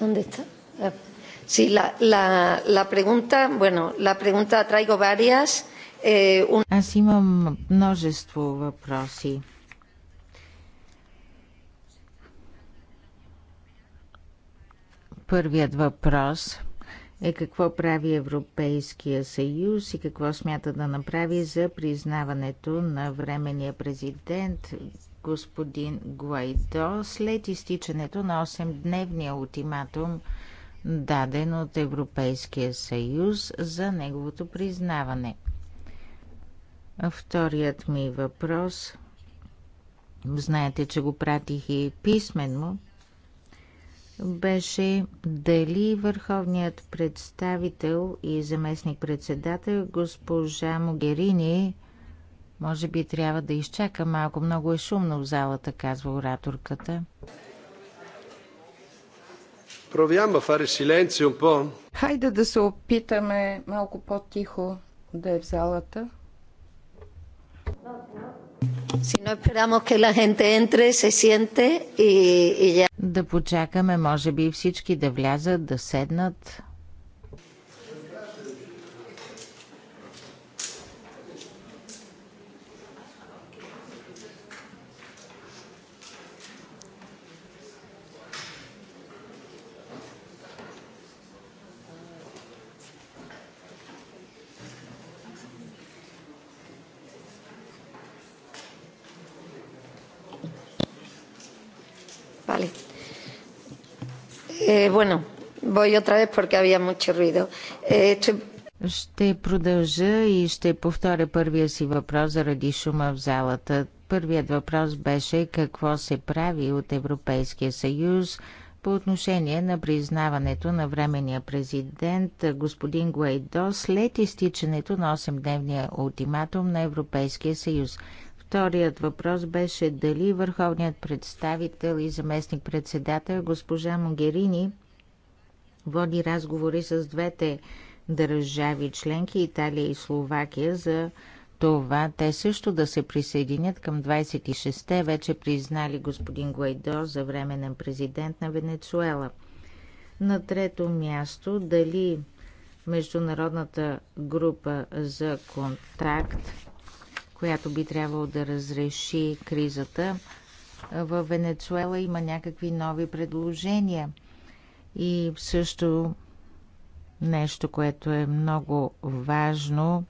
¿Dónde está? Ah, sí, la, la, la pregunta, bueno, la pregunta traigo varias. Eh, un... Аз имам множество въпроси. Първият въпрос е какво прави Европейския съюз и какво смята да направи за признаването на временния президент господин Гуайдо след изтичането на 8-дневния ултиматум, даден от Европейския съюз за неговото признаване. Вторият ми въпрос, знаете, че го пратих и писменно, беше дали върховният представител и заместник-председател госпожа Могерини – може би трябва да изчака малко. Много е шумно в залата, казва ораторката. Proviamo un Хайде да се опитаме малко по-тихо да е в залата. Si no esperamos que la gente entre, se siente y, y ya. Да почакаме, може би, всички да влязат, да седнат. Eh, bueno, voy otra vez porque había mucho ruido. Eh, estoy... Ще продължа и ще повторя първия си въпрос заради шума в залата. Първият въпрос беше какво се прави от Европейския съюз по отношение на признаването на временния президент господин Гуайдо след изтичането на 8-дневния ултиматум на Европейския съюз. Вторият въпрос беше дали върховният представител и заместник председател госпожа Могерини води разговори с двете държави членки Италия и Словакия за това те също да се присъединят към 26-те, вече признали господин Гуайдо за временен президент на Венецуела. На трето място, дали Международната група за контакт която би трябвало да разреши кризата. В Венецуела има някакви нови предложения и също нещо, което е много важно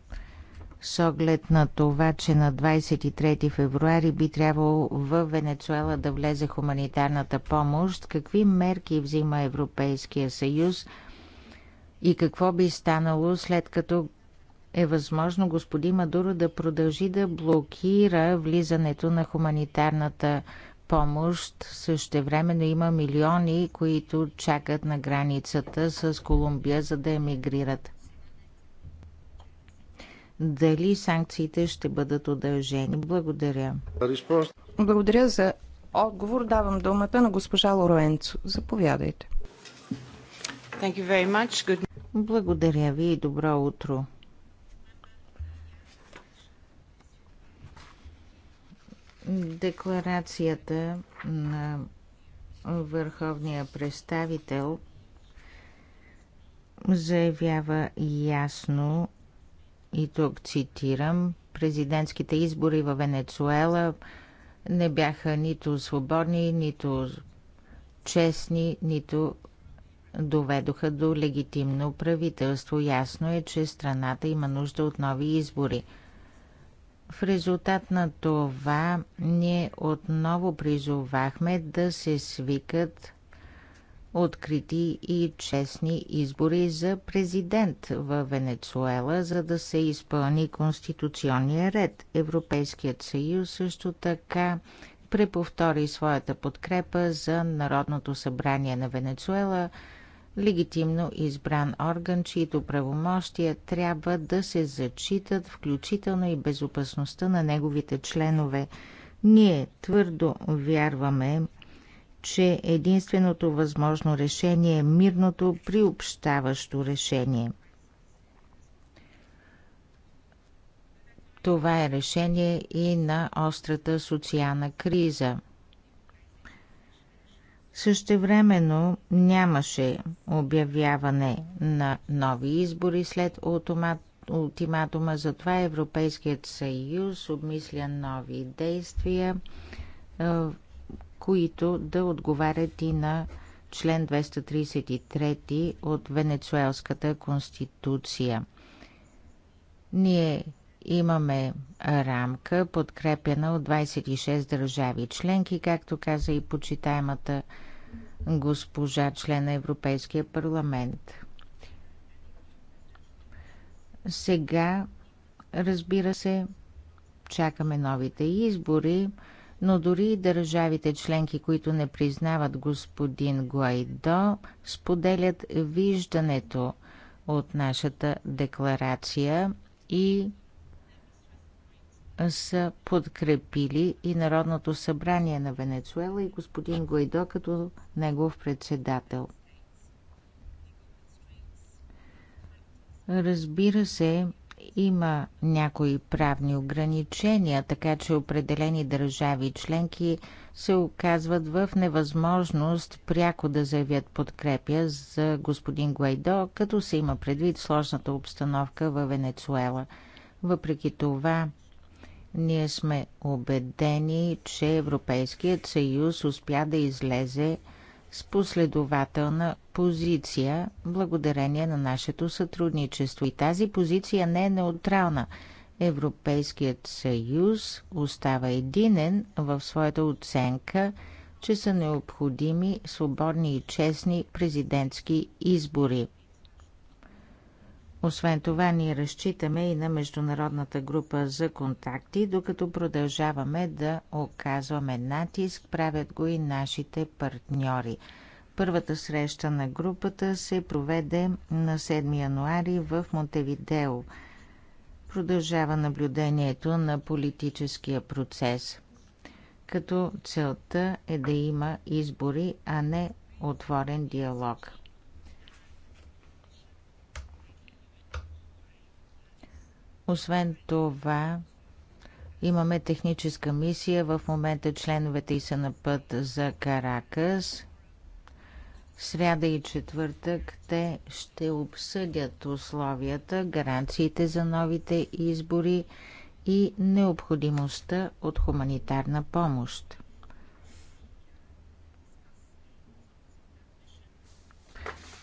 с оглед на това, че на 23 февруари би трябвало в Венецуела да влезе хуманитарната помощ, какви мерки взима Европейския съюз и какво би станало след като е възможно господин Мадуро да продължи да блокира влизането на хуманитарната помощ. Същевременно има милиони, които чакат на границата с Колумбия, за да емигрират. Дали санкциите ще бъдат удължени? Благодаря. Благодаря за отговор. Давам думата на госпожа Лоренцо. Заповядайте. Благодаря ви и добро утро. Декларацията на върховния представител заявява ясно, и тук цитирам, президентските избори във Венецуела не бяха нито свободни, нито честни, нито доведоха до легитимно правителство. Ясно е, че страната има нужда от нови избори – в резултат на това ние отново призовахме да се свикат открити и честни избори за президент в Венецуела, за да се изпълни конституционния ред. Европейският съюз също така преповтори своята подкрепа за Народното събрание на Венецуела, легитимно избран орган, чието правомощия трябва да се зачитат, включително и безопасността на неговите членове. Ние твърдо вярваме, че единственото възможно решение е мирното приобщаващо решение. Това е решение и на острата социална криза – Същевременно нямаше обявяване на нови избори след ултиматума, затова Европейският съюз обмисля нови действия, е, които да отговарят и на член 233 от Венецуелската конституция. Ние Имаме рамка, подкрепена от 26 държави членки, както каза и почитаемата госпожа член на Европейския парламент. Сега, разбира се, чакаме новите избори, но дори и държавите членки, които не признават господин Гуайдо, споделят виждането от нашата декларация и са подкрепили и Народното събрание на Венецуела и господин Гуайдо като негов председател. Разбира се, има някои правни ограничения, така че определени държави и членки се оказват в невъзможност пряко да заявят подкрепя за господин Гуайдо, като се има предвид сложната обстановка във Венецуела. Въпреки това, ние сме убедени, че Европейският съюз успя да излезе с последователна позиция благодарение на нашето сътрудничество. И тази позиция не е неутрална. Европейският съюз остава единен в своята оценка, че са необходими свободни и честни президентски избори. Освен това, ние разчитаме и на Международната група за контакти, докато продължаваме да оказваме натиск, правят го и нашите партньори. Първата среща на групата се проведе на 7 януари в Монтевидео. Продължава наблюдението на политическия процес, като целта е да има избори, а не отворен диалог. Освен това, имаме техническа мисия. В момента членовете са на път за Каракас. Сряда и четвъртък те ще обсъдят условията, гаранциите за новите избори и необходимостта от хуманитарна помощ.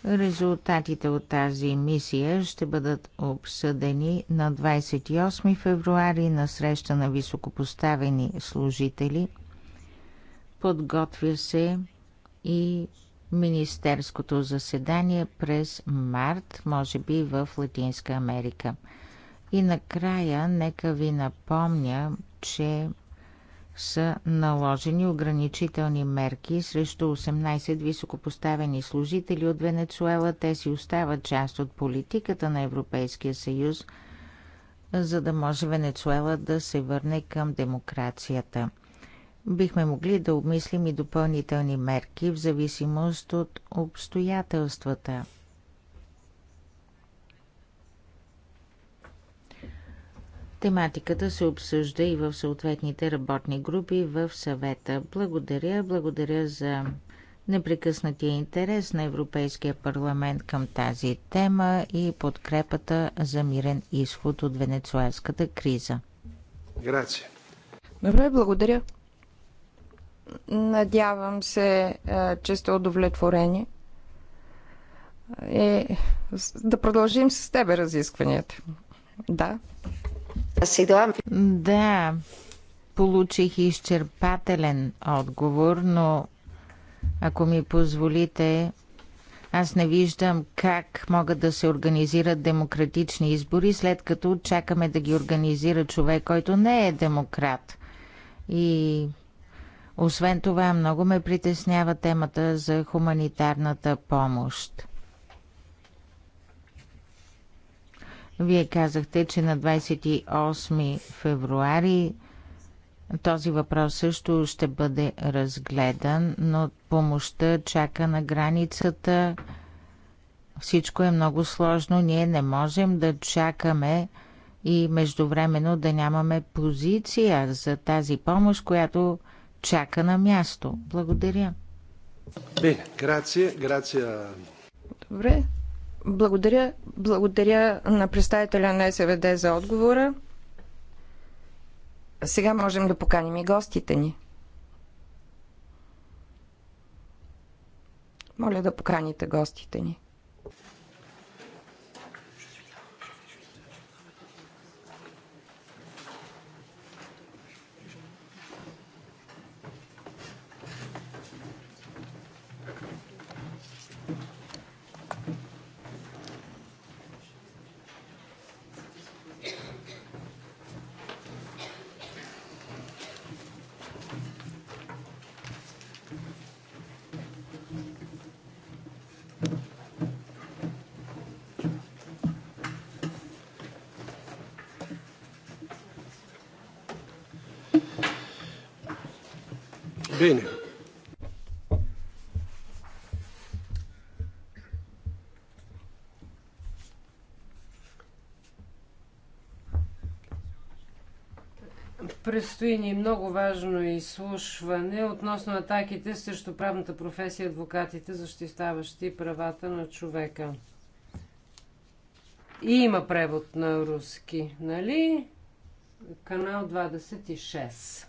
Резултатите от тази мисия ще бъдат обсъдени на 28 февруари на среща на високопоставени служители. Подготвя се и министерското заседание през март, може би в Латинска Америка. И накрая нека ви напомня, че са наложени ограничителни мерки срещу 18 високопоставени служители от Венецуела. Те си остават част от политиката на Европейския съюз, за да може Венецуела да се върне към демокрацията. Бихме могли да обмислим и допълнителни мерки в зависимост от обстоятелствата – Тематиката се обсъжда и в съответните работни групи в съвета. Благодаря, благодаря за непрекъснатия интерес на Европейския парламент към тази тема и подкрепата за мирен изход от венецуелската криза. Грация. Добре, благодаря. Надявам се, е, че сте удовлетворени. И е, да продължим с тебе разискванията. Да. Да, получих изчерпателен отговор, но ако ми позволите, аз не виждам как могат да се организират демократични избори, след като чакаме да ги организира човек, който не е демократ. И освен това, много ме притеснява темата за хуманитарната помощ. Вие казахте, че на 28 февруари този въпрос също ще бъде разгледан, но помощта чака на границата. Всичко е много сложно. Ние не можем да чакаме и междувременно да нямаме позиция за тази помощ, която чака на място. Благодаря. Бе, грация, грация. Добре, благодаря, благодаря на представителя на СВД за отговора. Сега можем да поканим и гостите ни. Моля да поканите гостите ни. Bene. Предстои ни много важно изслушване относно атаките срещу правната професия и адвокатите, защитаващи правата на човека. И има превод на руски, нали? Канал 26.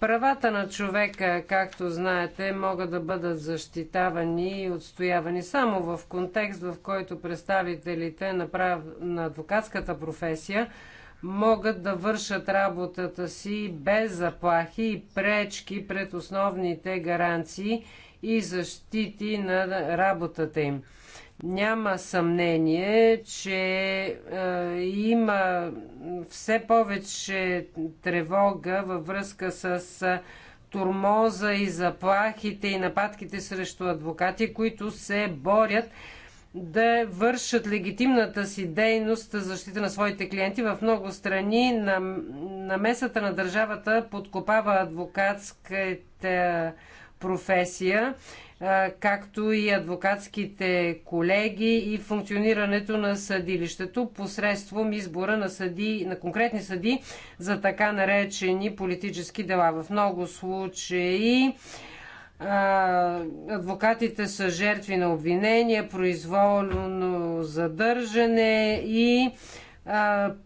Правата на човека, както знаете, могат да бъдат защитавани и отстоявани само в контекст, в който представителите на, прав... на адвокатската професия могат да вършат работата си без заплахи и пречки пред основните гаранции и защити на работата им. Няма съмнение, че е, има все повече тревога във връзка с е, турмоза и заплахите и нападките срещу адвокати, които се борят да вършат легитимната си дейност за защита на своите клиенти. В много страни на, намесата на държавата подкопава адвокатските професия, както и адвокатските колеги и функционирането на съдилището посредством избора на, съди, на конкретни съди за така наречени политически дела. В много случаи адвокатите са жертви на обвинения, произволно задържане и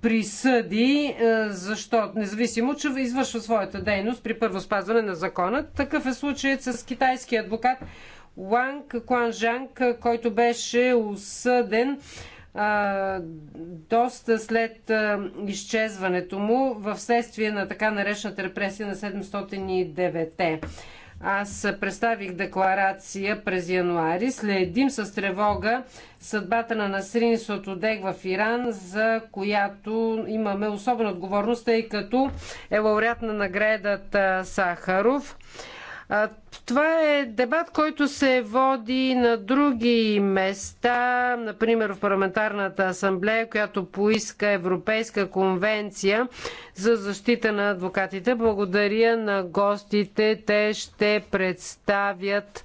присъди, защото независимо, че извършва своята дейност при първо спазване на закона. Такъв е случаят с китайски адвокат Уанг Куанжанг, който беше осъден а, доста след а, изчезването му в следствие на така наречената репресия на 709-те. Аз представих декларация през януари. Следим с тревога съдбата на Насрин Сотодег в Иран, за която имаме особена отговорност, тъй като е лауреат на наградата Сахаров. Това е дебат, който се води на други места, например в Парламентарната асамблея, която поиска Европейска конвенция за защита на адвокатите. Благодаря на гостите. Те ще представят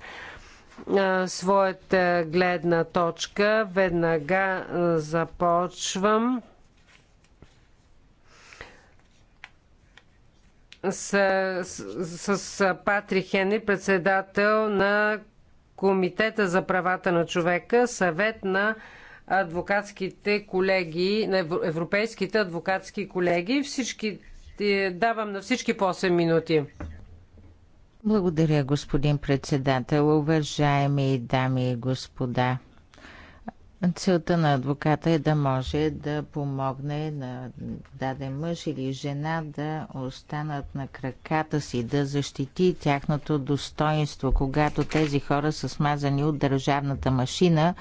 своята гледна точка. Веднага започвам. с, с, с Патри Хенри, председател на Комитета за правата на човека, съвет на адвокатските колеги, на европейските адвокатски колеги. Всички, е, давам на всички по 8 минути. Благодаря, господин председател. Уважаеми дами и господа, Целта на адвоката е да може да помогне на даден мъж или жена да останат на краката си, да защити тяхното достоинство, когато тези хора са смазани от държавната машина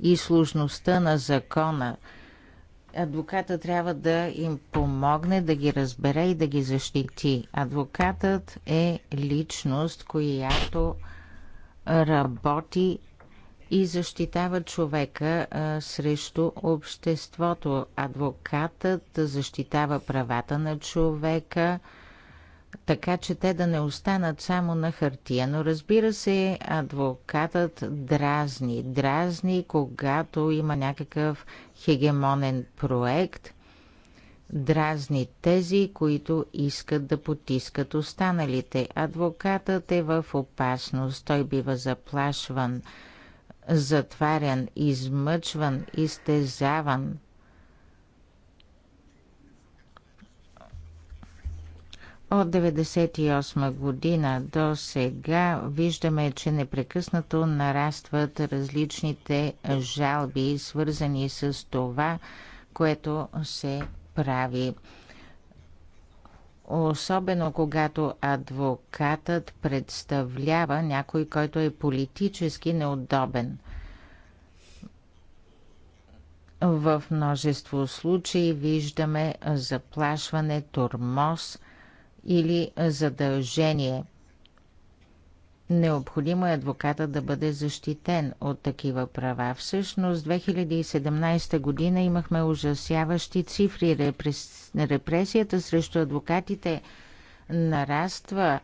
и сложността на закона. Адвоката трябва да им помогне да ги разбере и да ги защити. Адвокатът е личност, която работи и защитава човека а, срещу обществото. Адвокатът защитава правата на човека, така че те да не останат само на хартия. Но разбира се, адвокатът дразни. Дразни, когато има някакъв хегемонен проект – дразни тези, които искат да потискат останалите. Адвокатът е в опасност, той бива заплашван затварян, измъчван, изтезаван. От 1998 година до сега виждаме, че непрекъснато нарастват различните жалби, свързани с това, което се прави особено когато адвокатът представлява някой, който е политически неудобен. В множество случаи виждаме заплашване, тормоз или задължение – Необходимо е адвоката да бъде защитен от такива права. Всъщност, 2017 година имахме ужасяващи цифри. Репресията срещу адвокатите нараства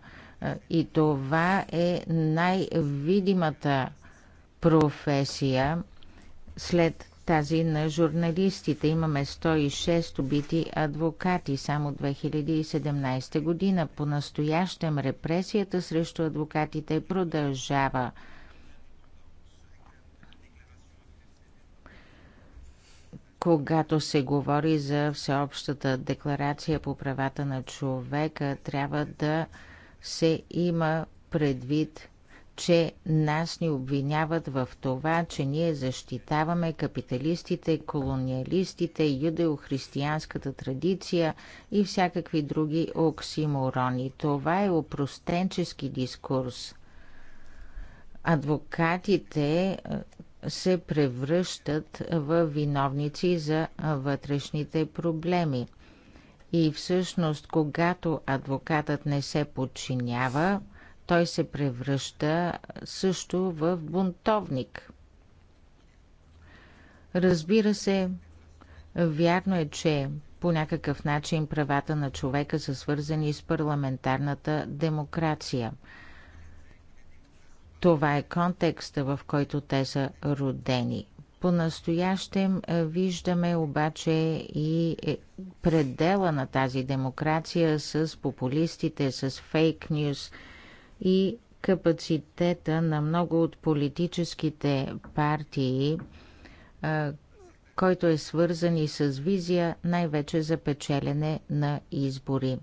и това е най-видимата професия след тази на журналистите. Имаме 106 убити адвокати само 2017 година. По-настоящем репресията срещу адвокатите продължава. Когато се говори за Всеобщата декларация по правата на човека, трябва да се има предвид че нас ни обвиняват в това, че ние защитаваме капиталистите, колониалистите, юдеохристиянската традиция и всякакви други оксиморони. Това е опростенчески дискурс. Адвокатите е, се превръщат в виновници за вътрешните проблеми. И всъщност, когато адвокатът не се подчинява, той се превръща също в бунтовник. Разбира се, вярно е, че по някакъв начин правата на човека са свързани с парламентарната демокрация. Това е контекста, в който те са родени. По-настоящем е, виждаме обаче и е, предела на тази демокрация с популистите, с фейк нюс, и капацитета на много от политическите партии, който е свързан и с визия най-вече за печелене на избори.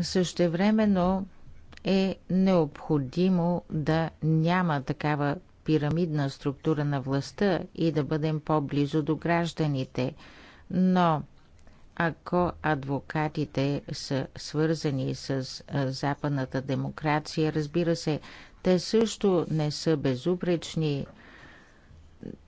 Същевременно е необходимо да няма такава пирамидна структура на властта и да бъдем по-близо до гражданите. Но ако адвокатите са свързани с западната демокрация, разбира се, те също не са безупречни.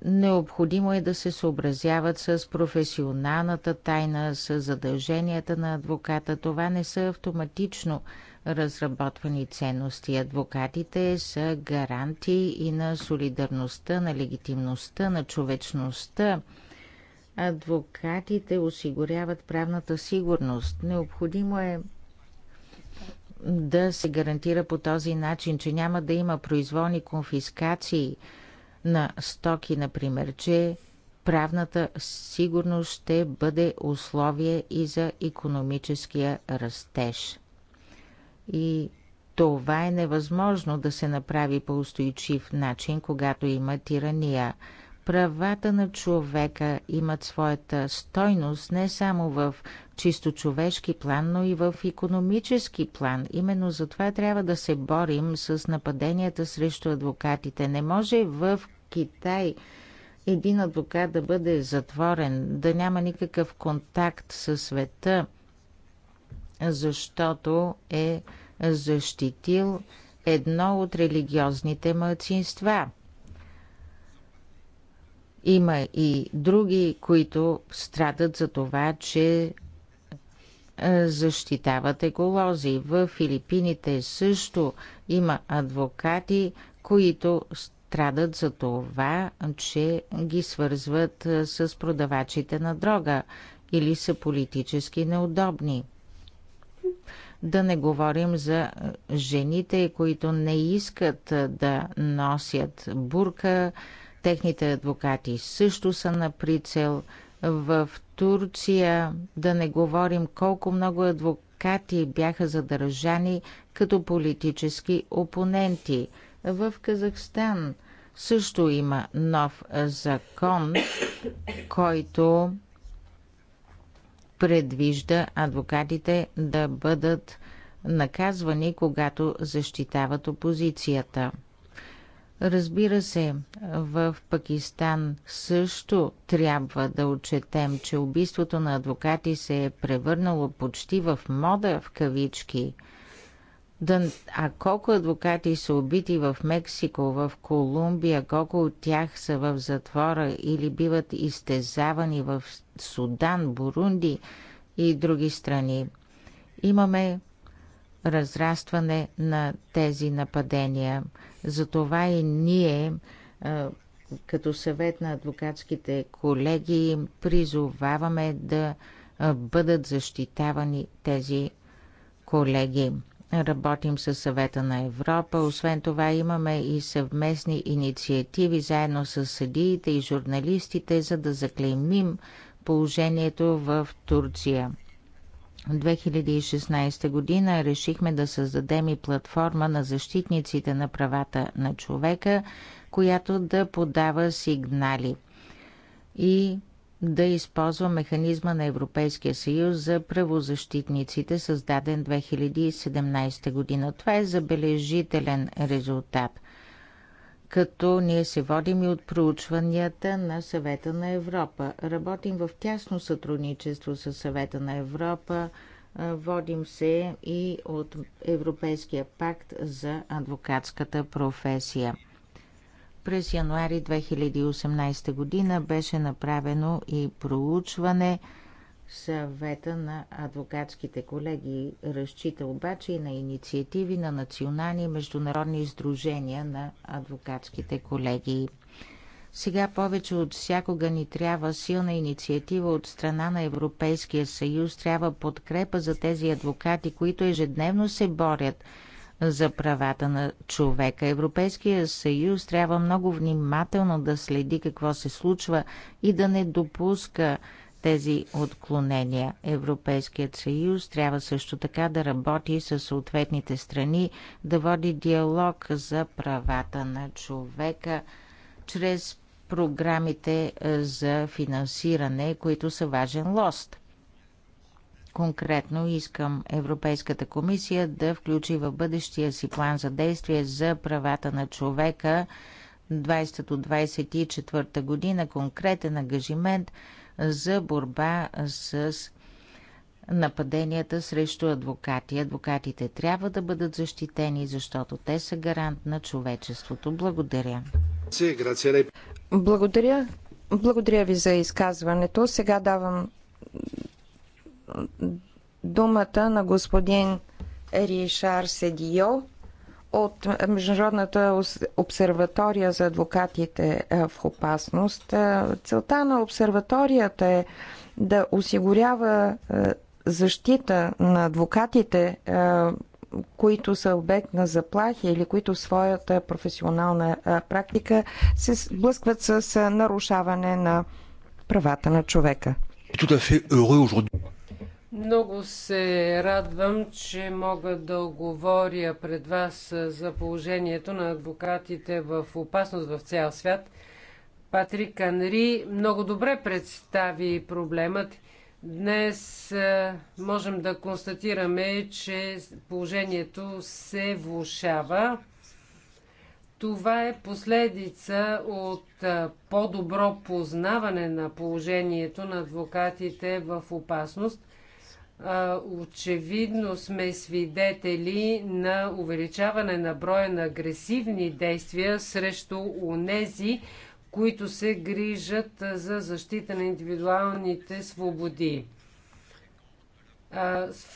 Необходимо е да се съобразяват с професионалната тайна, с задълженията на адвоката. Това не са автоматично разработвани ценности. Адвокатите са гаранти и на солидарността, на легитимността, на човечността адвокатите осигуряват правната сигурност. Необходимо е да се гарантира по този начин, че няма да има произволни конфискации на стоки, например, че правната сигурност ще бъде условие и за економическия растеж. И това е невъзможно да се направи по устойчив начин, когато има тирания. Правата на човека имат своята стойност не само в чисто човешки план, но и в економически план. Именно за това трябва да се борим с нападенията срещу адвокатите. Не може в Китай един адвокат да бъде затворен, да няма никакъв контакт със света, защото е защитил едно от религиозните мълцинства. Има и други, които страдат за това, че защитават еколози. В Филипините също има адвокати, които страдат за това, че ги свързват с продавачите на дрога или са политически неудобни. Да не говорим за жените, които не искат да носят бурка, Техните адвокати също са на прицел. В Турция да не говорим колко много адвокати бяха задържани като политически опоненти. В Казахстан също има нов закон, който предвижда адвокатите да бъдат наказвани, когато защитават опозицията. Разбира се, в Пакистан също трябва да отчетем, че убийството на адвокати се е превърнало почти в мода в кавички. Да, а колко адвокати са убити в Мексико, в Колумбия, колко от тях са в затвора или биват изтезавани в Судан, Бурунди и други страни. Имаме разрастване на тези нападения – затова и ние като съвет на адвокатските колеги призоваваме да бъдат защитавани тези колеги. Работим със съвета на Европа. Освен това имаме и съвместни инициативи заедно с съдиите и журналистите, за да заклеймим положението в Турция. 2016 година решихме да създадем и платформа на защитниците на правата на човека, която да подава сигнали и да използва механизма на Европейския съюз за правозащитниците, създаден 2017 година. Това е забележителен резултат като ние се водим и от проучванията на Съвета на Европа. Работим в тясно сътрудничество с Съвета на Европа, водим се и от Европейския пакт за адвокатската професия. През януари 2018 година беше направено и проучване – Съвета на адвокатските колеги разчита обаче и на инициативи на национални и международни издружения на адвокатските колеги. Сега повече от всякога ни трябва силна инициатива от страна на Европейския съюз, трябва подкрепа за тези адвокати, които ежедневно се борят за правата на човека. Европейския съюз трябва много внимателно да следи какво се случва и да не допуска тези отклонения. Европейският съюз трябва също така да работи с съответните страни, да води диалог за правата на човека чрез програмите е, за финансиране, които са важен лост. Конкретно искам Европейската комисия да включи в бъдещия си план за действие за правата на човека 20 до 24 година конкретен ангажимент – за борба с нападенията срещу адвокати. Адвокатите трябва да бъдат защитени, защото те са гарант на човечеството. Благодаря. Благодаря. Благодаря ви за изказването. Сега давам думата на господин Ришар Седио от Международната обсерватория за адвокатите е, в опасност. Е, целта на обсерваторията е да осигурява е, защита на адвокатите, които са обект на заплахи или които в своята професионална практика се сблъскват с нарушаване на правата на човека. Много се радвам, че мога да говоря пред вас за положението на адвокатите в опасност в цял свят. Патрик Анри много добре представи проблемът. Днес можем да констатираме, че положението се влушава. Това е последица от по-добро познаване на положението на адвокатите в опасност очевидно сме свидетели на увеличаване на броя на агресивни действия срещу унези, които се грижат за защита на индивидуалните свободи.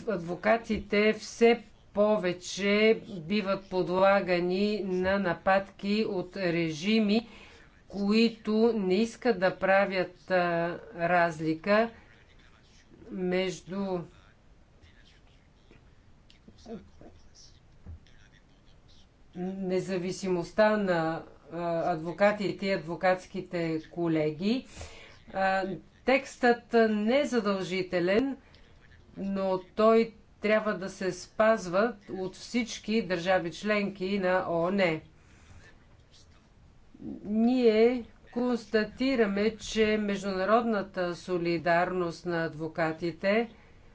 Адвокатите все повече биват подлагани на нападки от режими, които не искат да правят разлика между независимостта на адвокатите и адвокатските колеги. Текстът не е задължителен, но той трябва да се спазва от всички държави членки на ООН. Ние констатираме, че международната солидарност на адвокатите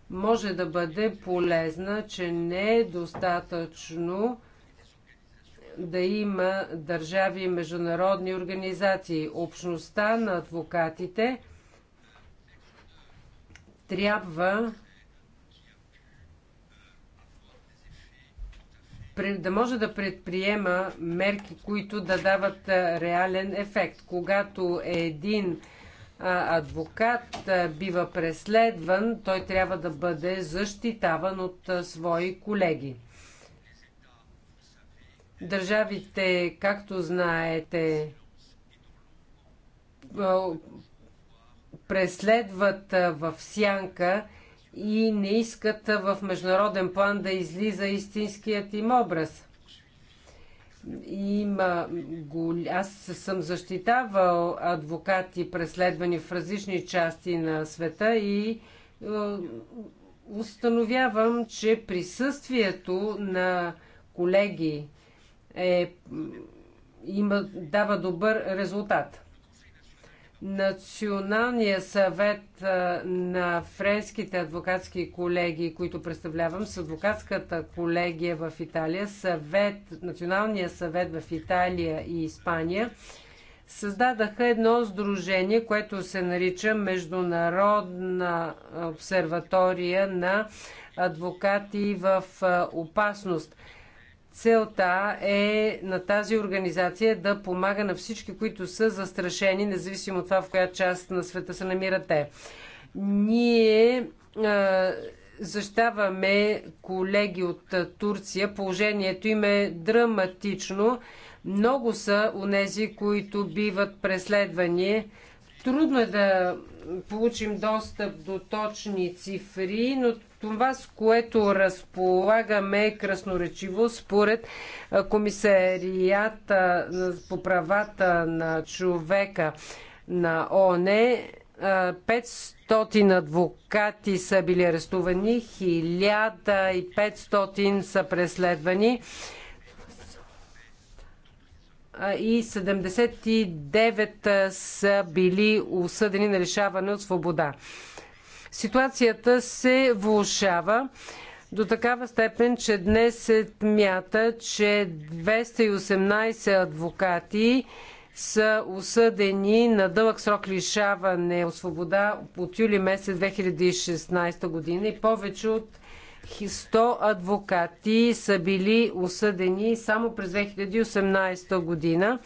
може да бъде полезна, че не е достатъчно да има държави и международни организации. Общността на адвокатите трябва да може да предприема мерки, които да дават реален ефект. Когато един адвокат бива преследван, той трябва да бъде защитаван от свои колеги. Държавите, както знаете, преследват в сянка и не искат в международен план да излиза истинският им образ. Има, аз съм защитавал адвокати, преследвани в различни части на света и е, установявам, че присъствието на колеги е, има, дава добър резултат. Националния съвет на френските адвокатски колеги, които представлявам, с адвокатската колегия в Италия, съвет, Националния съвет в Италия и Испания, създадаха едно сдружение, което се нарича Международна обсерватория на адвокати в опасност – Целта е на тази организация да помага на всички, които са застрашени, независимо от това в коя част на света се намират те. Ние защаваме колеги от Турция. Положението им е драматично. Много са онези, които биват преследвани. Трудно е да получим достъп до точни цифри, но това, с което разполагаме е красноречиво според комисарията по правата на човека на ОНЕ. 500 адвокати са били арестувани, 1500 са преследвани и 79 са били осъдени на лишаване от свобода. Ситуацията се влушава до такава степен, че днес се мята, че 218 адвокати са осъдени на дълъг срок лишаване от свобода от юли месец 2016 година и повече от 100 адвокати са били осъдени само през 2018 година.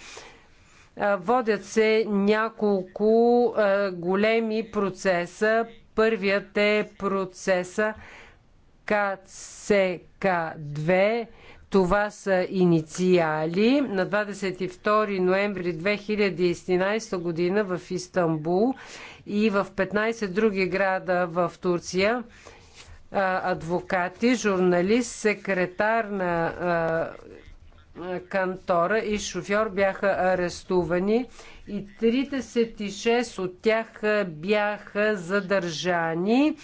Водят се няколко големи процеса Първият е процеса КЦК2. Това са инициали. На 22 ноември 2011 година в Истанбул и в 15 други града в Турция адвокати, журналист, секретар на кантора и шофьор бяха арестувани и 36 от тях бяха задържани.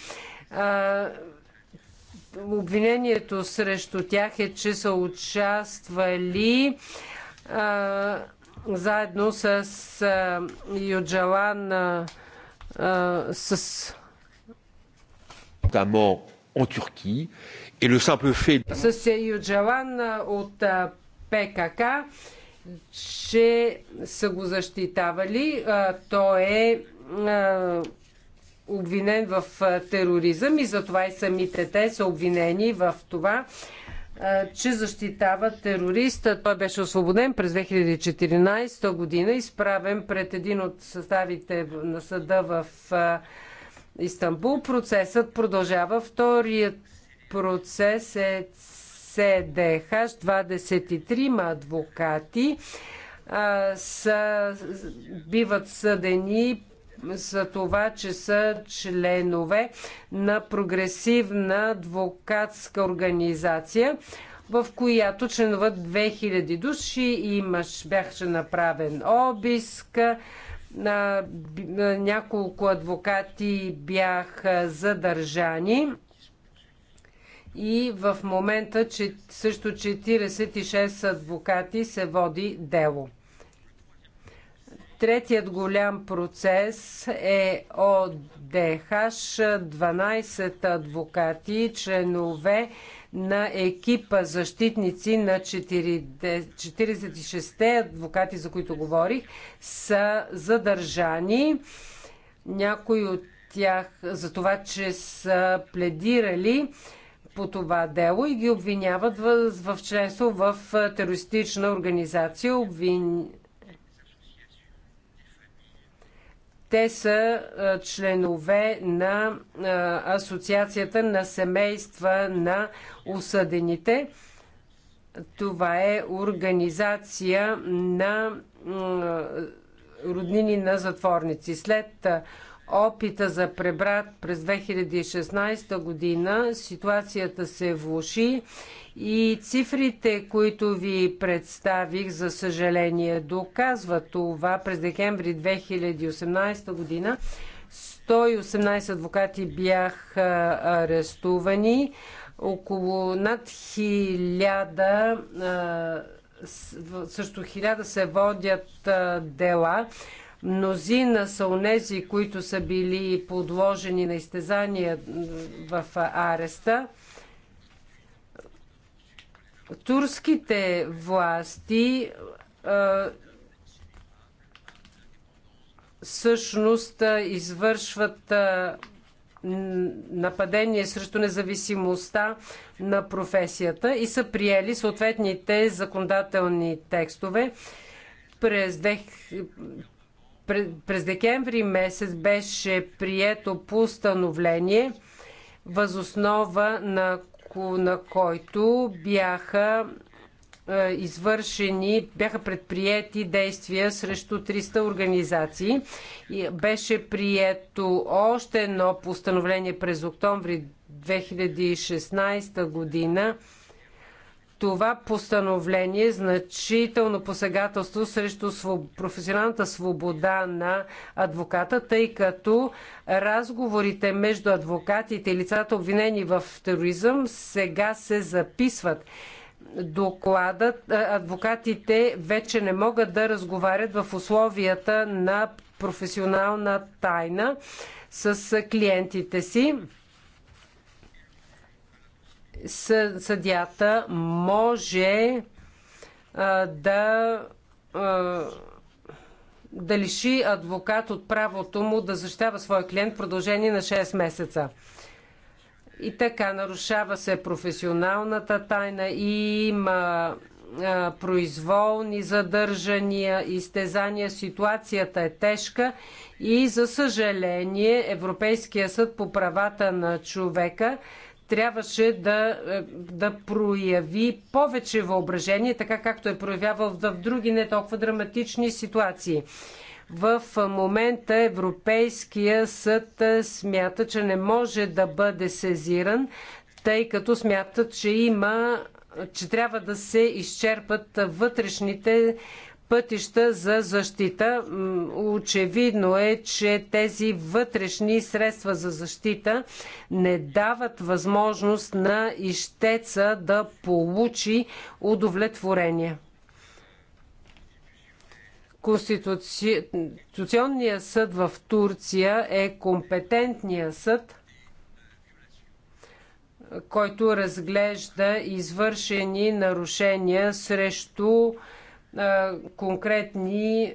Обвинението срещу тях е, че са участвали заедно с Юджалан с notamment en Turquie. Et le simple fait... С Юджалан от ПКК че са го защитавали. Той е обвинен в тероризъм и затова и самите те са обвинени в това, че защитава терориста. Той беше освободен през 2014 година, изправен пред един от съставите на съда в Истанбул. Процесът продължава. Вторият процес е СДХ, 23 адвокати а, са, биват съдени за това, че са членове на прогресивна адвокатска организация, в която членуват 2000 души. Имаш, бяха направен обиск, няколко адвокати бяха задържани и в момента че, също 46 адвокати се води дело. Третият голям процес е ОДХ, 12 адвокати, членове на екипа защитници на 46 адвокати, за които говорих, са задържани. Някои от тях за това, че са пледирали по това дело и ги обвиняват в, в членство в терористична организация. Обвин... Те са членове на Асоциацията на семейства на осъдените. Това е организация на роднини на затворници. След опита за пребрат през 2016 година ситуацията се влуши и цифрите, които ви представих, за съжаление, доказват това. През декември 2018 година 118 адвокати бяха арестувани, около над 1000 също 1000 се водят дела Мнозина са онези, които са били подложени на изтезания в ареста. Турските власти всъщност извършват нападение срещу независимостта на професията и са приели съответните законодателни текстове. През през декември месец беше прието постановление, възоснова на, на който бяха е, извършени, бяха предприяти действия срещу 300 организации. Беше прието още едно постановление през октомври 2016 година това постановление е значително посегателство срещу професионалната свобода на адвоката, тъй като разговорите между адвокатите и лицата обвинени в тероризъм сега се записват докладът, адвокатите вече не могат да разговарят в условията на професионална тайна с клиентите си съдята може да да лиши адвокат от правото му да защитава своя клиент в продължение на 6 месеца. И така нарушава се професионалната тайна и има а, произволни задържания, изтезания. Ситуацията е тежка и, за съжаление, Европейския съд по правата на човека трябваше да, е, да прояви повече въображение, така както е проявявал в други не толкова драматични ситуации. В момента Европейския съд е, смята, че не може да бъде сезиран, тъй като смятат, че има че трябва да се изчерпат вътрешните пътища за защита. Очевидно е, че тези вътрешни средства за защита не дават възможност на ищеца да получи удовлетворение. Конституционният съд в Турция е компетентният съд, който разглежда извършени нарушения срещу конкретни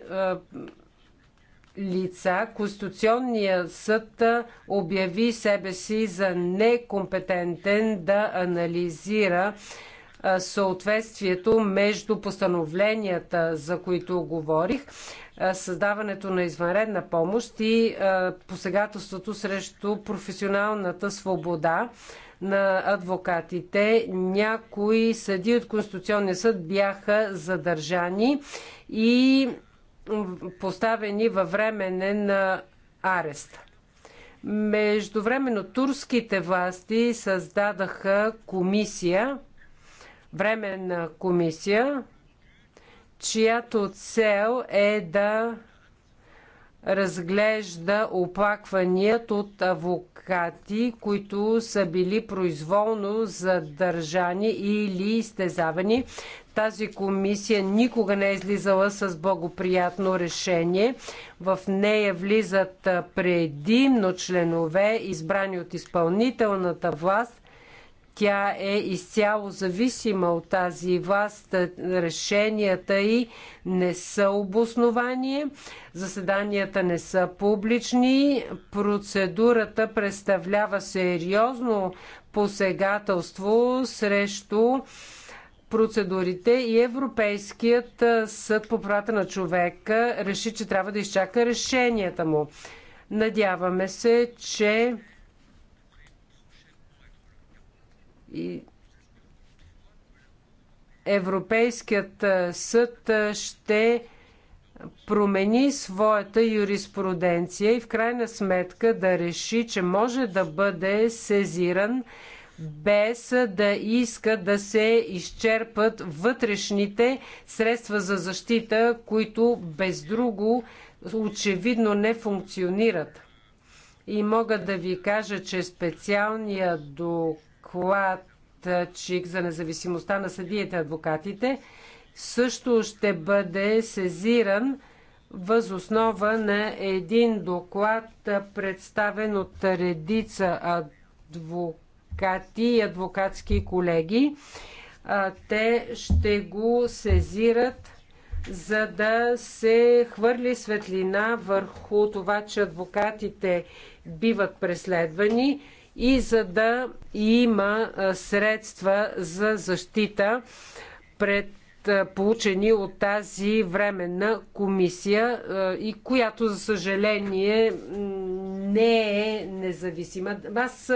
лица, Конституционният съд обяви себе си за некомпетентен да анализира съответствието между постановленията, за които говорих, създаването на извънредна помощ и посегателството срещу професионалната свобода на адвокатите. Някои съди от Конституционния съд бяха задържани и поставени във на арест. Междувременно турските власти създадаха комисия, временна комисия, чиято цел е да разглежда оплакваният от авокати, които са били произволно задържани или изтезавани. Тази комисия никога не е излизала с благоприятно решение. В нея влизат предимно членове, избрани от изпълнителната власт тя е изцяло зависима от тази власт. Е, решенията и не са обоснование, заседанията не са публични, процедурата представлява сериозно посегателство срещу процедурите и Европейският е, съд по правата на човека реши, че трябва да изчака решенията му. Надяваме се, че И Европейският съд ще промени своята юриспруденция и в крайна сметка да реши, че може да бъде сезиран без да иска да се изчерпат вътрешните средства за защита, които без друго очевидно не функционират. И мога да ви кажа, че специалният доклад докладчик за независимостта на съдиите и адвокатите, също ще бъде сезиран възоснова на един доклад, представен от редица адвокати и адвокатски колеги. Те ще го сезират за да се хвърли светлина върху това, че адвокатите биват преследвани и за да има средства за защита пред получени от тази временна комисия и която, за съжаление, не е независима. Аз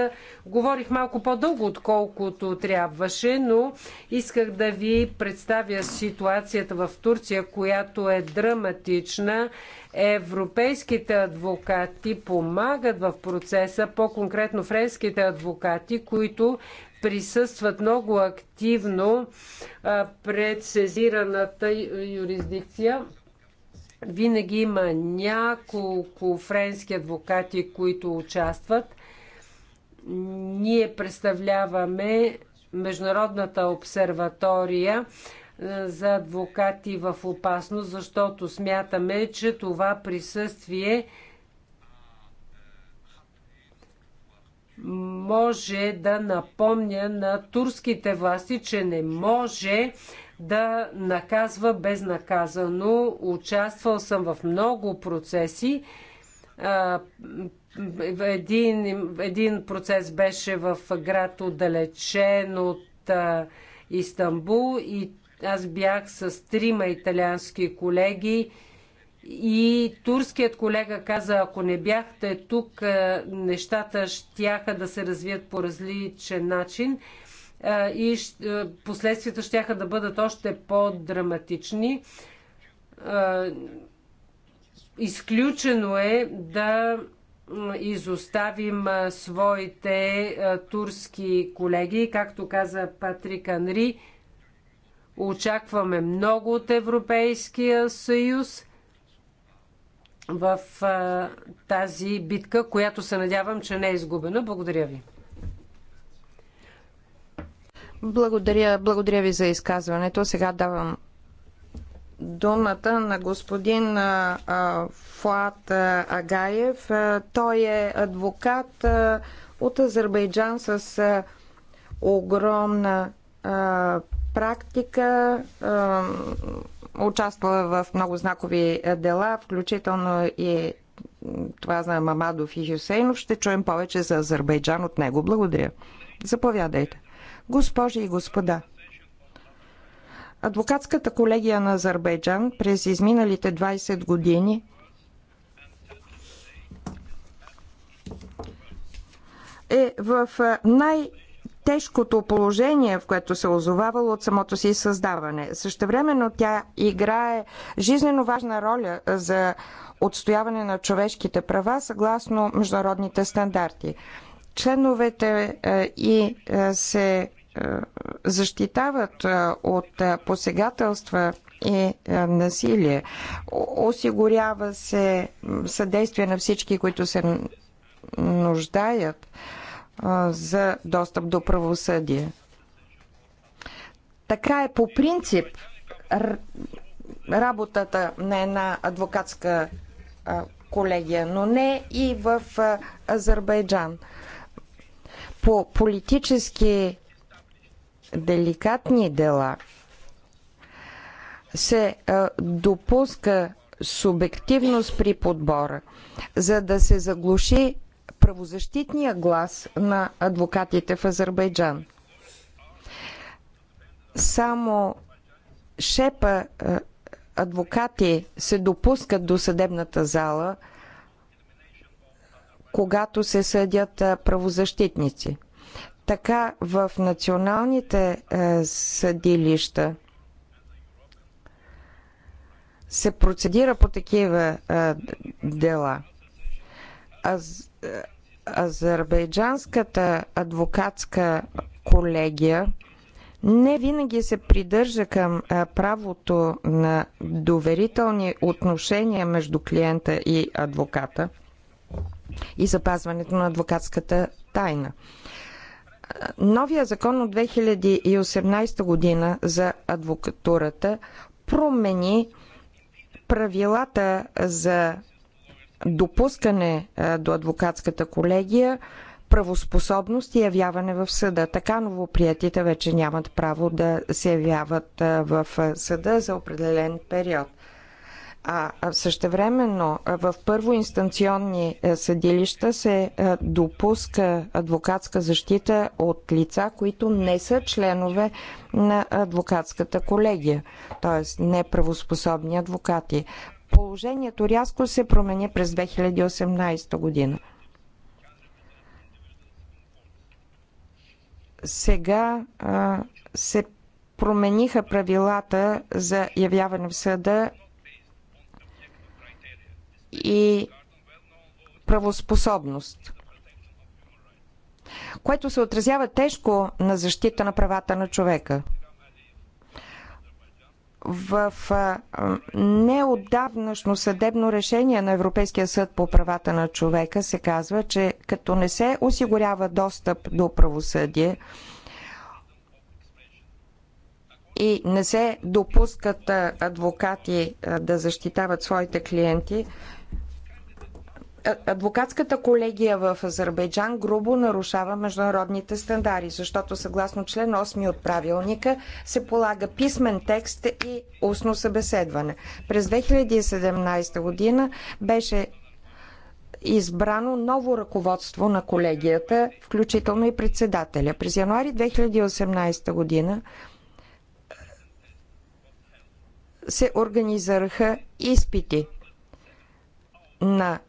говорих малко по-дълго, отколкото трябваше, но исках да ви представя ситуацията в Турция, която е драматична. Европейските адвокати помагат в процеса, по-конкретно френските адвокати, които присъстват много активно пред сезираната юрисдикция. Винаги има няколко френски адвокати, които участват. Ние представляваме Международната обсерватория за адвокати в опасност, защото смятаме, че това присъствие може да напомня на турските власти, че не може да наказва безнаказано. Участвал съм в много процеси. Един, един процес беше в град отдалечен от Истанбул и аз бях с трима италиански колеги и турският колега каза, ако не бяхте тук, е, нещата щяха да се развият по различен начин е, и е, последствията щяха да бъдат още по-драматични. Изключено е да изоставим своите турски колеги. Както каза Патрик Анри, очакваме много от Европейския съюз в а, тази битка, която се надявам, че не е изгубена. Благодаря ви. Благодаря, благодаря ви за изказването. Сега давам думата на господин а, а, Фуат а, Агаев. А, той е адвокат а, от Азербайджан с а, огромна а, практика. А, участва в много знакови е, дела, включително и това за Мамадов и Хюсейнов. Ще чуем повече за Азербайджан от него. Благодаря. Заповядайте. Госпожи и господа, Адвокатската колегия на Азербайджан през изминалите 20 години е в е, най- тежкото положение, в което се озовавало от самото си създаване. Същевременно тя играе жизнено важна роля за отстояване на човешките права съгласно международните стандарти. Членовете е, и е, се е, защитават от посегателства и насилие. Осигурява се съдействие на всички, които се нуждаят за достъп до правосъдие. Така е по принцип работата на една адвокатска колегия, но не и в Азербайджан. По политически деликатни дела се допуска субективност при подбора, за да се заглуши правозащитния глас на адвокатите в Азербайджан. Само шепа е, адвокати се допускат до съдебната зала, когато се съдят е, правозащитници. Така в националните е, съдилища се процедира по такива дела азербайджанската адвокатска колегия не винаги се придържа към правото на доверителни отношения между клиента и адвоката и запазването на адвокатската тайна. Новия закон от 2018 година за адвокатурата промени правилата за допускане до адвокатската колегия, правоспособност и явяване в съда. Така новоприятите вече нямат право да се явяват в съда за определен период. А същевременно в първоинстанционни съдилища се допуска адвокатска защита от лица, които не са членове на адвокатската колегия, т.е. неправоспособни адвокати положението рязко се промени през 2018 година. Сега а, се промениха правилата за явяване в съда и правоспособност, което се отразява тежко на защита на правата на човека – в неотдавнашно съдебно решение на Европейския съд по правата на човека се казва, че като не се осигурява достъп до правосъдие и не се допускат адвокати да защитават своите клиенти, адвокатската колегия в Азербайджан грубо нарушава международните стандари, защото съгласно член 8 от правилника се полага писмен текст и устно събеседване. През 2017 година беше избрано ново ръководство на колегията, включително и председателя. През януари 2018 година се организираха изпити на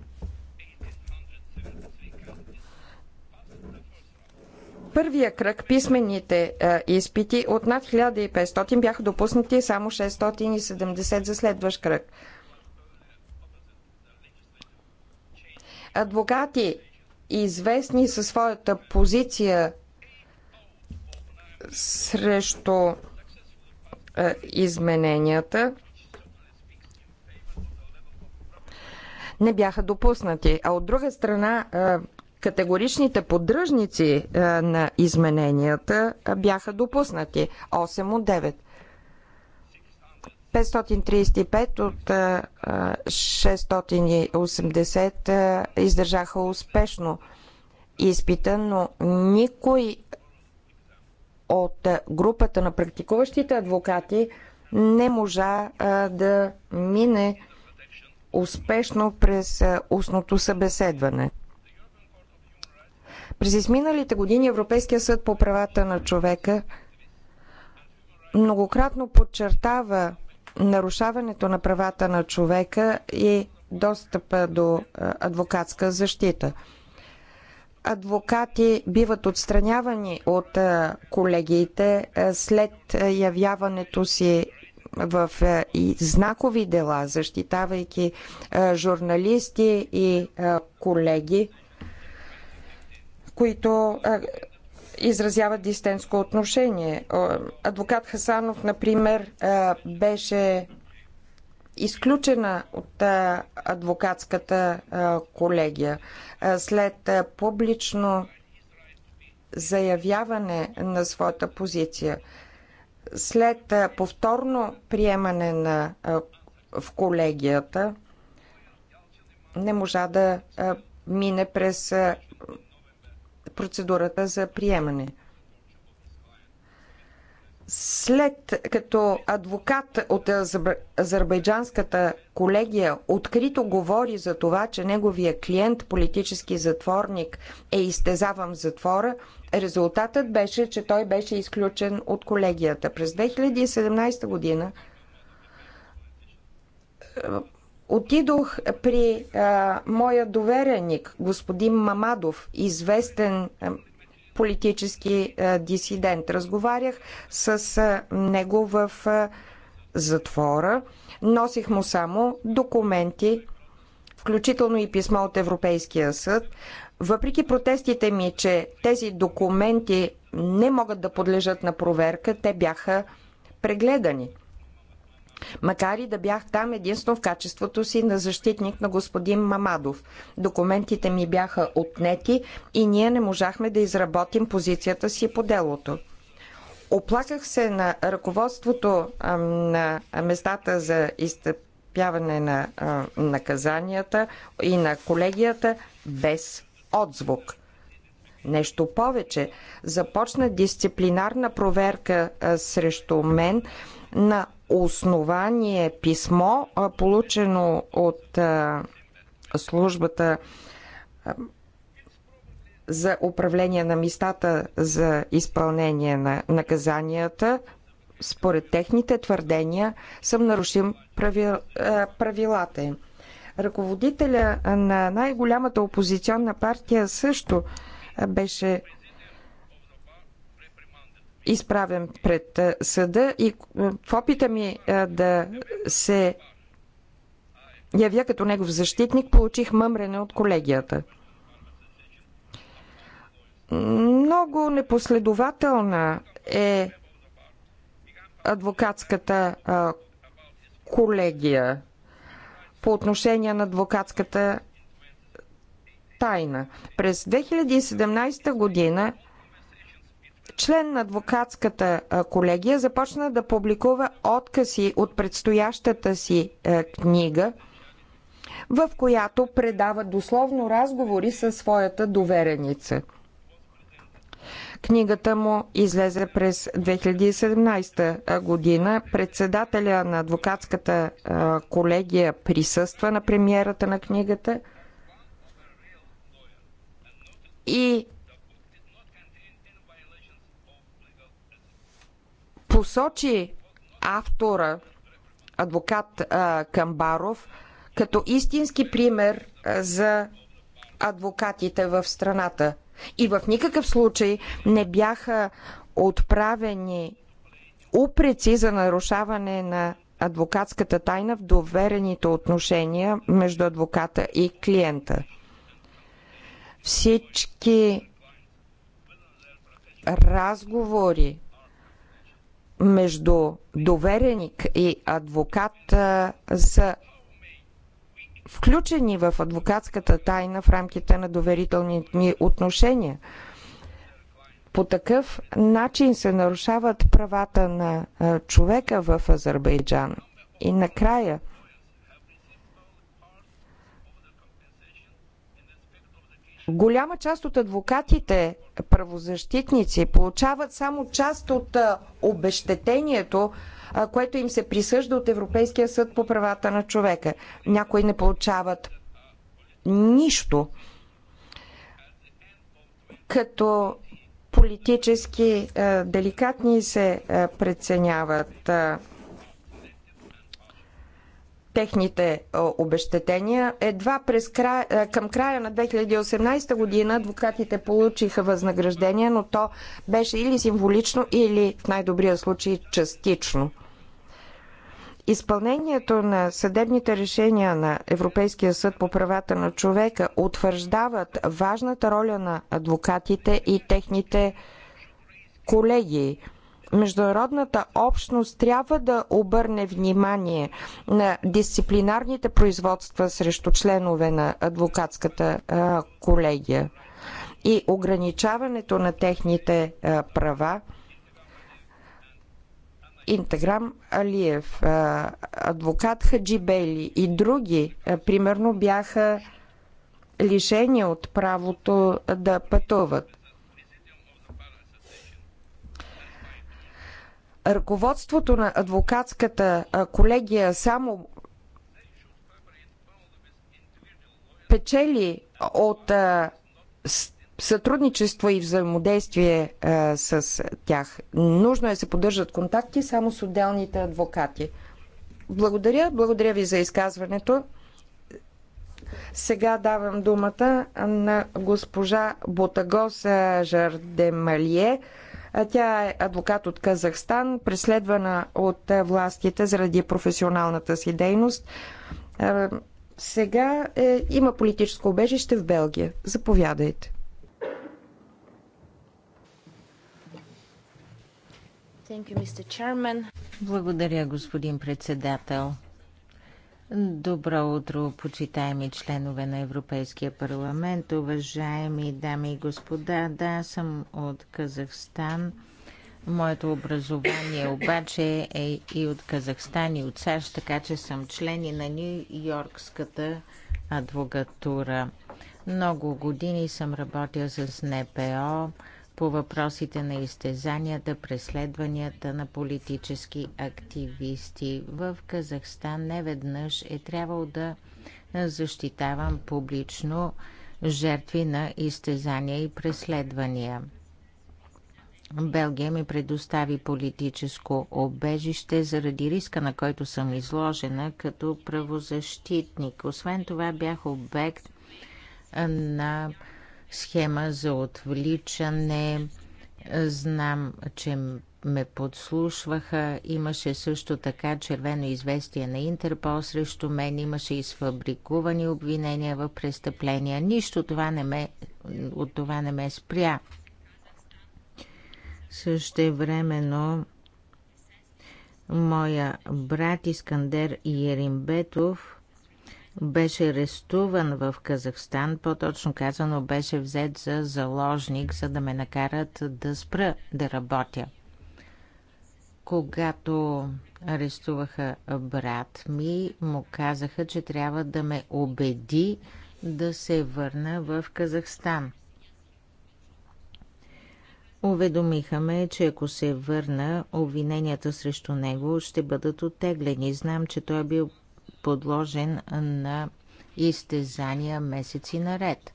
първия кръг писмените е, изпити от над 1500 бяха допуснати само 670 за следващ кръг. Адвокати, известни със своята позиция срещу е, измененията, не бяха допуснати. А от друга страна, е, Категоричните поддръжници е, на измененията е, бяха допуснати 8 от 9. 535 от 680 е, издържаха успешно изпита, но никой от групата на практикуващите адвокати не можа да мине успешно през устното събеседване. През изминалите години Европейския съд по правата на човека многократно подчертава нарушаването на правата на човека и достъпа до е, адвокатска защита. Адвокати биват отстранявани от е, колегиите е, след явяването си в знакови дела, защитавайки журналисти и колеги които изразяват дистенско отношение. Адвокат Хасанов, например, беше изключена от адвокатската колегия след публично заявяване на своята позиция. След повторно приемане на, в колегията не можа да мине през процедурата за приемане. След като адвокат от азербайджанската колегия открито говори за това, че неговия клиент, политически затворник, е изтезаван в затвора, резултатът беше, че той беше изключен от колегията. През 2017 година Отидох при а, моя довереник, господин Мамадов, известен а, политически а, дисидент. Разговарях с а, него в а, затвора. Носих му само документи, включително и писмо от Европейския съд. Въпреки протестите ми, че тези документи не могат да подлежат на проверка, те бяха прегледани макар и да бях там единствено в качеството си на защитник на господин Мамадов. Документите ми бяха отнети и ние не можахме да изработим позицията си по делото. Оплаках се на ръководството на местата за изтъпяване на наказанията и на колегията без отзвук. Нещо повече, започна дисциплинарна проверка срещу мен на основание писмо, получено от службата за управление на местата за изпълнение на наказанията, според техните твърдения, съм нарушим правилата им. Ръководителя на най-голямата опозиционна партия също беше изправен пред съда и в опита ми да се явя като негов защитник, получих мъмрене от колегията. Много непоследователна е адвокатската колегия по отношение на адвокатската тайна. През 2017 година член на адвокатската колегия, започна да публикува откази от предстоящата си е, книга, в която предава дословно разговори със своята довереница. Книгата му излезе през 2017 година. Председателя на адвокатската колегия присъства на премиерата на книгата и посочи автора, адвокат а, Камбаров, като истински пример за адвокатите в страната. И в никакъв случай не бяха отправени упреци за нарушаване на адвокатската тайна в доверените отношения между адвоката и клиента. Всички разговори между довереник и адвокат са включени в адвокатската тайна в рамките на доверителни отношения. По такъв начин се нарушават правата на човека в Азербайджан. И накрая – Голяма част от адвокатите, правозащитници, получават само част от обещетението, което им се присъжда от Европейския съд по правата на човека. Някои не получават нищо като политически деликатни се преценяват техните обещетения. Едва през към края на 2018 година адвокатите получиха възнаграждение, но то беше или символично, или в най-добрия случай частично. Изпълнението на съдебните решения на Европейския съд по правата на човека утвърждават важната роля на адвокатите и техните колеги международната общност трябва да обърне внимание на дисциплинарните производства срещу членове на адвокатската колегия и ограничаването на техните права. Интеграм Алиев, адвокат Хаджи Бейли и други, примерно, бяха лишени от правото да пътуват. ръководството на адвокатската колегия само печели от сътрудничество и взаимодействие а, с тях. Нужно е да се поддържат контакти само с отделните адвокати. Благодаря, благодаря ви за изказването. Сега давам думата на госпожа Ботагоса Жардемалие тя е адвокат от Казахстан, преследвана от властите заради професионалната си дейност. Сега е, има политическо убежище в Белгия. Заповядайте. Благодаря, господин председател. Добро утро, почитаеми членове на Европейския парламент, уважаеми дами и господа. Да, съм от Казахстан. Моето образование обаче е и от Казахстан, и от САЩ, така че съм член и на Нью-Йоркската адвокатура. Много години съм работил с НПО, по въпросите на изтезанията, преследванията на политически активисти. В Казахстан неведнъж е трябвало да защитавам публично жертви на изтезания и преследвания. Белгия ми предостави политическо обежище заради риска, на който съм изложена като правозащитник. Освен това бях обект на схема за отвличане. Знам, че ме подслушваха. Имаше също така червено известие на Интерпол срещу мен. Имаше и сфабрикувани обвинения в престъпления. Нищо това не ме, от това не ме спря. Също времено моя брат Искандер Еримбетов беше арестуван в Казахстан, по-точно казано беше взет за заложник, за да ме накарат да спра да работя. Когато арестуваха брат ми, му казаха, че трябва да ме убеди да се върна в Казахстан. Уведомиха ме, че ако се върна, обвиненията срещу него ще бъдат оттеглени. Знам, че той е бил подложен на изтезания месеци наред.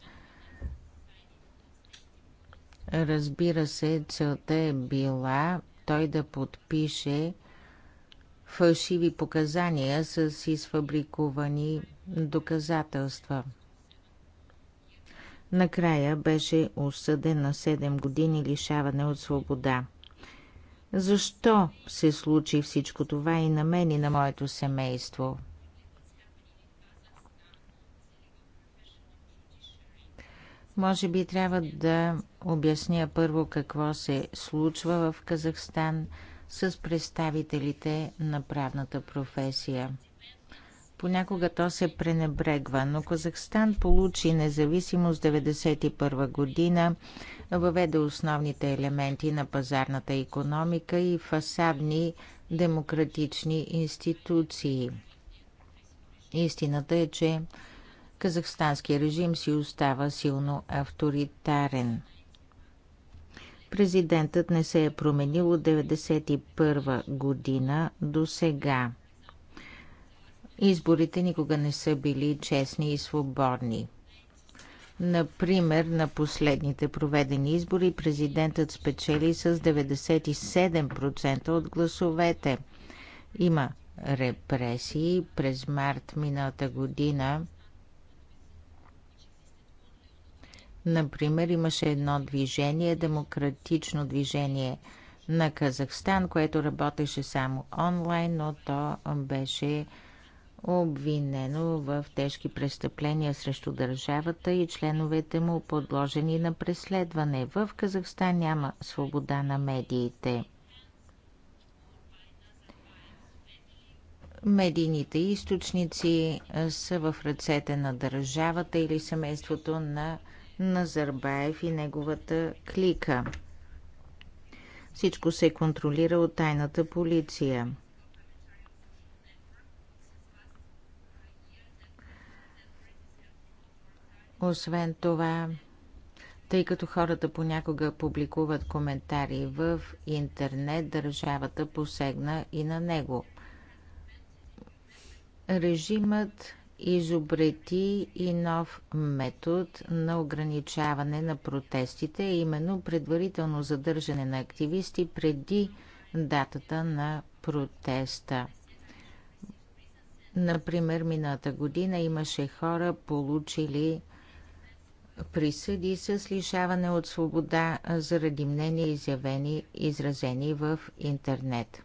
Разбира се, целта е била той да подпише фалшиви показания с изфабрикувани доказателства. Накрая беше осъден на 7 години лишаване от свобода. Защо се случи всичко това и на мен и на моето семейство? Може би трябва да обясня първо какво се случва в Казахстан с представителите на правната професия. Понякога то се пренебрегва, но Казахстан получи независимост 1991 година, въведе основните елементи на пазарната економика и фасадни демократични институции. Истината е, че Казахстанския режим си остава силно авторитарен. Президентът не се е променил от 1991 година до сега. Изборите никога не са били честни и свободни. Например, на последните проведени избори президентът спечели с 97% от гласовете. Има репресии. През март миналата година Например, имаше едно движение, демократично движение на Казахстан, което работеше само онлайн, но то беше обвинено в тежки престъпления срещу държавата и членовете му подложени на преследване. В Казахстан няма свобода на медиите. Медийните източници са в ръцете на държавата или семейството на Назарбаев и неговата клика. Всичко се контролира от тайната полиция. Освен това, тъй като хората понякога публикуват коментари в интернет, държавата посегна и на него. Режимът изобрети и нов метод на ограничаване на протестите, именно предварително задържане на активисти преди датата на протеста. Например, мината година имаше хора, получили присъди с лишаване от свобода заради мнения, изявени, изразени в интернет.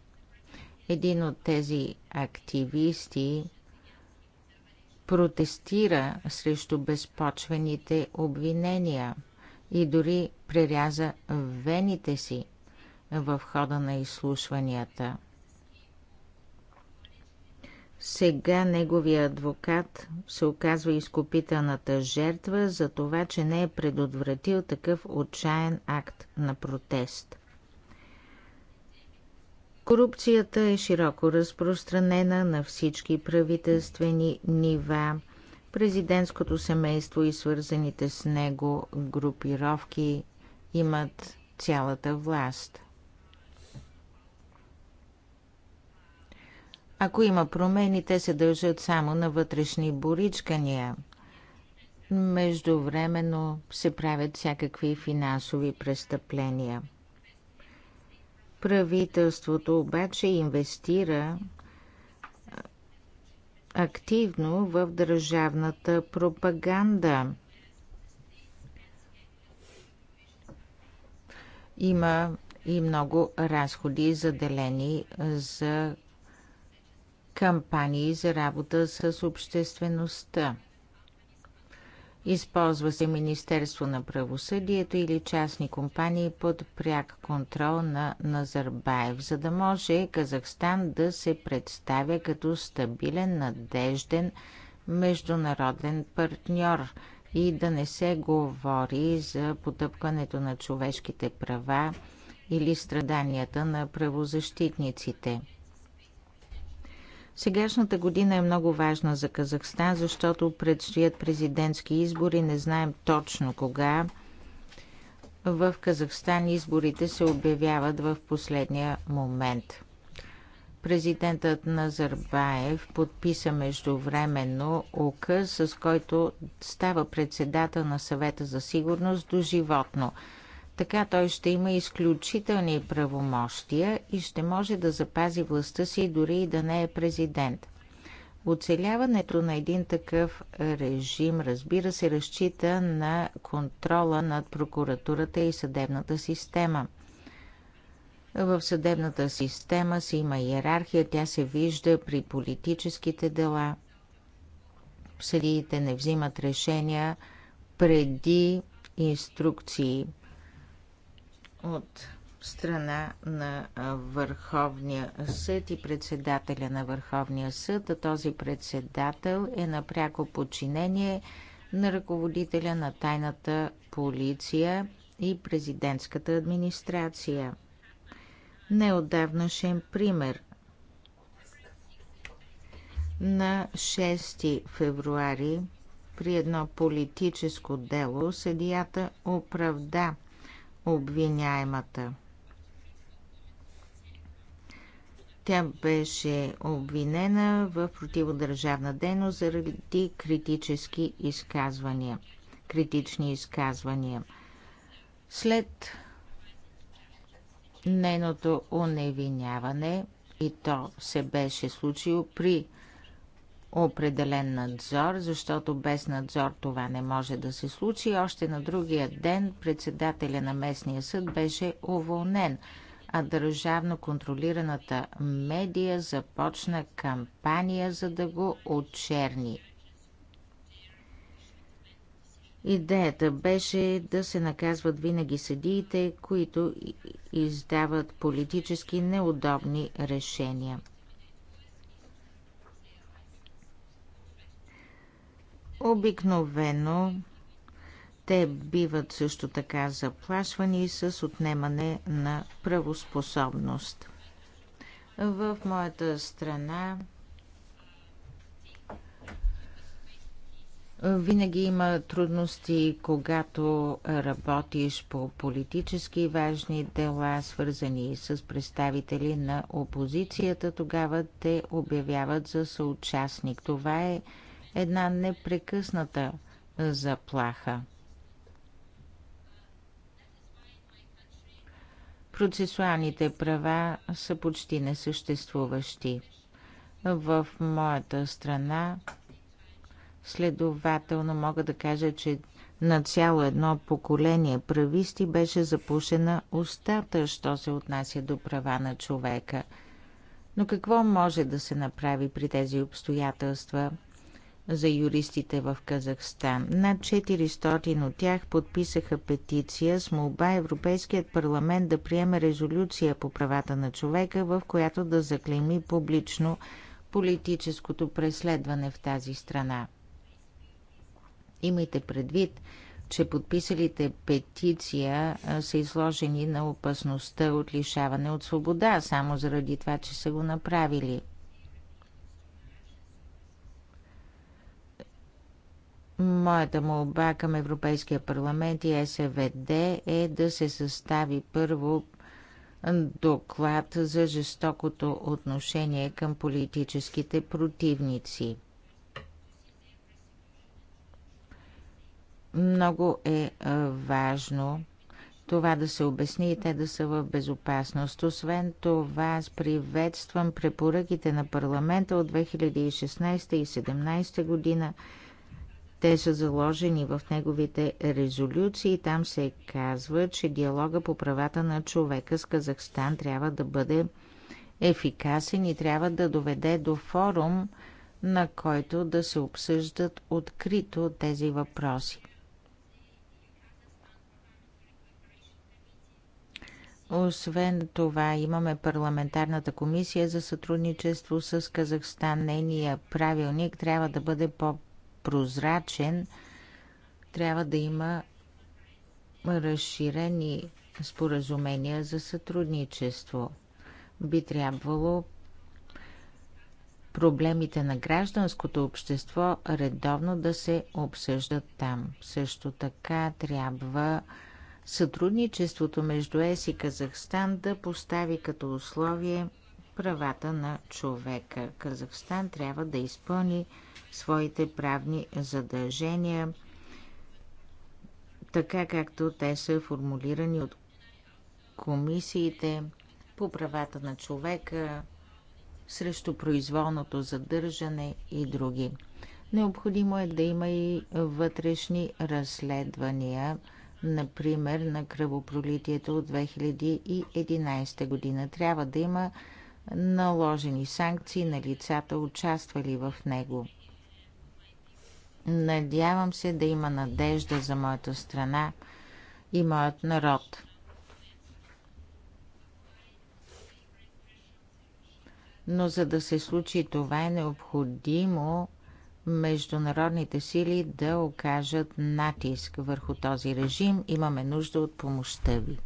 Един от тези активисти протестира срещу безпочвените обвинения и дори преряза вените си в хода на изслушванията. Сега неговия адвокат се оказва изкупителната жертва за това, че не е предотвратил такъв отчаян акт на протест. Корупцията е широко разпространена на всички правителствени нива, президентското семейство и свързаните с него групировки имат цялата власт. Ако има промени, те се дължат само на вътрешни боричкания. Междувременно се правят всякакви финансови престъпления – Правителството обаче инвестира активно в държавната пропаганда. Има и много разходи заделени за кампании за работа с обществеността. Използва се Министерство на правосъдието или частни компании под пряк контрол на Назарбаев, за да може Казахстан да се представя като стабилен, надежден международен партньор и да не се говори за потъпкането на човешките права или страданията на правозащитниците. Сегашната година е много важна за Казахстан, защото предстоят президентски избори. Не знаем точно кога. В Казахстан изборите се обявяват в последния момент. Президентът Назарбаев подписа междувременно указ, с който става председател на съвета за сигурност до животно. Така той ще има изключителни правомощия и ще може да запази властта си дори и да не е президент. Оцеляването на един такъв режим, разбира се, разчита на контрола над прокуратурата и съдебната система. В съдебната система си има иерархия, тя се вижда при политическите дела. Съдиите не взимат решения преди инструкции – от страна на Върховния съд и председателя на Върховния съд, а този председател е на пряко подчинение на ръководителя на тайната полиция и президентската администрация. Неотдавнашен пример на 6 февруари при едно политическо дело съдията оправда обвиняемата. Тя беше обвинена в противодържавна дейност заради критически изказвания. Критични изказвания. След нейното оневиняване, и то се беше случило при определен надзор, защото без надзор това не може да се случи. Още на другия ден председателя на местния съд беше уволнен, а държавно контролираната медия започна кампания, за да го очерни. Идеята беше да се наказват винаги съдиите, които издават политически неудобни решения – Обикновено те биват също така заплашвани с отнемане на правоспособност. В моята страна Винаги има трудности, когато работиш по политически важни дела, свързани с представители на опозицията. Тогава те обявяват за съучастник. Това е една непрекъсната заплаха. Процесуалните права са почти несъществуващи. В моята страна, следователно мога да кажа, че на цяло едно поколение прависти беше запушена устата, що се отнася до права на човека. Но какво може да се направи при тези обстоятелства? за юристите в Казахстан. Над 400 от тях подписаха петиция с молба Европейският парламент да приеме резолюция по правата на човека, в която да заклейми публично политическото преследване в тази страна. Имайте предвид, че подписалите петиция са изложени на опасността от лишаване от свобода, само заради това, че са го направили. Моята молба към Европейския парламент и СВД е да се състави първо доклад за жестокото отношение към политическите противници. Много е, е важно това да се обясни и те да са в безопасност. Освен това, аз приветствам препоръките на парламента от 2016 и 2017 година – те са заложени в неговите резолюции. Там се казва, че диалога по правата на човека с Казахстан трябва да бъде ефикасен и трябва да доведе до форум, на който да се обсъждат открито тези въпроси. Освен това, имаме парламентарната комисия за сътрудничество с Казахстан. Нейният правилник трябва да бъде по прозрачен, трябва да има разширени споразумения за сътрудничество. Би трябвало проблемите на гражданското общество редовно да се обсъждат там. Също така трябва сътрудничеството между ЕС и Казахстан да постави като условие правата на човека. Казахстан трябва да изпълни своите правни задължения, така както те са формулирани от комисиите по правата на човека, срещу произволното задържане и други. Необходимо е да има и вътрешни разследвания, например на кръвопролитието от 2011 година. Трябва да има наложени санкции на лицата, участвали в него. Надявам се да има надежда за моята страна и моят народ. Но за да се случи това е необходимо международните сили да окажат натиск върху този режим. Имаме нужда от помощта ви.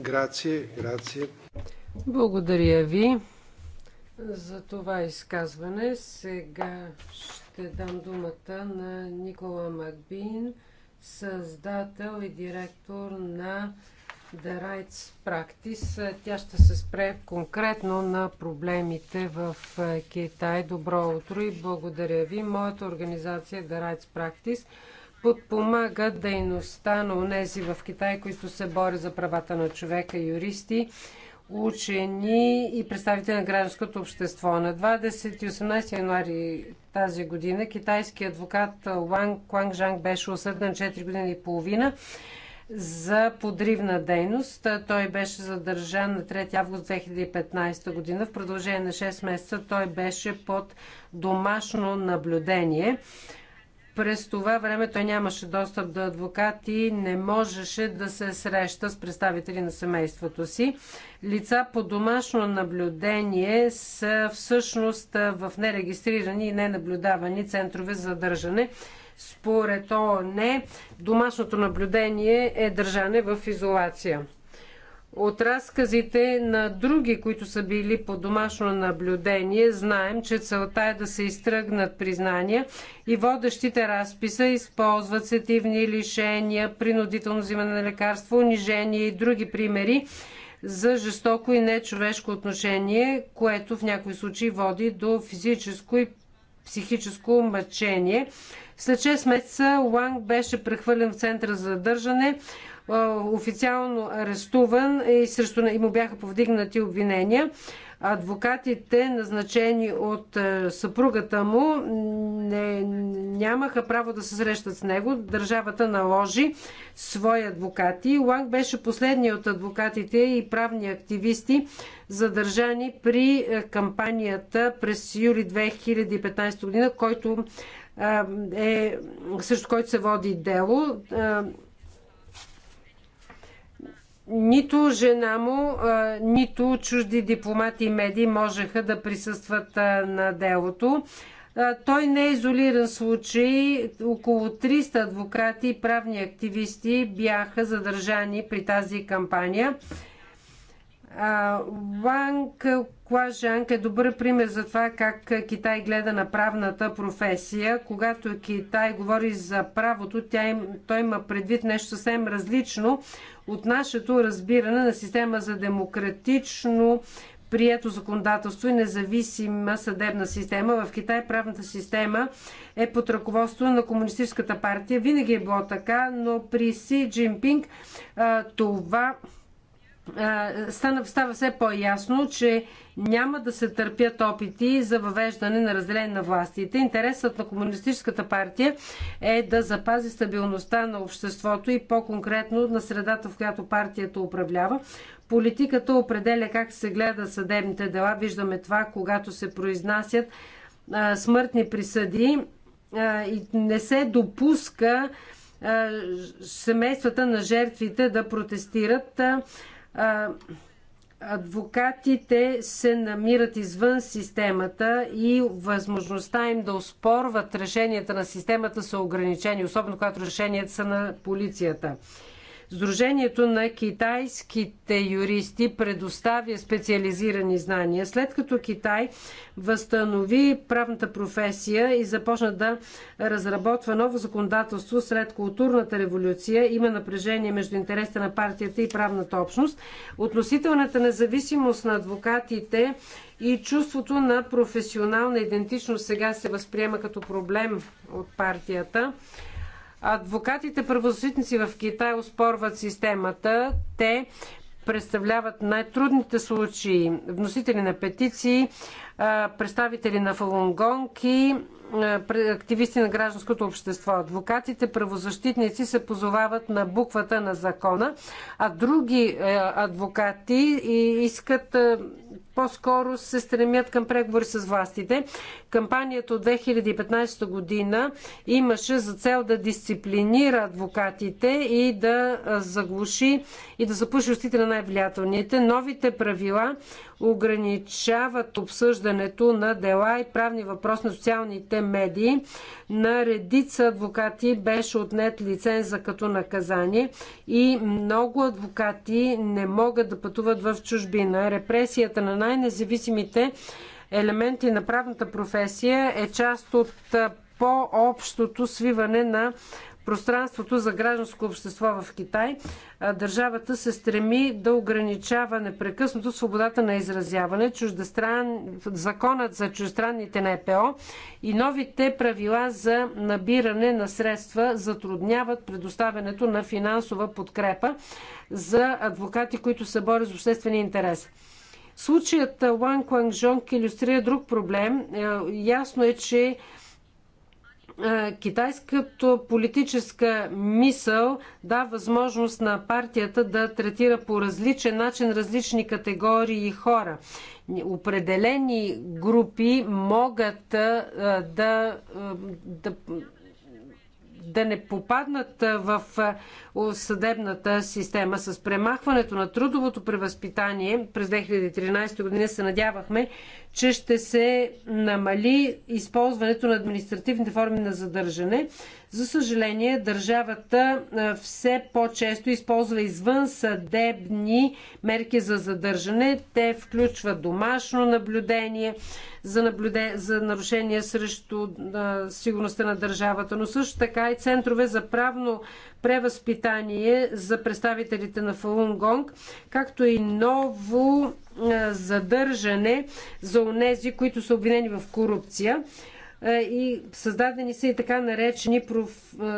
Грация, грация. Благодаря ви за това изказване. Сега ще дам думата на Никола Макбин, създател и директор на The Rights Practice. Тя ще се спре конкретно на проблемите в Китай. Добро утро и благодаря ви. Моята организация The Rights Practice подпомага дейността на унези в Китай, които се борят за правата на човека, юристи, учени и представители на гражданското общество. На 20 18 януари тази година китайският адвокат Уан Куанг Жанг беше осъден 4 години и половина за подривна дейност. Той беше задържан на 3 август 2015 година. В продължение на 6 месеца той беше под домашно наблюдение. През това време той нямаше достъп до адвокат и не можеше да се среща с представители на семейството си. Лица по домашно наблюдение са всъщност в нерегистрирани и ненаблюдавани центрове за държане. Според ООН, домашното наблюдение е държане в изолация. От разказите на други, които са били под домашно наблюдение, знаем, че целта е да се изтръгнат признания и водещите разписа използват сетивни лишения, принудително взимане на лекарства, унижение и други примери за жестоко и нечовешко отношение, което в някои случаи води до физическо и психическо мъчение. След 6 месеца Уанг беше прехвърлен в центъра за задържане официално арестуван и срещу и му бяха повдигнати обвинения. Адвокатите, назначени от е, съпругата му, не, нямаха право да се срещат с него. Държавата наложи свои адвокати. Ланг беше последният от адвокатите и правни активисти, задържани при е, кампанията през юли 2015 година, който е, е, срещу който се води дело. Нито жена му, нито чужди дипломати и медии можеха да присъстват на делото. Той не е изолиран случай. Около 300 адвокати и правни активисти бяха задържани при тази кампания. Ванг Клажанг е добър пример за това как Китай гледа на правната професия. Когато Китай говори за правото, тя им, той има предвид нещо съвсем различно от нашето разбиране на система за демократично прието законодателство и независима съдебна система. В Китай правната система е под ръководство на Комунистическата партия. Винаги е било така, но при Си Джинпинг това става все по-ясно, че няма да се търпят опити за въвеждане на разделение на властите. Интересът на Комунистическата партия е да запази стабилността на обществото и по-конкретно на средата, в която партията управлява. Политиката определя как се гледат съдебните дела. Виждаме това, когато се произнасят смъртни присъди и не се допуска семействата на жертвите да протестират адвокатите се намират извън системата и възможността им да оспорват решенията на системата са ограничени, особено когато решенията са на полицията. Сдружението на китайските юристи предоставя специализирани знания. След като Китай възстанови правната професия и започна да разработва ново законодателство сред културната революция, има напрежение между интересите на партията и правната общност. Относителната независимост на адвокатите и чувството на професионална идентичност сега се възприема като проблем от партията. Адвокатите правозащитници в Китай оспорват системата. Те представляват най-трудните случаи. Вносители на петиции, представители на Фалунгонг и активисти на гражданското общество. Адвокатите, правозащитници се позовават на буквата на закона, а други е, адвокати искат е, по-скоро се стремят към преговори с властите. Кампанията от 2015 година имаше за цел да дисциплинира адвокатите и да заглуши и да запуши устите на най-влиятелните. Новите правила ограничават обсъждането на дела и правни въпрос на социалните медии. На редица адвокати беше отнет лиценза като наказание и много адвокати не могат да пътуват в чужбина. Репресията на най-независимите елементи на правната професия е част от по-общото свиване на пространството за гражданско общество в Китай. Държавата се стреми да ограничава непрекъснато свободата на изразяване, чуждестран... законът за чуждестранните на ЕПО и новите правила за набиране на средства затрудняват предоставянето на финансова подкрепа за адвокати, които се борят за обществения интерес. Случаят Уан Куанг Жонг иллюстрира друг проблем. Е, ясно е, че е, китайската политическа мисъл да възможност на партията да третира по различен начин различни категории и хора. Определени групи могат е, да, да, да да не попаднат в съдебната система. С премахването на трудовото превъзпитание през 2013 година се надявахме, че ще се намали използването на административните форми на задържане. За съжаление, държавата все по-често използва извън съдебни мерки за задържане. Те включват домашно наблюдение за, наблюде... за нарушения срещу сигурността на държавата, но също така и центрове за правно превъзпитание за представителите на Фалун Гонг, както и ново задържане за онези, които са обвинени в корупция. И създадени са и така наречени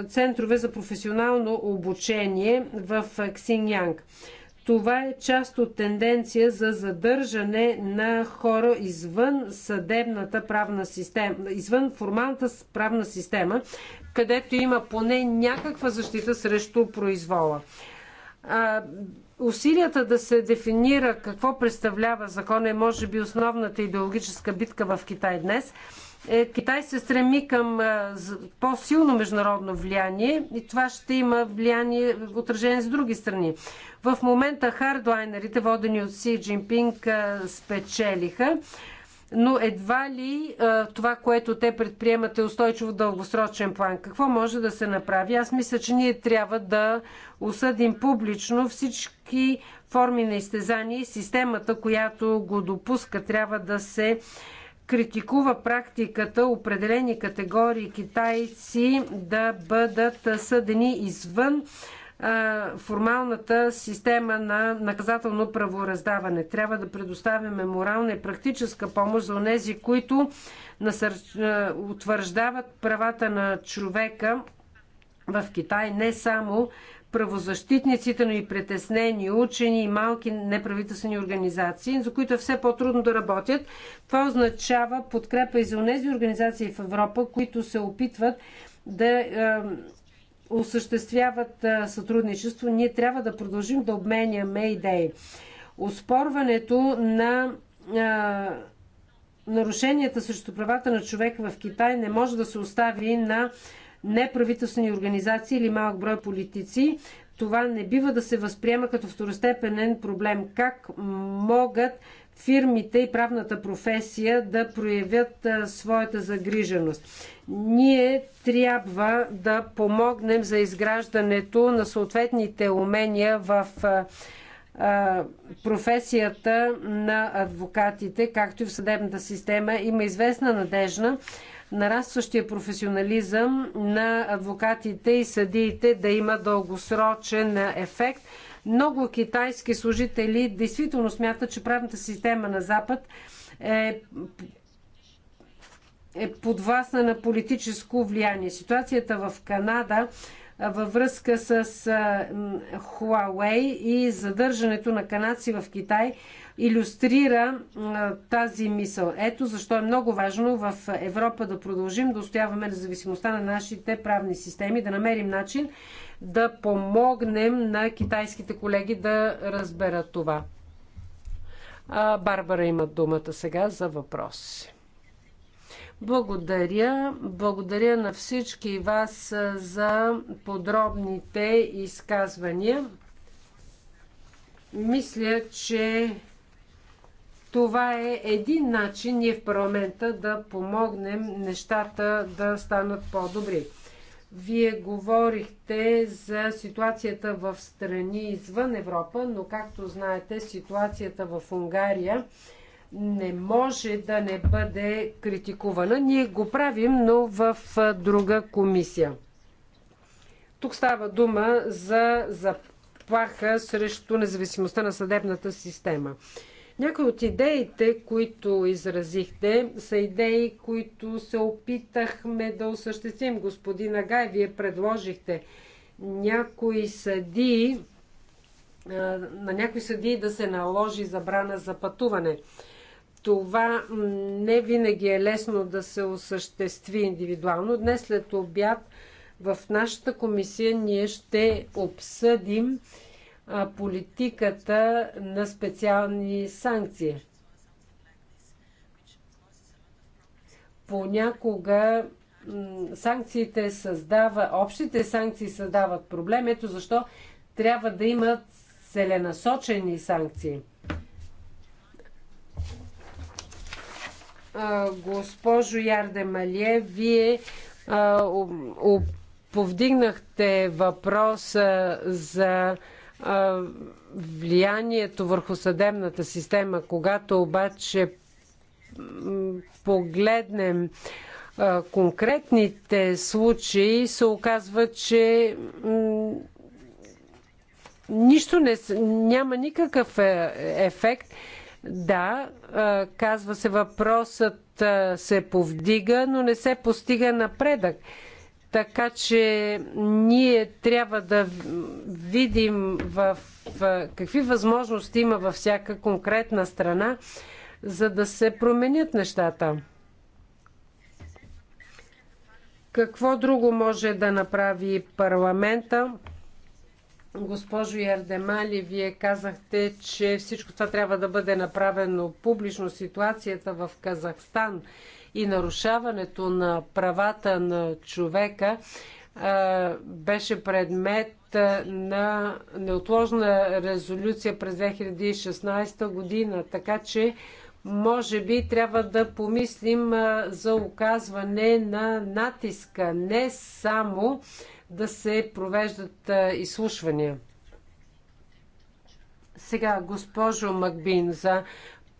центрове за професионално обучение в Ксиньянг. Това е част от тенденция за задържане на хора извън съдебната правна система, извън формалната правна система, където има поне някаква защита срещу произвола. А, усилията да се дефинира какво представлява закон е може би основната идеологическа битка в Китай днес. Е, Китай се стреми към по-силно международно влияние и това ще има влияние, отражение с други страни. В момента хардлайнерите, водени от Си Джинпинг, спечелиха но едва ли а, това, което те предприемат е устойчиво дългосрочен план. Какво може да се направи? Аз мисля, че ние трябва да осъдим публично всички форми на изтезание системата, която го допуска, трябва да се критикува практиката определени категории китайци да бъдат съдени извън формалната система на наказателно правораздаване. Трябва да предоставяме морална и практическа помощ за онези, които насър... утвърждават правата на човека в Китай, не само правозащитниците, но и притеснени учени и малки неправителствени организации, за които е все по-трудно да работят. Това означава подкрепа и за тези организации в Европа, които се опитват да осъществяват сътрудничество, ние трябва да продължим да обменяме идеи. Оспорването на нарушенията срещу правата на човека в Китай не може да се остави на неправителствени организации или малък брой политици. Това не бива да се възприема като второстепенен проблем. Как могат фирмите и правната професия да проявят своята загриженост? Ние трябва да помогнем за изграждането на съответните умения в професията на адвокатите, както и в съдебната система. Има известна надежда нарастващия професионализъм на адвокатите и съдиите да има дългосрочен ефект. Много китайски служители действително смятат, че правната система на Запад е е подвластна на политическо влияние. Ситуацията в Канада във връзка с Huawei и задържането на канадци в Китай иллюстрира тази мисъл. Ето защо е много важно в Европа да продължим да устояваме независимостта на нашите правни системи, да намерим начин да помогнем на китайските колеги да разберат това. Барбара има думата сега за въпроси. Благодаря. Благодаря на всички вас за подробните изказвания. Мисля, че това е един начин ние в парламента да помогнем нещата да станат по-добри. Вие говорихте за ситуацията в страни извън Европа, но както знаете, ситуацията в Унгария не може да не бъде критикувана. Ние го правим, но в друга комисия. Тук става дума за заплаха срещу независимостта на съдебната система. Някои от идеите, които изразихте, са идеи, които се опитахме да осъществим. Господин Агай, вие предложихте някои съдии, на някои съдии да се наложи забрана за пътуване. Това не винаги е лесно да се осъществи индивидуално. Днес след обяд в нашата комисия ние ще обсъдим политиката на специални санкции. Понякога санкциите създава, общите санкции създават проблем. Ето защо трябва да имат целенасочени санкции. Госпожо Ярде Малие, вие повдигнахте въпроса за влиянието върху съдебната система, когато обаче погледнем конкретните случаи, се оказва, че нищо не, няма никакъв е, ефект да, казва се въпросът се повдига, но не се постига напредък. Така че ние трябва да видим в какви възможности има във всяка конкретна страна, за да се променят нещата. Какво друго може да направи парламента? Госпожо Ярдемали, вие казахте, че всичко това трябва да бъде направено публично. Ситуацията в Казахстан и нарушаването на правата на човека беше предмет на неотложна резолюция през 2016 година. Така че, може би, трябва да помислим за оказване на натиска не само да се провеждат изслушвания. Сега, госпожо Макбин, за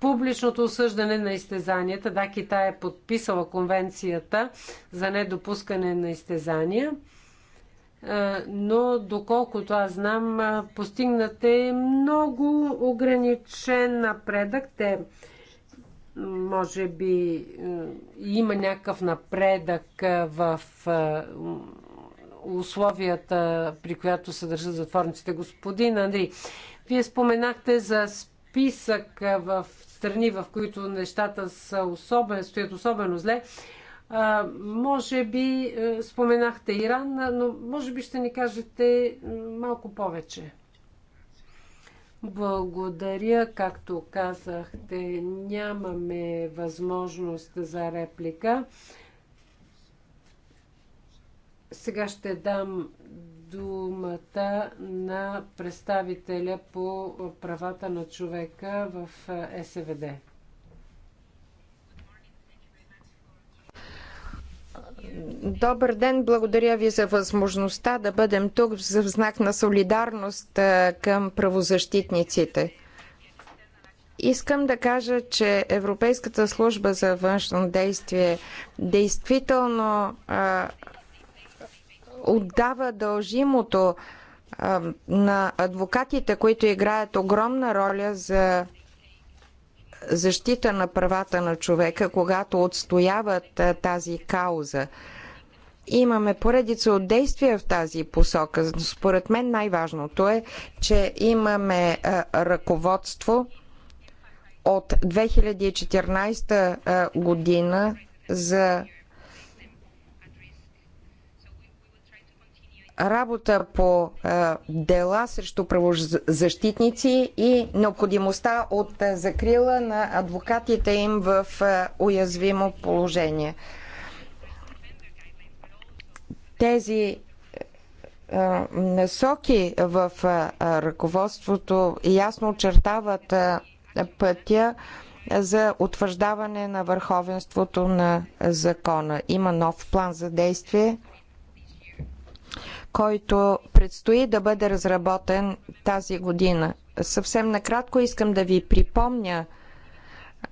публичното осъждане на изтезанията. Да, Китай е подписала конвенцията за недопускане на изтезания но доколкото аз знам, постигнате е много ограничен напредък. Те, може би, има някакъв напредък в условията, при която се държат затворниците. Господин Андри, вие споменахте за списък в страни, в които нещата са особен, стоят особено зле. А, може би споменахте Иран, но може би ще ни кажете малко повече. Благодаря. Както казахте, нямаме възможност за реплика. Сега ще дам думата на представителя по правата на човека в е, СВД. Добър ден, благодаря ви за възможността да бъдем тук в знак на солидарност е, към правозащитниците. Искам да кажа, че Европейската служба за външно действие действително е, отдава дължимото на адвокатите, които играят огромна роля за защита на правата на човека, когато отстояват тази кауза. Имаме поредица от действия в тази посока. Според мен най-важното е, че имаме ръководство от 2014 година за работа по е, дела срещу правозащитници и необходимостта от е, закрила на адвокатите им в е, уязвимо положение. Тези насоки в ръководството ясно очертават пътя за утвърждаване на върховенството на закона. Има нов план за действие който предстои да бъде разработен тази година. Съвсем накратко искам да ви припомня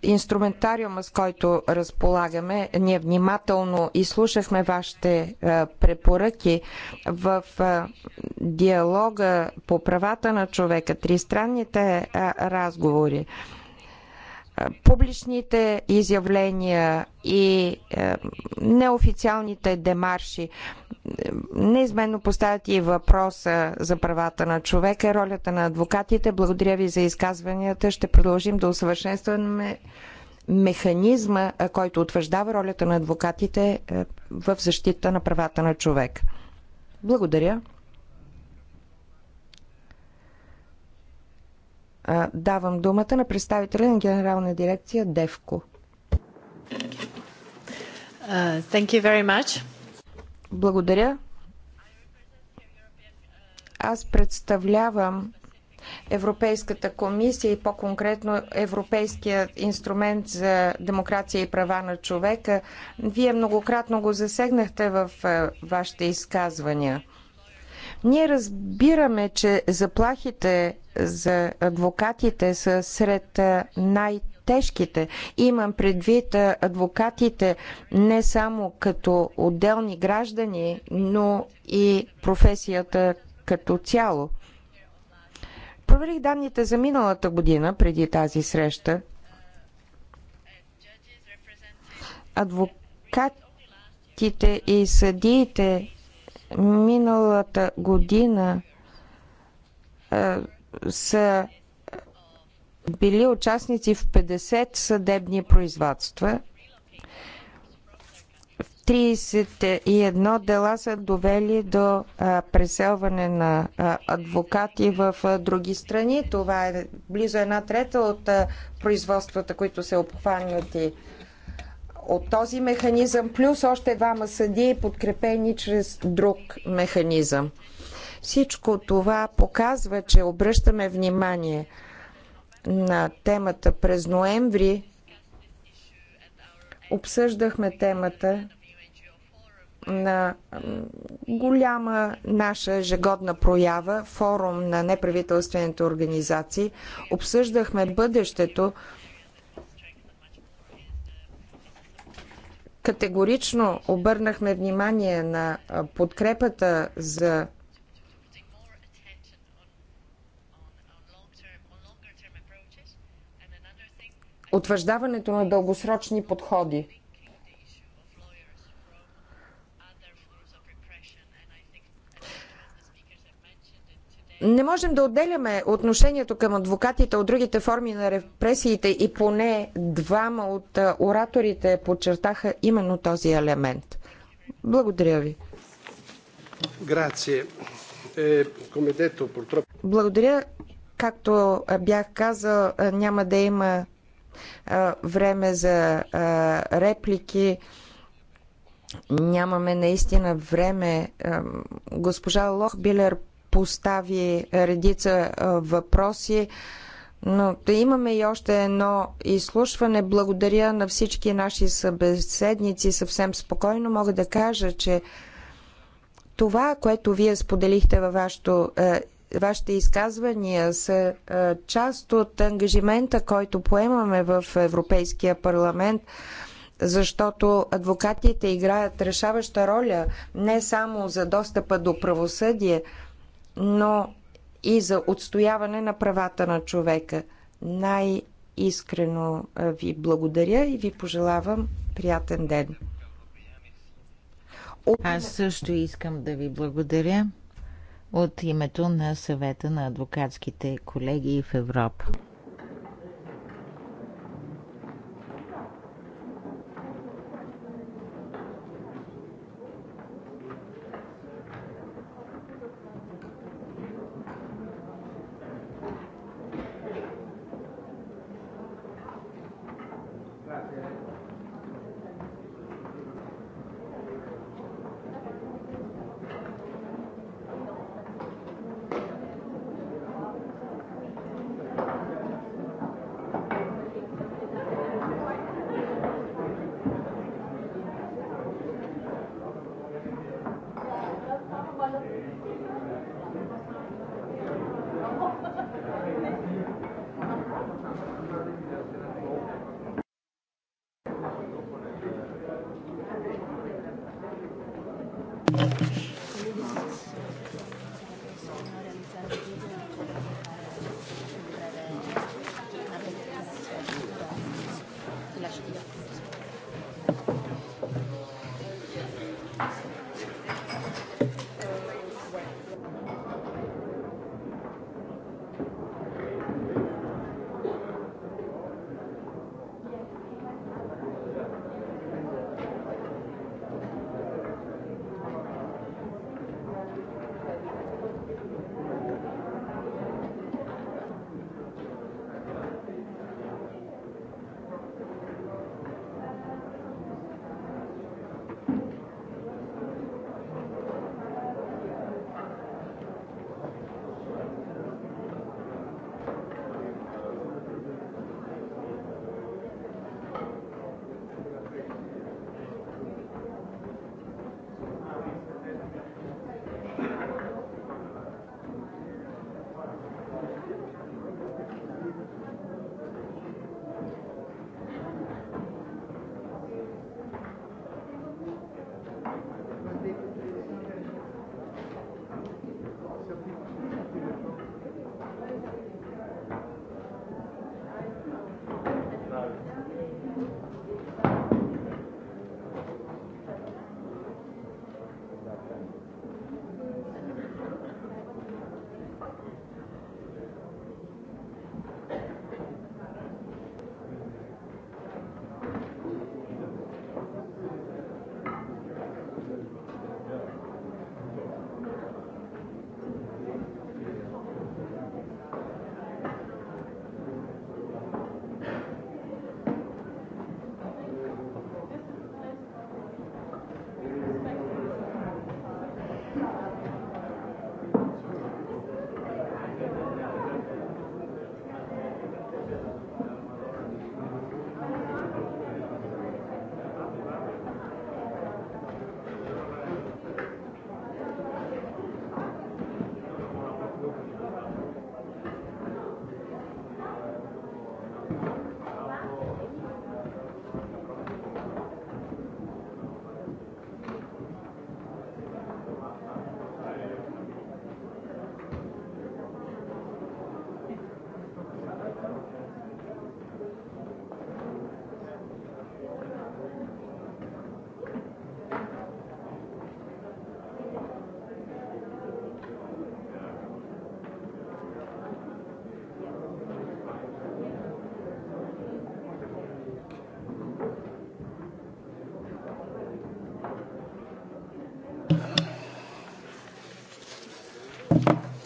инструментариума, с който разполагаме. Ние внимателно изслушахме вашите е, препоръки в е, диалога по правата на човека, тристранните е, разговори публичните изявления и неофициалните демарши неизменно поставят и въпроса за правата на човека и ролята на адвокатите. Благодаря ви за изказванията. Ще продължим да усъвършенстваме механизма, който утвърждава ролята на адвокатите в защита на правата на човек. Благодаря. давам думата на представителя на Генерална дирекция ДЕВКО. Uh, Благодаря. Аз представлявам Европейската комисия и по-конкретно Европейския инструмент за демокрация и права на човека. Вие многократно го засегнахте в е, вашите изказвания. Ние разбираме, че заплахите за адвокатите са сред най-тежките. Имам предвид адвокатите не само като отделни граждани, но и професията като цяло. Проверих данните за миналата година, преди тази среща. Адвокатите и съдиите миналата година е, са били участници в 50 съдебни производства. В 31 дела са довели до а, преселване на а, адвокати в други страни. Това е близо една трета от производствата, които са обхванати от този механизъм, плюс още двама съдии, подкрепени чрез друг механизъм. Всичко това показва, че обръщаме внимание на темата. През ноември обсъждахме темата на голяма наша ежегодна проява, форум на неправителствените организации. Обсъждахме бъдещето Категорично обърнахме внимание на подкрепата за утвърждаването на дългосрочни подходи. Не можем да отделяме отношението към адвокатите от другите форми на репресиите и поне двама от ораторите подчертаха именно този елемент. Благодаря ви. Е, Благодаря. Както бях казал, няма да има време за реплики. Нямаме наистина време. Госпожа Лохбилер постави редица въпроси. Но да имаме и още едно изслушване. Благодаря на всички наши събеседници. Съвсем спокойно мога да кажа, че това, което вие споделихте във вашето, е, вашите изказвания, са е, част от ангажимента, който поемаме в Европейския парламент, защото адвокатите играят решаваща роля не само за достъпа до правосъдие, но и за отстояване на правата на човека. Най-искрено ви благодаря и ви пожелавам приятен ден. От... Аз също искам да ви благодаря от името на съвета на адвокатските колеги в Европа.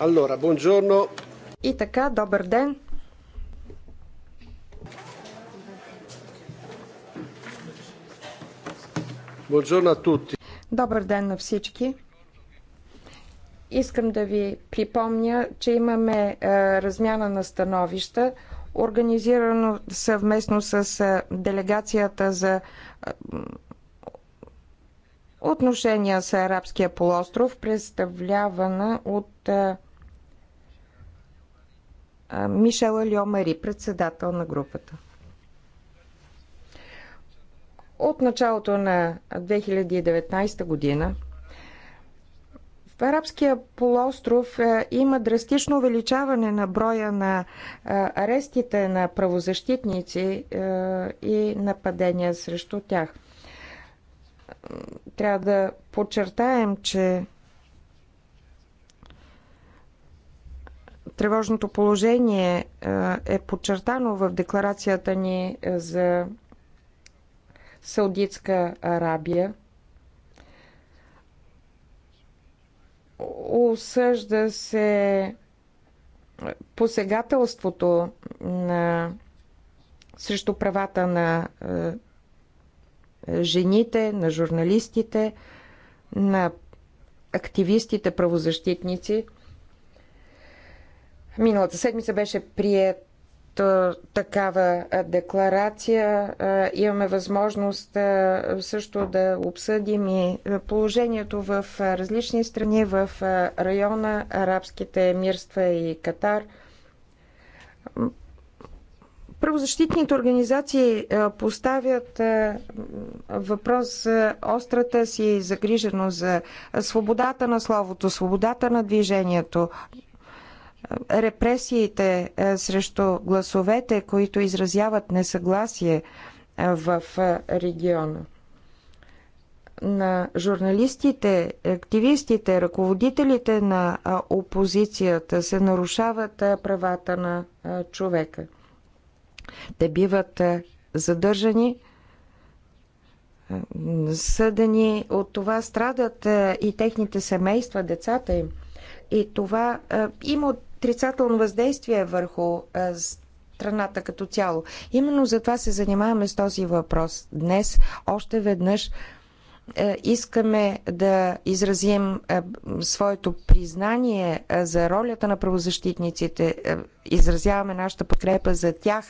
Allora, buongiorno. И така, добър ден. Buongiorno a tutti. Добър ден на всички. Искам да ви припомня, че имаме е, размяна на становища, организирано съвместно с е, делегацията за е, отношения с Арабския полуостров, представлявана от е, Мишела Льомари, председател на групата. От началото на 2019 година в Арабския полуостров има драстично увеличаване на броя на арестите на правозащитници и нападения срещу тях. Трябва да подчертаем, че Тревожното положение е, е подчертано в декларацията ни е, за Саудитска Арабия. Осъжда се посегателството на, срещу правата на е, жените, на журналистите, на активистите, правозащитници – Миналата седмица беше прият такава декларация. Имаме възможност също да обсъдим и положението в различни страни, в района, арабските емирства и Катар. Правозащитните организации поставят въпрос за острата си загриженост за свободата на словото, свободата на движението, репресиите е, срещу гласовете, които изразяват несъгласие е, в е, региона. На журналистите, активистите, ръководителите на опозицията се нарушават правата на човека. Те биват задържани, съдени, от това страдат и техните семейства, децата им. И това има отрицателно въздействие върху страната като цяло. Именно за това се занимаваме с този въпрос. Днес още веднъж искаме да изразим своето признание за ролята на правозащитниците, изразяваме нашата подкрепа за тях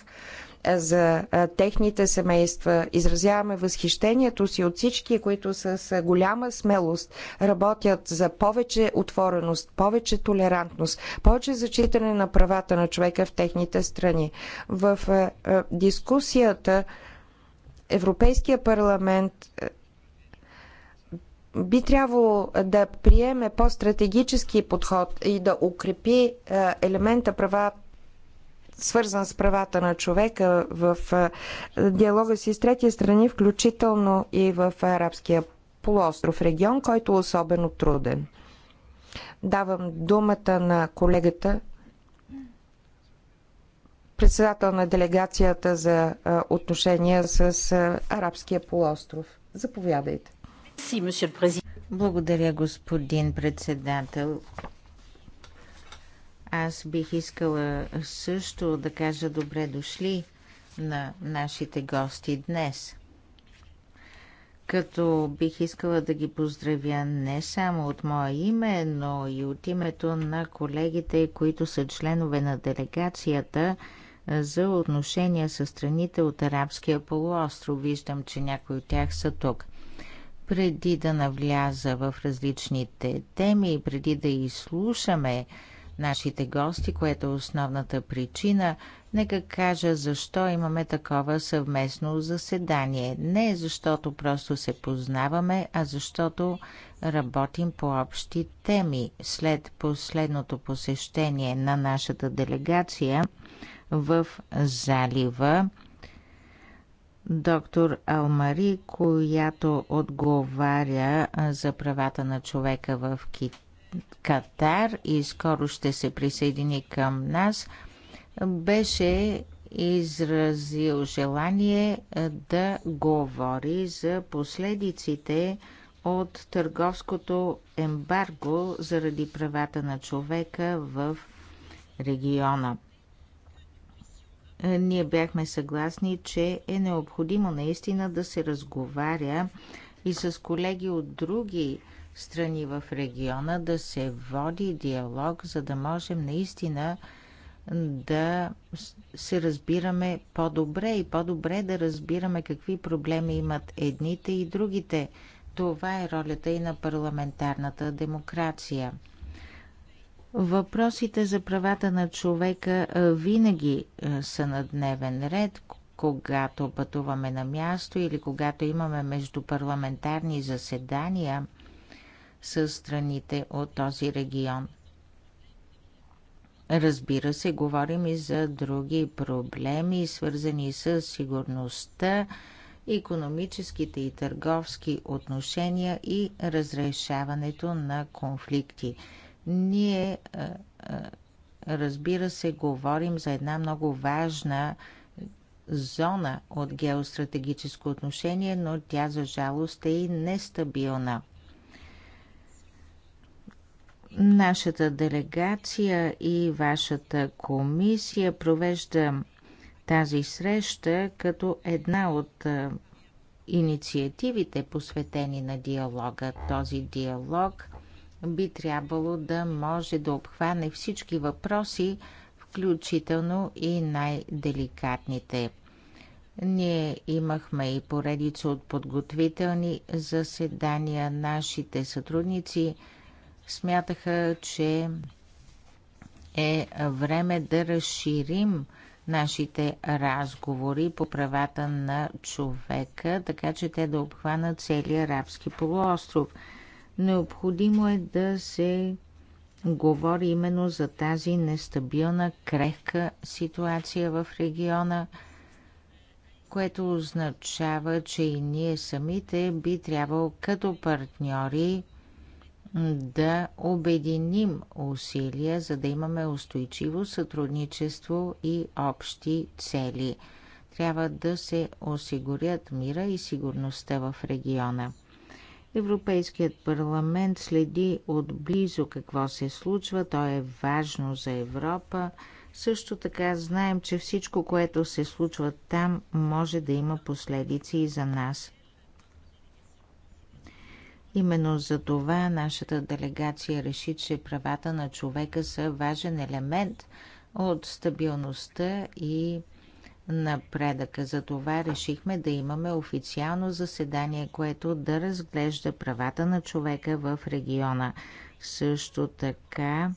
за техните семейства. Изразяваме възхищението си от всички, които с голяма смелост работят за повече отвореност, повече толерантност, повече зачитане на правата на човека в техните страни. В дискусията Европейския парламент би трябвало да приеме по-стратегически подход и да укрепи елемента права свързан с правата на човека в диалога си с трети страни, включително и в арабския полуостров регион, който е особено труден. Давам думата на колегата, председател на делегацията за отношения с арабския полуостров. Заповядайте. Благодаря, господин председател. Аз бих искала също да кажа добре дошли на нашите гости днес. Като бих искала да ги поздравя не само от мое име, но и от името на колегите, които са членове на делегацията за отношения с страните от Арабския полуостров. Виждам, че някои от тях са тук. Преди да навляза в различните теми и преди да изслушаме нашите гости, което е основната причина. Нека кажа защо имаме такова съвместно заседание. Не защото просто се познаваме, а защото работим по общи теми. След последното посещение на нашата делегация в залива, доктор Алмари, която отговаря за правата на човека в Китай, Катар и скоро ще се присъедини към нас, беше изразил желание да говори за последиците от търговското ембарго заради правата на човека в региона. Ние бяхме съгласни, че е необходимо наистина да се разговаря и с колеги от други страни в региона, да се води диалог, за да можем наистина да се разбираме по-добре и по-добре да разбираме какви проблеми имат едните и другите. Това е ролята и на парламентарната демокрация. Въпросите за правата на човека винаги са на дневен ред, когато пътуваме на място или когато имаме междупарламентарни заседания – с страните от този регион. Разбира се, говорим и за други проблеми, свързани с сигурността, економическите и търговски отношения и разрешаването на конфликти. Ние, разбира се, говорим за една много важна зона от геостратегическо отношение, но тя за жалост е и нестабилна – Нашата делегация и вашата комисия провежда тази среща като една от инициативите, посветени на диалога. Този диалог би трябвало да може да обхване всички въпроси, включително и най-деликатните. Ние имахме и поредица от подготвителни заседания. Нашите сътрудници – смятаха, че е време да разширим нашите разговори по правата на човека, така че те да обхванат целият арабски полуостров. Необходимо е да се говори именно за тази нестабилна, крехка ситуация в региона, което означава, че и ние самите би трябвало като партньори да обединим усилия, за да имаме устойчиво сътрудничество и общи цели. Трябва да се осигурят мира и сигурността в региона. Европейският парламент следи отблизо какво се случва. То е важно за Европа. Също така знаем, че всичко, което се случва там, може да има последици и за нас. Именно за това нашата делегация реши, че правата на човека са важен елемент от стабилността и напредъка. За това решихме да имаме официално заседание, което да разглежда правата на човека в региона. Също така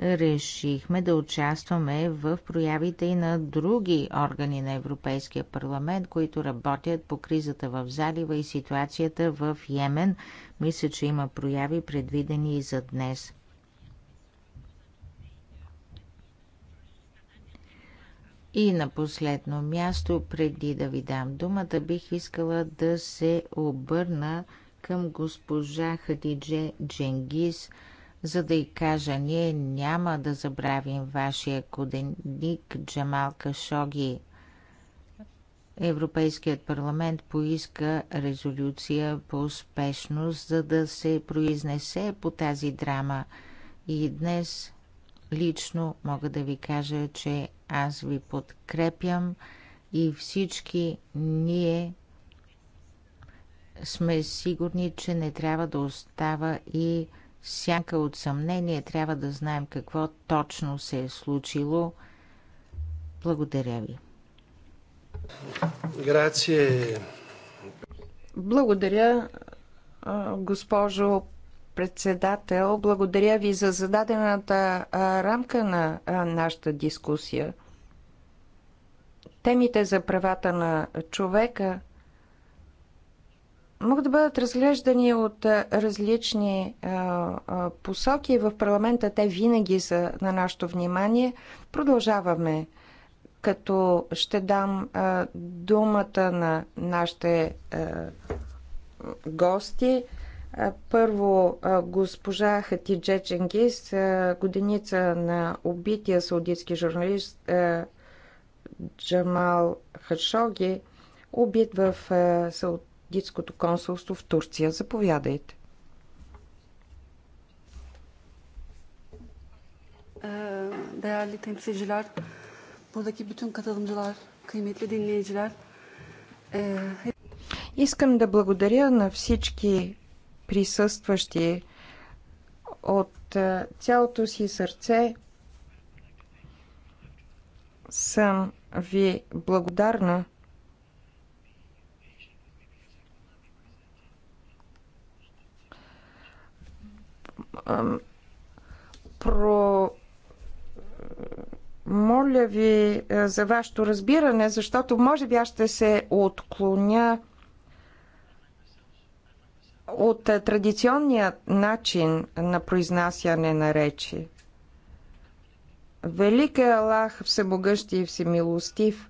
решихме да участваме в проявите и на други органи на Европейския парламент, които работят по кризата в залива и ситуацията в Йемен. Мисля, че има прояви предвидени и за днес. И на последно място, преди да ви дам думата, бих искала да се обърна към госпожа Хадидже Дженгис – за да й кажа, ние няма да забравим вашия коденик Джамал Кашоги. Европейският парламент поиска резолюция по успешност, за да се произнесе по тази драма. И днес лично мога да ви кажа, че аз ви подкрепям и всички ние сме сигурни, че не трябва да остава и всяка от съмнение трябва да знаем какво точно се е случило. Благодаря ви. Грация. Благодаря, госпожо председател. Благодаря ви за зададената рамка на нашата дискусия. Темите за правата на човека – могат да бъдат разглеждани от различни посоки. В парламента те винаги са на нашето внимание. Продължаваме като ще дам а, думата на нашите а, гости. А, първо а, госпожа Хатидже Ченгис, а, годеница на убития саудитски журналист а, Джамал Хашоги, убит в а, Гитското консулство в Турция. Заповядайте. değerli temsilciler, buradaki bütün Искам да благодаря на всички присъстващи от е, цялото си сърце. Съм ви благодарна про... Моля ви е, за вашето разбиране, защото може би аз ще се отклоня от е, традиционния начин на произнасяне на речи. Велик е Аллах, всемогъщи и всемилостив.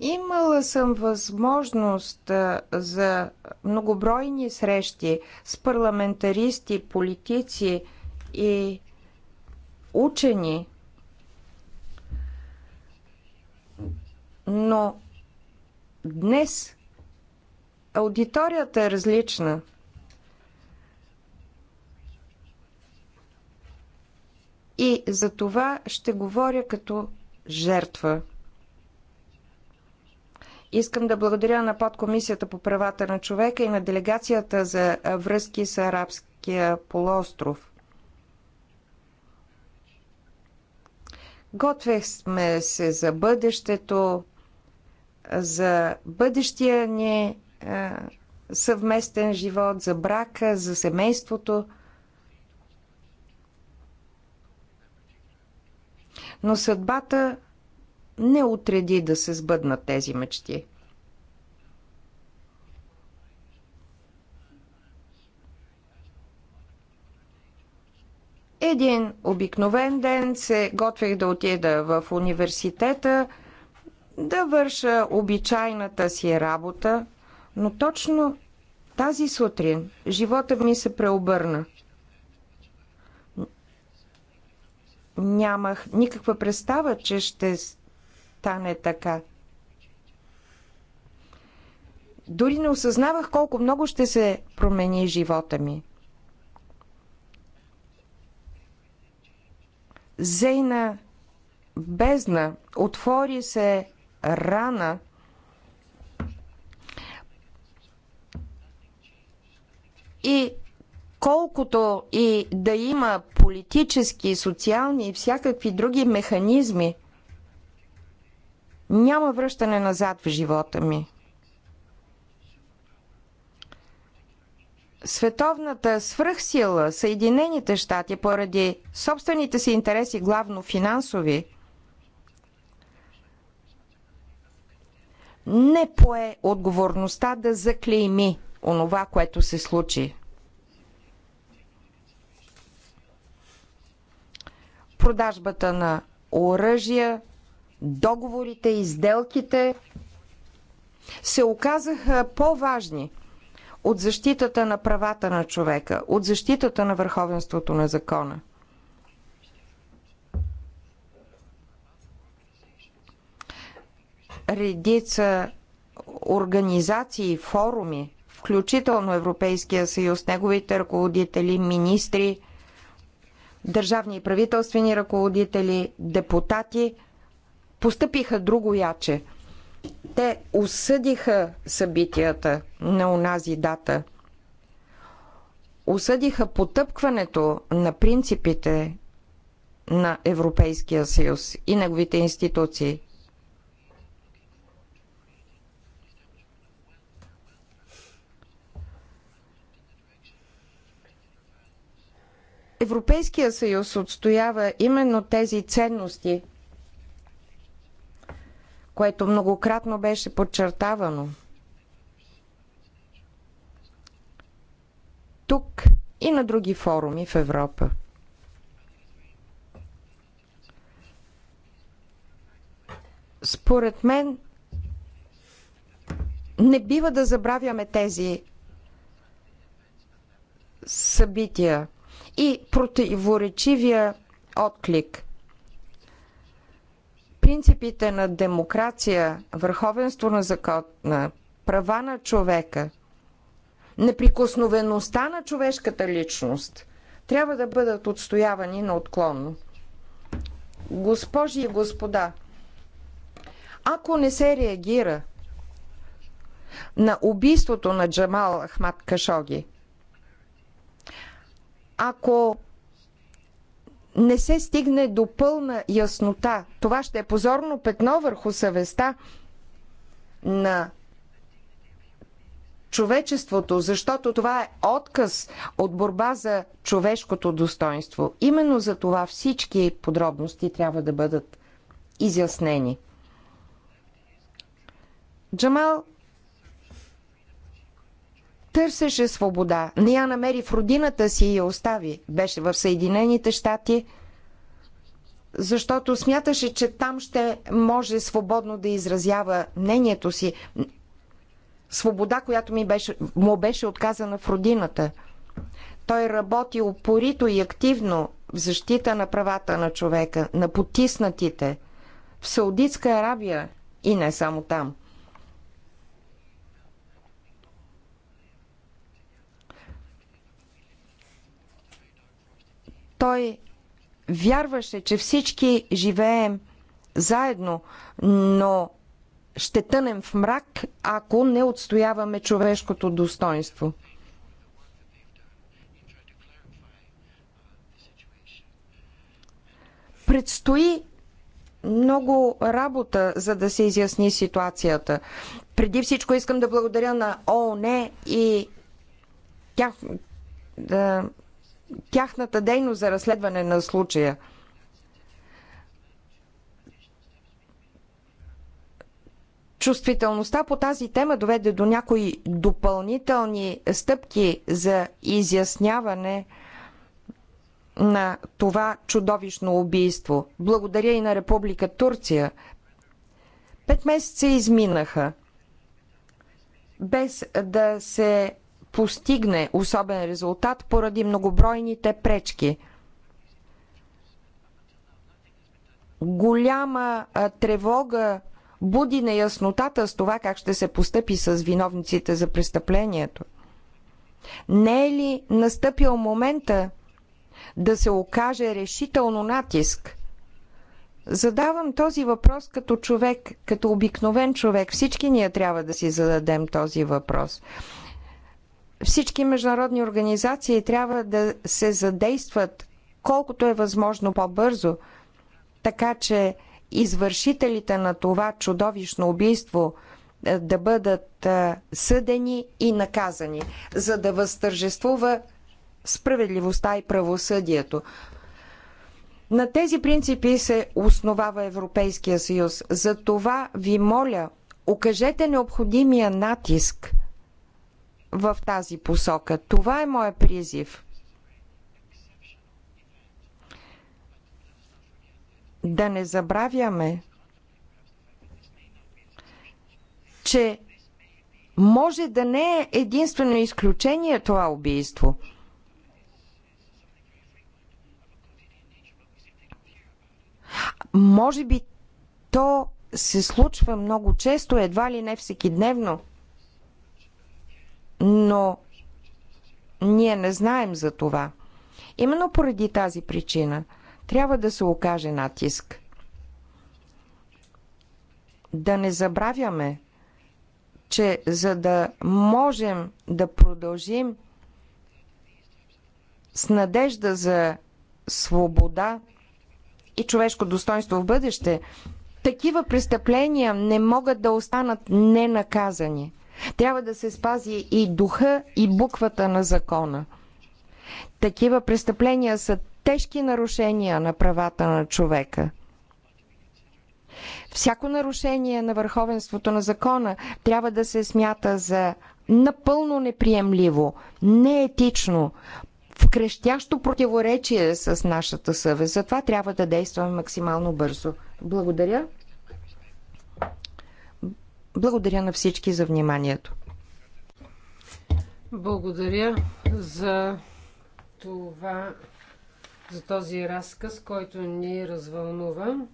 Имала съм възможност за многобройни срещи с парламентаристи, политици и учени, но днес аудиторията е различна. И за това ще говоря като жертва. Искам да благодаря на подкомисията по правата на човека и на делегацията за връзки с арабския полуостров. Готвехме се за бъдещето, за бъдещия ни е, съвместен живот, за брака, за семейството. Но съдбата не отреди да се сбъднат тези мечти. Един обикновен ден се готвих да отида в университета, да върша обичайната си работа, но точно тази сутрин живота ми се преобърна. Нямах никаква представа, че ще стане така. Дори не осъзнавах колко много ще се промени живота ми. Зейна бездна отвори се рана и колкото и да има политически, социални и всякакви други механизми – няма връщане назад в живота ми. Световната свръхсила, Съединените щати, поради собствените си интереси, главно финансови, не пое отговорността да заклейми онова, което се случи. Продажбата на оръжия, договорите и сделките се оказаха по-важни от защитата на правата на човека, от защитата на върховенството на закона. Редица организации, форуми, включително Европейския съюз, неговите ръководители, министри, държавни и правителствени ръководители, депутати – постъпиха друго яче. Те осъдиха събитията на онази дата. Осъдиха потъпкването на принципите на Европейския съюз и неговите институции. Европейския съюз отстоява именно тези ценности – което многократно беше подчертавано. Тук и на други форуми в Европа. Според мен не бива да забравяме тези събития и противоречивия отклик принципите на демокрация, върховенство на закона, права на човека, неприкосновеността на човешката личност трябва да бъдат отстоявани на отклонно. Госпожи и господа, ако не се реагира на убийството на Джамал Ахмад Кашоги, ако не се стигне до пълна яснота, това ще е позорно петно върху съвестта на човечеството, защото това е отказ от борба за човешкото достоинство. Именно за това всички подробности трябва да бъдат изяснени. Джамал търсеше свобода, не я намери в родината си и я остави. Беше в Съединените щати, защото смяташе, че там ще може свободно да изразява мнението си. Свобода, която ми беше, му беше отказана в родината. Той работи упорито и активно в защита на правата на човека, на потиснатите, в Саудитска Арабия и не само там – Той вярваше, че всички живеем заедно, но ще тънем в мрак, ако не отстояваме човешкото достоинство. Предстои много работа, за да се изясни ситуацията. Преди всичко искам да благодаря на ООН и тях, да, тяхната дейност за разследване на случая. Чувствителността по тази тема доведе до някои допълнителни стъпки за изясняване на това чудовищно убийство. Благодаря и на Република Турция. Пет месеца изминаха без да се постигне особен резултат поради многобройните пречки. Голяма тревога буди неяснотата с това как ще се постъпи с виновниците за престъплението. Не е ли настъпил момента да се окаже решително натиск? Задавам този въпрос като човек, като обикновен човек. Всички ние трябва да си зададем този въпрос. Всички международни организации трябва да се задействат колкото е възможно по-бързо, така че извършителите на това чудовищно убийство е, да бъдат е, съдени и наказани, за да възтържествува справедливостта и правосъдието. На тези принципи се основава Европейския съюз. За това ви моля, окажете необходимия натиск – в тази посока. Това е моят призив. Да не забравяме, че може да не е единствено изключение това убийство. Може би то се случва много често, едва ли не всекидневно но ние не знаем за това. Именно поради тази причина трябва да се окаже натиск. Да не забравяме, че за да можем да продължим с надежда за свобода и човешко достоинство в бъдеще, такива престъпления не могат да останат ненаказани. Трябва да се спази и духа, и буквата на закона. Такива престъпления са тежки нарушения на правата на човека. Всяко нарушение на върховенството на закона трябва да се смята за напълно неприемливо, неетично, в крещящо противоречие с нашата съвест. Затова трябва да действаме максимално бързо. Благодаря. Благодаря на всички за вниманието. Благодаря за това, за този разказ, който ни развълнува.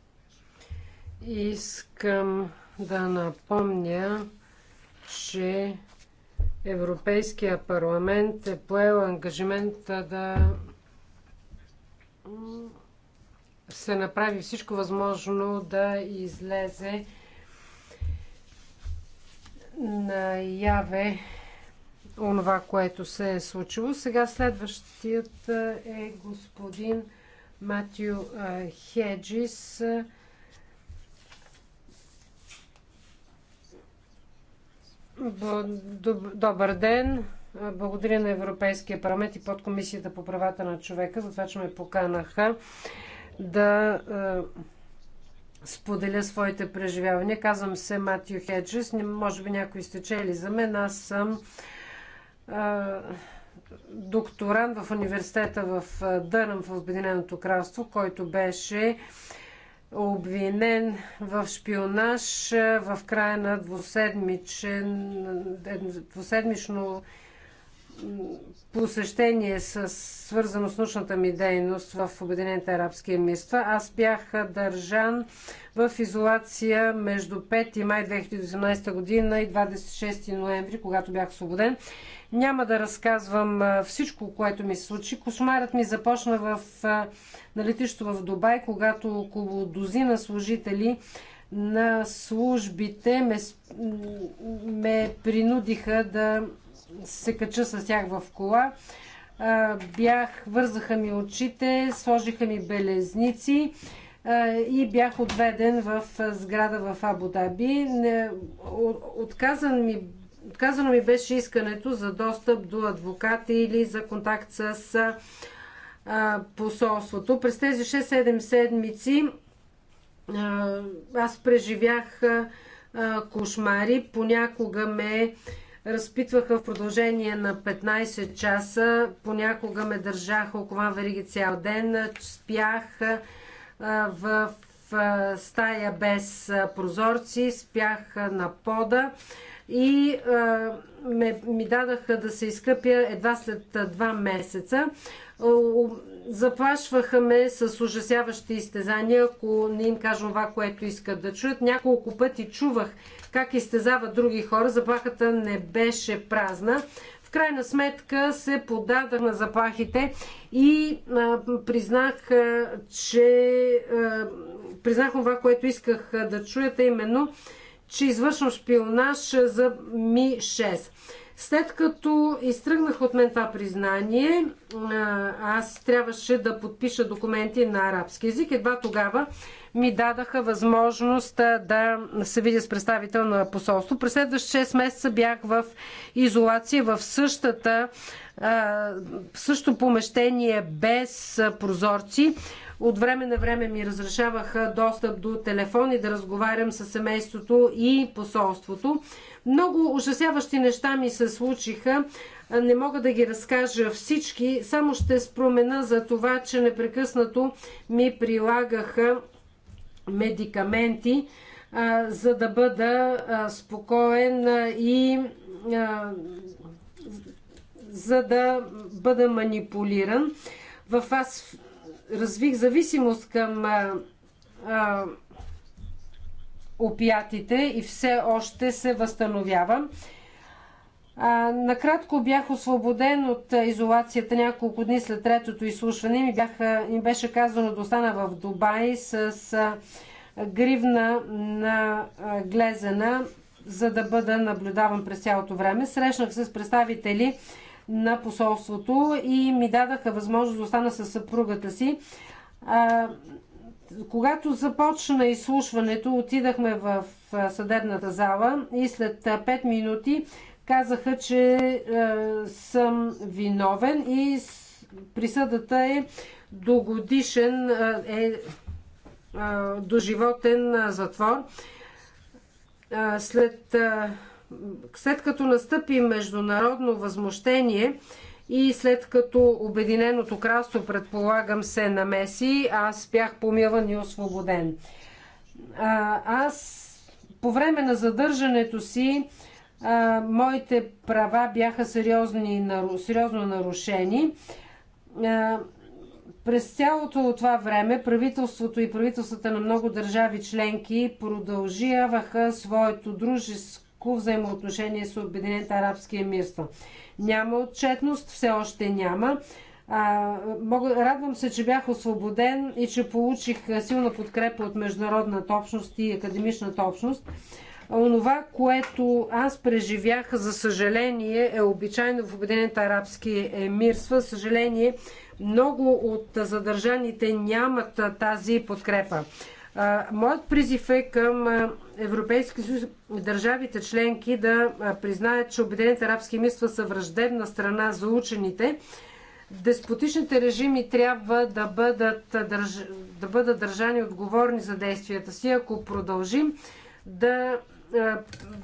Искам да напомня, че Европейския парламент е поел ангажимента да се направи всичко възможно да излезе наяве онова, което се е случило. Сега следващият е, е господин Матю е, Хеджис. Добър ден! Благодаря на Европейския парламент и подкомисията по правата на човека за това, че ме поканаха да е, споделя своите преживявания. Казвам се Матю Хеджес, може би някои сте чели за мен. Аз съм а, докторант в университета в Дъръм в Обединеното кралство, който беше обвинен в шпионаж в края на двуседмично посещение с, свързано с научната ми дейност в Обединените арабски емирства. Аз бях държан в изолация между 5 май 2018 година и 26 ноември, когато бях освободен. Няма да разказвам всичко, което ми се случи. Кошмарът ми започна в, на летището в Дубай, когато около дозина служители на службите ме, ме принудиха да се кача с тях в кола. Бях, вързаха ми очите, сложиха ми белезници и бях отведен в сграда в Абу Даби. Отказан ми, отказано ми беше искането за достъп до адвоката или за контакт с посолството. През тези 6-7 седмици аз преживях кошмари. Понякога ме разпитваха в продължение на 15 часа. Понякога ме държаха около вериги цял ден. Спях в стая без прозорци, спях на пода и ми дадаха да се изкъпя едва след 2 месеца. Заплашваха ме с ужасяващи изтезания, ако не им кажа това, което искат да чуят. Няколко пъти чувах как изтезават други хора. Заплахата не беше празна. В крайна сметка се подадах на заплахите и а, признах, а, че а, признах това, което исках да чуят, а именно, че извършвам шпионаж за Ми-6. След като изтръгнах от мен това признание, аз трябваше да подпиша документи на арабски язик. Едва тогава ми дадаха възможност да се видя с представител на посолство. През следващите 6 месеца бях в изолация в същата същото помещение без прозорци от време на време ми разрешаваха достъп до телефон и да разговарям с семейството и посолството. Много ужасяващи неща ми се случиха. Не мога да ги разкажа всички, само ще спомена за това, че непрекъснато ми прилагаха медикаменти, за да бъда спокоен и за да бъда манипулиран. В аз развих зависимост към а, а, опиатите и все още се възстановявам. А, накратко бях освободен от изолацията няколко дни след третото изслушване. Ми, бяха, ми беше казано да остана в Дубай с а, гривна на а, глезена, за да бъда наблюдаван през цялото време. Срещнах се с представители на посолството и ми дадаха възможност да остана с съпругата си. А, когато започна изслушването, отидахме в съдебната зала и след 5 минути казаха, че а, съм виновен и присъдата е догодишен, е, е, доживотен затвор. След след като настъпи международно възмущение и след като Обединеното кралство, предполагам, се намеси, аз бях помилан и освободен. А, аз по време на задържането си а, моите права бяха сериозни, сериозно нарушени. А, през цялото това време правителството и правителствата на много държави членки продължаваха своето дружеско пряко взаимоотношение с Обединените арабски емирства. Няма отчетност, все още няма. А, мога, радвам се, че бях освободен и че получих силна подкрепа от международната общност и академичната общност. Онова, което аз преживях, за съжаление, е обичайно в Обединените арабски емирства. Съжаление, много от задържаните нямат тази подкрепа. Моят призив е към Европейски съюз, държавите членки да признаят, че Обединените арабски мисла са враждебна страна за учените. Деспотичните режими трябва да бъдат, държ... да бъдат държани отговорни за действията си. Ако продължим да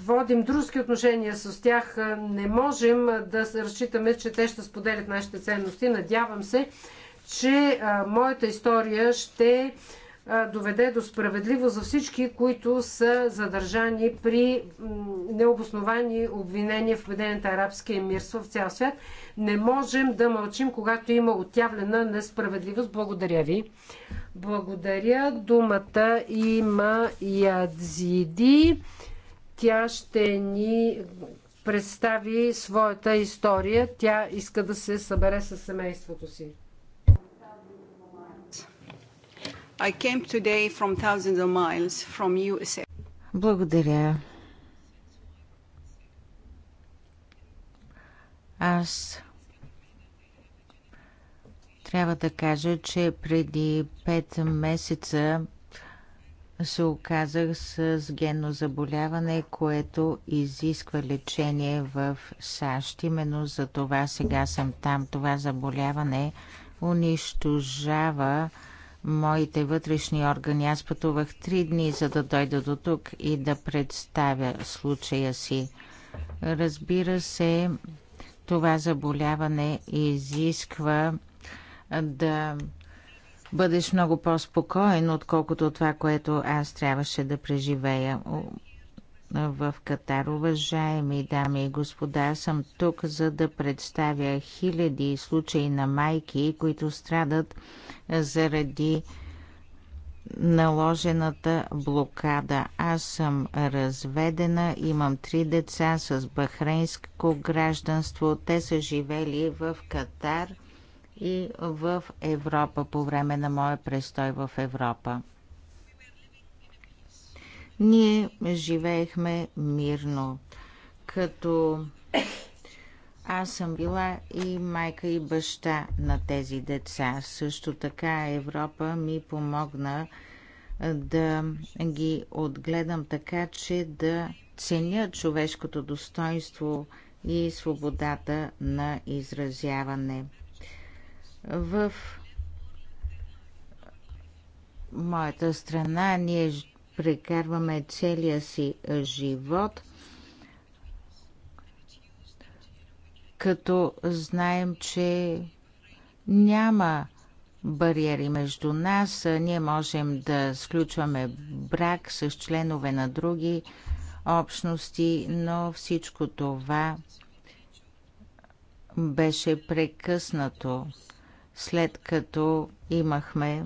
водим дружески отношения с тях, не можем да разчитаме, че те ще споделят нашите ценности. Надявам се, че моята история ще доведе до справедливо за всички, които са задържани при необосновани обвинения в Обединените арабски емирства в цял свят. Не можем да мълчим, когато има отявлена несправедливост. Благодаря ви. Благодаря. Думата има Ядзиди. Тя ще ни представи своята история. Тя иска да се събере с семейството си. I came today from thousands of miles from USA. Благодаря. Аз трябва да кажа, че преди пет месеца се оказах с генно заболяване, което изисква лечение в САЩ. Именно за това сега съм там. Това заболяване унищожава моите вътрешни органи. Аз пътувах три дни, за да дойда до тук и да представя случая си. Разбира се, това заболяване изисква да бъдеш много по-спокоен, отколкото това, което аз трябваше да преживея в Катар. Уважаеми дами и господа, аз съм тук, за да представя хиляди случаи на майки, които страдат заради наложената блокада. Аз съм разведена, имам три деца с бахрейнско гражданство. Те са живели в Катар и в Европа по време на моя престой в Европа. Ние живеехме мирно, като аз съм била и майка и баща на тези деца. Също така Европа ми помогна да ги отгледам така, че да ценя човешкото достоинство и свободата на изразяване. В моята страна ние прекарваме целия си е, живот, като знаем, че няма бариери между нас. Е, ние можем да сключваме брак с членове на други общности, но всичко това беше прекъснато след като имахме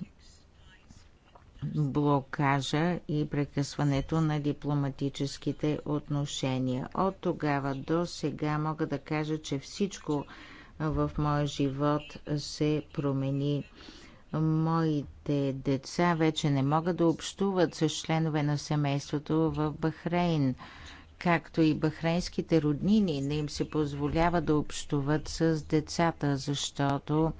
блокажа и прекъсването на дипломатическите отношения. От тогава до сега мога да кажа, че всичко в моя живот се промени. Моите деца вече не могат да общуват с членове на семейството в Бахрейн, както и бахрейнските роднини не им се позволява да общуват с децата, защото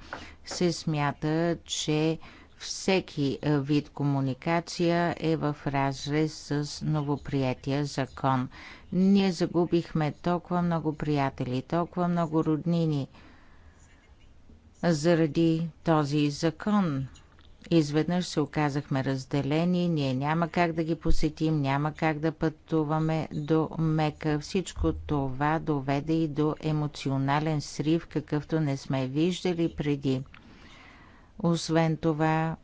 се смята, че всеки е, вид комуникация е в разрез с новоприятия закон. Ние загубихме толкова много приятели, толкова много роднини заради този закон. Изведнъж се оказахме разделени, ние няма как да ги посетим, няма как да пътуваме до Мека. Всичко това доведе и до емоционален срив, какъвто не сме виждали преди – освен това,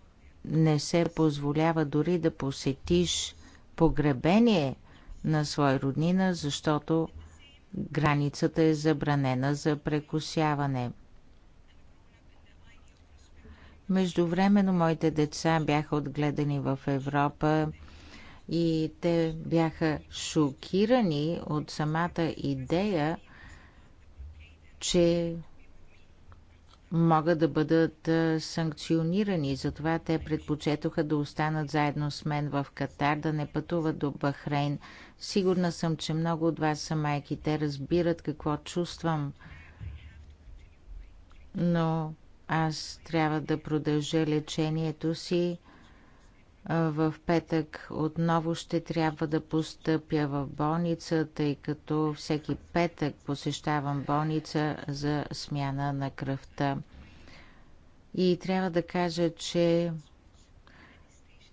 не се позволява дори да посетиш погребение на свой роднина, защото границата е забранена за прекусяване. Междувременно моите деца бяха отгледани в Европа и те бяха шокирани от самата идея, че могат да бъдат санкционирани. Затова те предпочетоха да останат заедно с мен в Катар, да не пътуват до Бахрейн. Сигурна съм, че много от вас са майки. Те разбират какво чувствам. Но аз трябва да продължа лечението си в петък отново ще трябва да постъпя в болница, тъй като всеки петък посещавам болница за смяна на кръвта. И трябва да кажа, че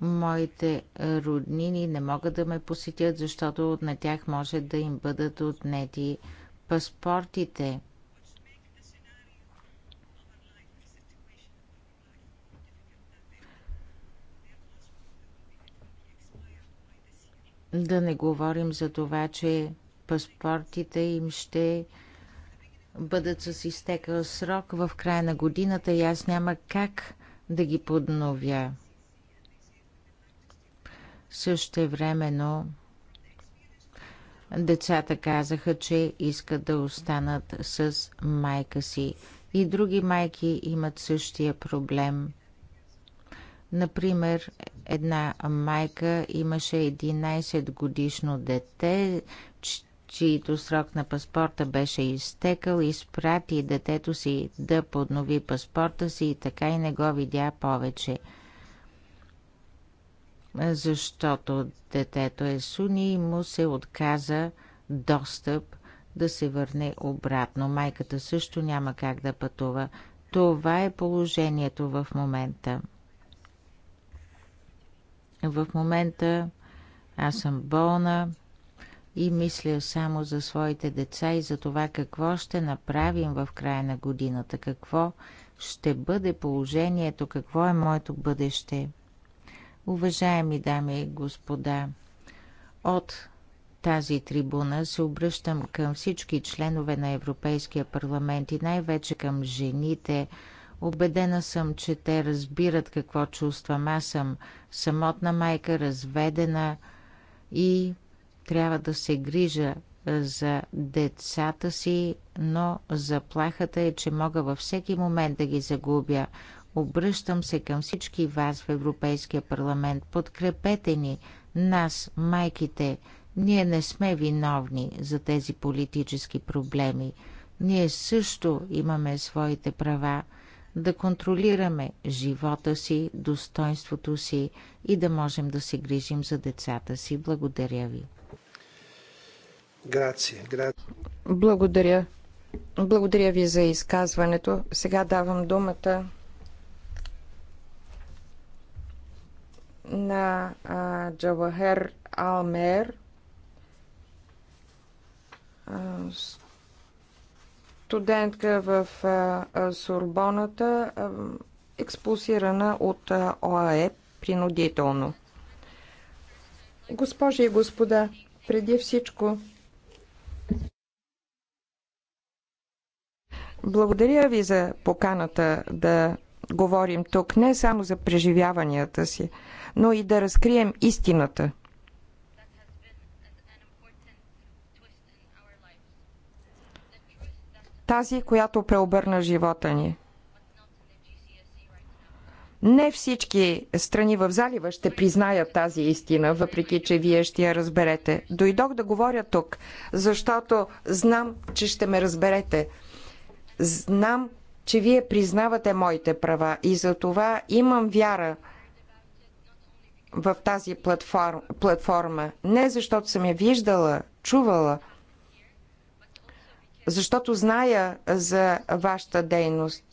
моите роднини не могат да ме посетят, защото на тях може да им бъдат отнети паспортите. Да не говорим за това, че паспортите им ще бъдат с изтекал срок в края на годината и аз няма как да ги подновя. Също времено децата казаха, че искат да останат с майка си. И други майки имат същия проблем. Например, Една майка имаше 11 годишно дете, чието срок на паспорта беше изтекал, изпрати детето си да поднови паспорта си и така и не го видя повече. Защото детето е суни и му се отказа достъп да се върне обратно. Майката също няма как да пътува. Това е положението в момента. В момента аз съм болна и мисля само за своите деца и за това какво ще направим в края на годината, какво ще бъде положението, какво е моето бъдеще. Уважаеми дами и господа, от тази трибуна се обръщам към всички членове на Европейския парламент и най-вече към жените – Обедена съм, че те разбират какво чувствам. Аз съм самотна майка, разведена и трябва да се грижа за децата си, но заплахата е, че мога във всеки момент да ги загубя. Обръщам се към всички вас в Европейския парламент. Подкрепете ни, нас, майките. Ние не сме виновни за тези политически проблеми. Ние също имаме своите права да контролираме живота си, достоинството си и да можем да се грижим за децата си. Благодаря ви. Благодаря. Благодаря ви за изказването. Сега давам думата на а, Джавахер Алмер, студентка в Сорбоната, експулсирана от ОАЕ принудително. Госпожи и господа, преди всичко, благодаря ви за поканата да говорим тук не само за преживяванията си, но и да разкрием истината – тази, която преобърна живота ни. Не всички страни в залива ще признаят тази истина, въпреки че вие ще я разберете. Дойдох да говоря тук, защото знам, че ще ме разберете. Знам, че вие признавате моите права и за това имам вяра в тази платформа. Не защото съм я виждала, чувала – защото зная за вашата дейност,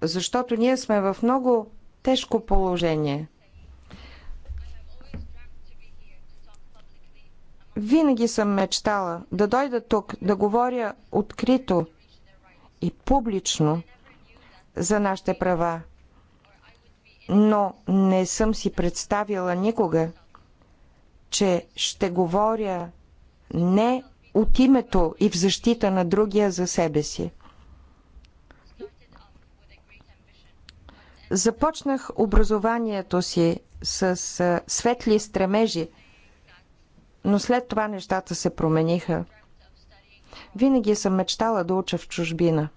защото ние сме в много тежко положение. Винаги съм мечтала да дойда тук, да говоря открито и публично за нашите права. Но не съм си представила никога, че ще говоря не от името и в защита на другия за себе си. Започнах образованието си с светли стремежи, но след това нещата се промениха. Винаги съм мечтала да уча в чужбина.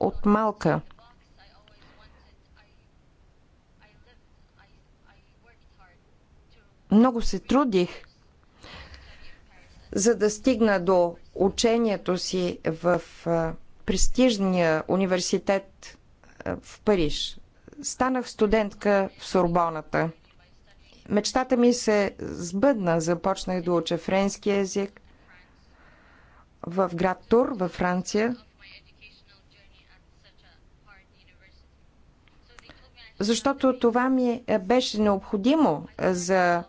От малка. Много се трудих за да стигна до учението си в престижния университет в Париж. Станах студентка в Сорбоната. Мечтата ми се сбъдна. Започнах да уча френски язик в град Тур, във Франция. Защото това ми е, беше необходимо за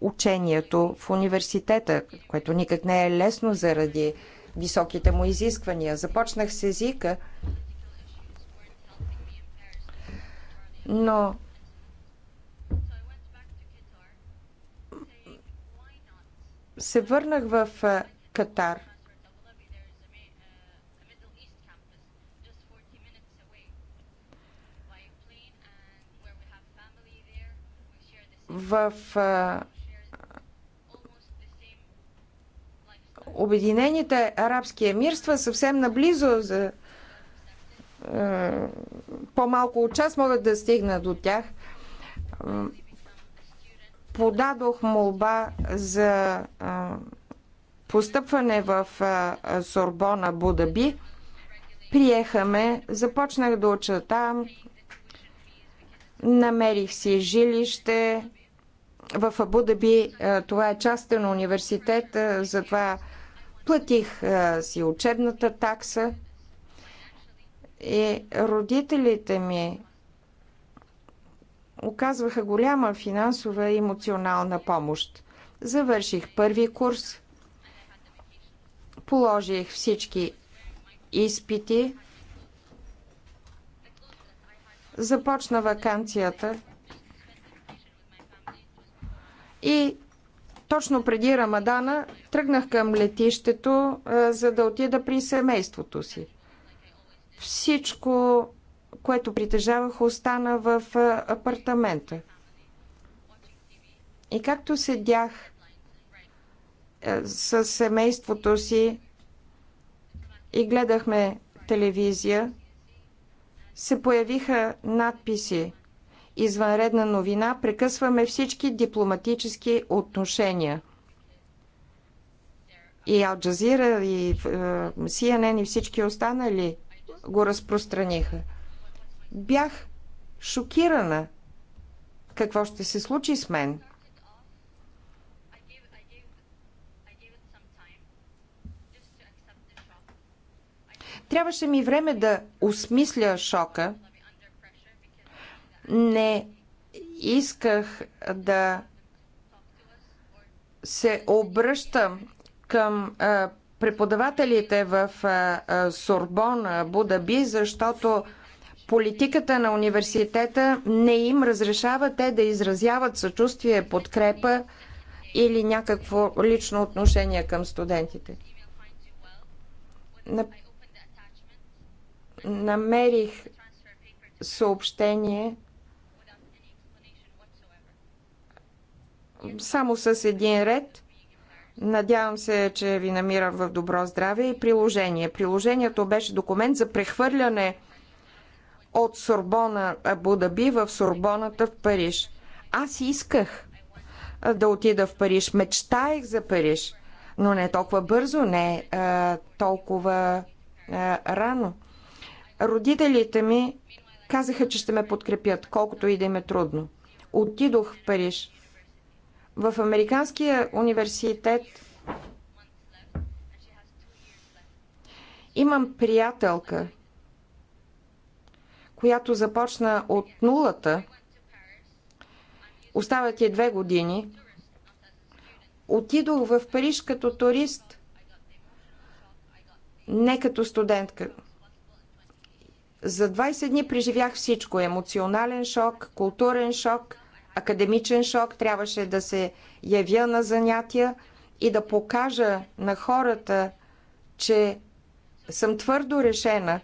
учението в университета, което никак не е лесно заради високите му изисквания. Започнах с езика, но се върнах в Катар. В Обединените арабски емирства съвсем наблизо за е, по-малко от час могат да стигна до тях. Подадох молба за е, постъпване в е, Сорбона, Будаби. Приехаме, започнах да там, намерих си жилище, в Абудаби. Е, това е частен университет, е, затова Платих а, си учебната такса и родителите ми оказваха голяма финансова и емоционална помощ. Завърших първи курс, положих всички изпити, започна вакансията и точно преди Рамадана тръгнах към летището, за да отида при семейството си. Всичко, което притежавах, остана в апартамента. И както седях с семейството си и гледахме телевизия, се появиха надписи извънредна новина прекъсваме всички дипломатически отношения. И Ал Джазира, и CNN, е, и всички останали го разпространиха. Бях шокирана какво ще се случи с мен. Трябваше ми време да осмисля шока – не исках да се обръщам към преподавателите в Сорбона, Будаби, защото политиката на университета не им разрешава те да изразяват съчувствие, подкрепа или някакво лично отношение към студентите. Намерих съобщение само с един ред. Надявам се, че ви намирам в добро здраве и приложение. Приложението беше документ за прехвърляне от Сорбона Будаби в Сорбоната в Париж. Аз исках да отида в Париж. мечтаях за Париж, но не толкова бързо, не а, толкова а, рано. Родителите ми казаха, че ще ме подкрепят, колкото и да им е трудно. Отидох в Париж в Американския университет имам приятелка, която започна от нулата. Остават я две години. Отидох в Париж като турист, не като студентка. За 20 дни преживях всичко. Емоционален шок, културен шок – академичен шок, трябваше да се явя на занятия и да покажа на хората, че съм твърдо решена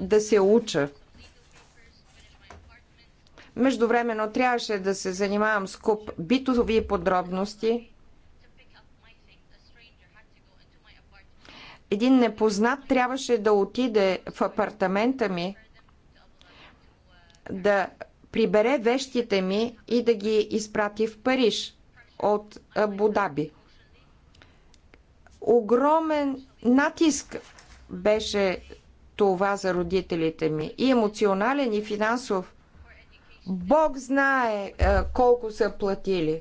да се уча. Междувременно трябваше да се занимавам с куп битови подробности. Един непознат трябваше да отиде в апартамента ми, да прибере вещите ми и да ги изпрати в Париж от Абудаби. Огромен натиск беше това за родителите ми. И емоционален, и финансов. Бог знае е, колко са платили.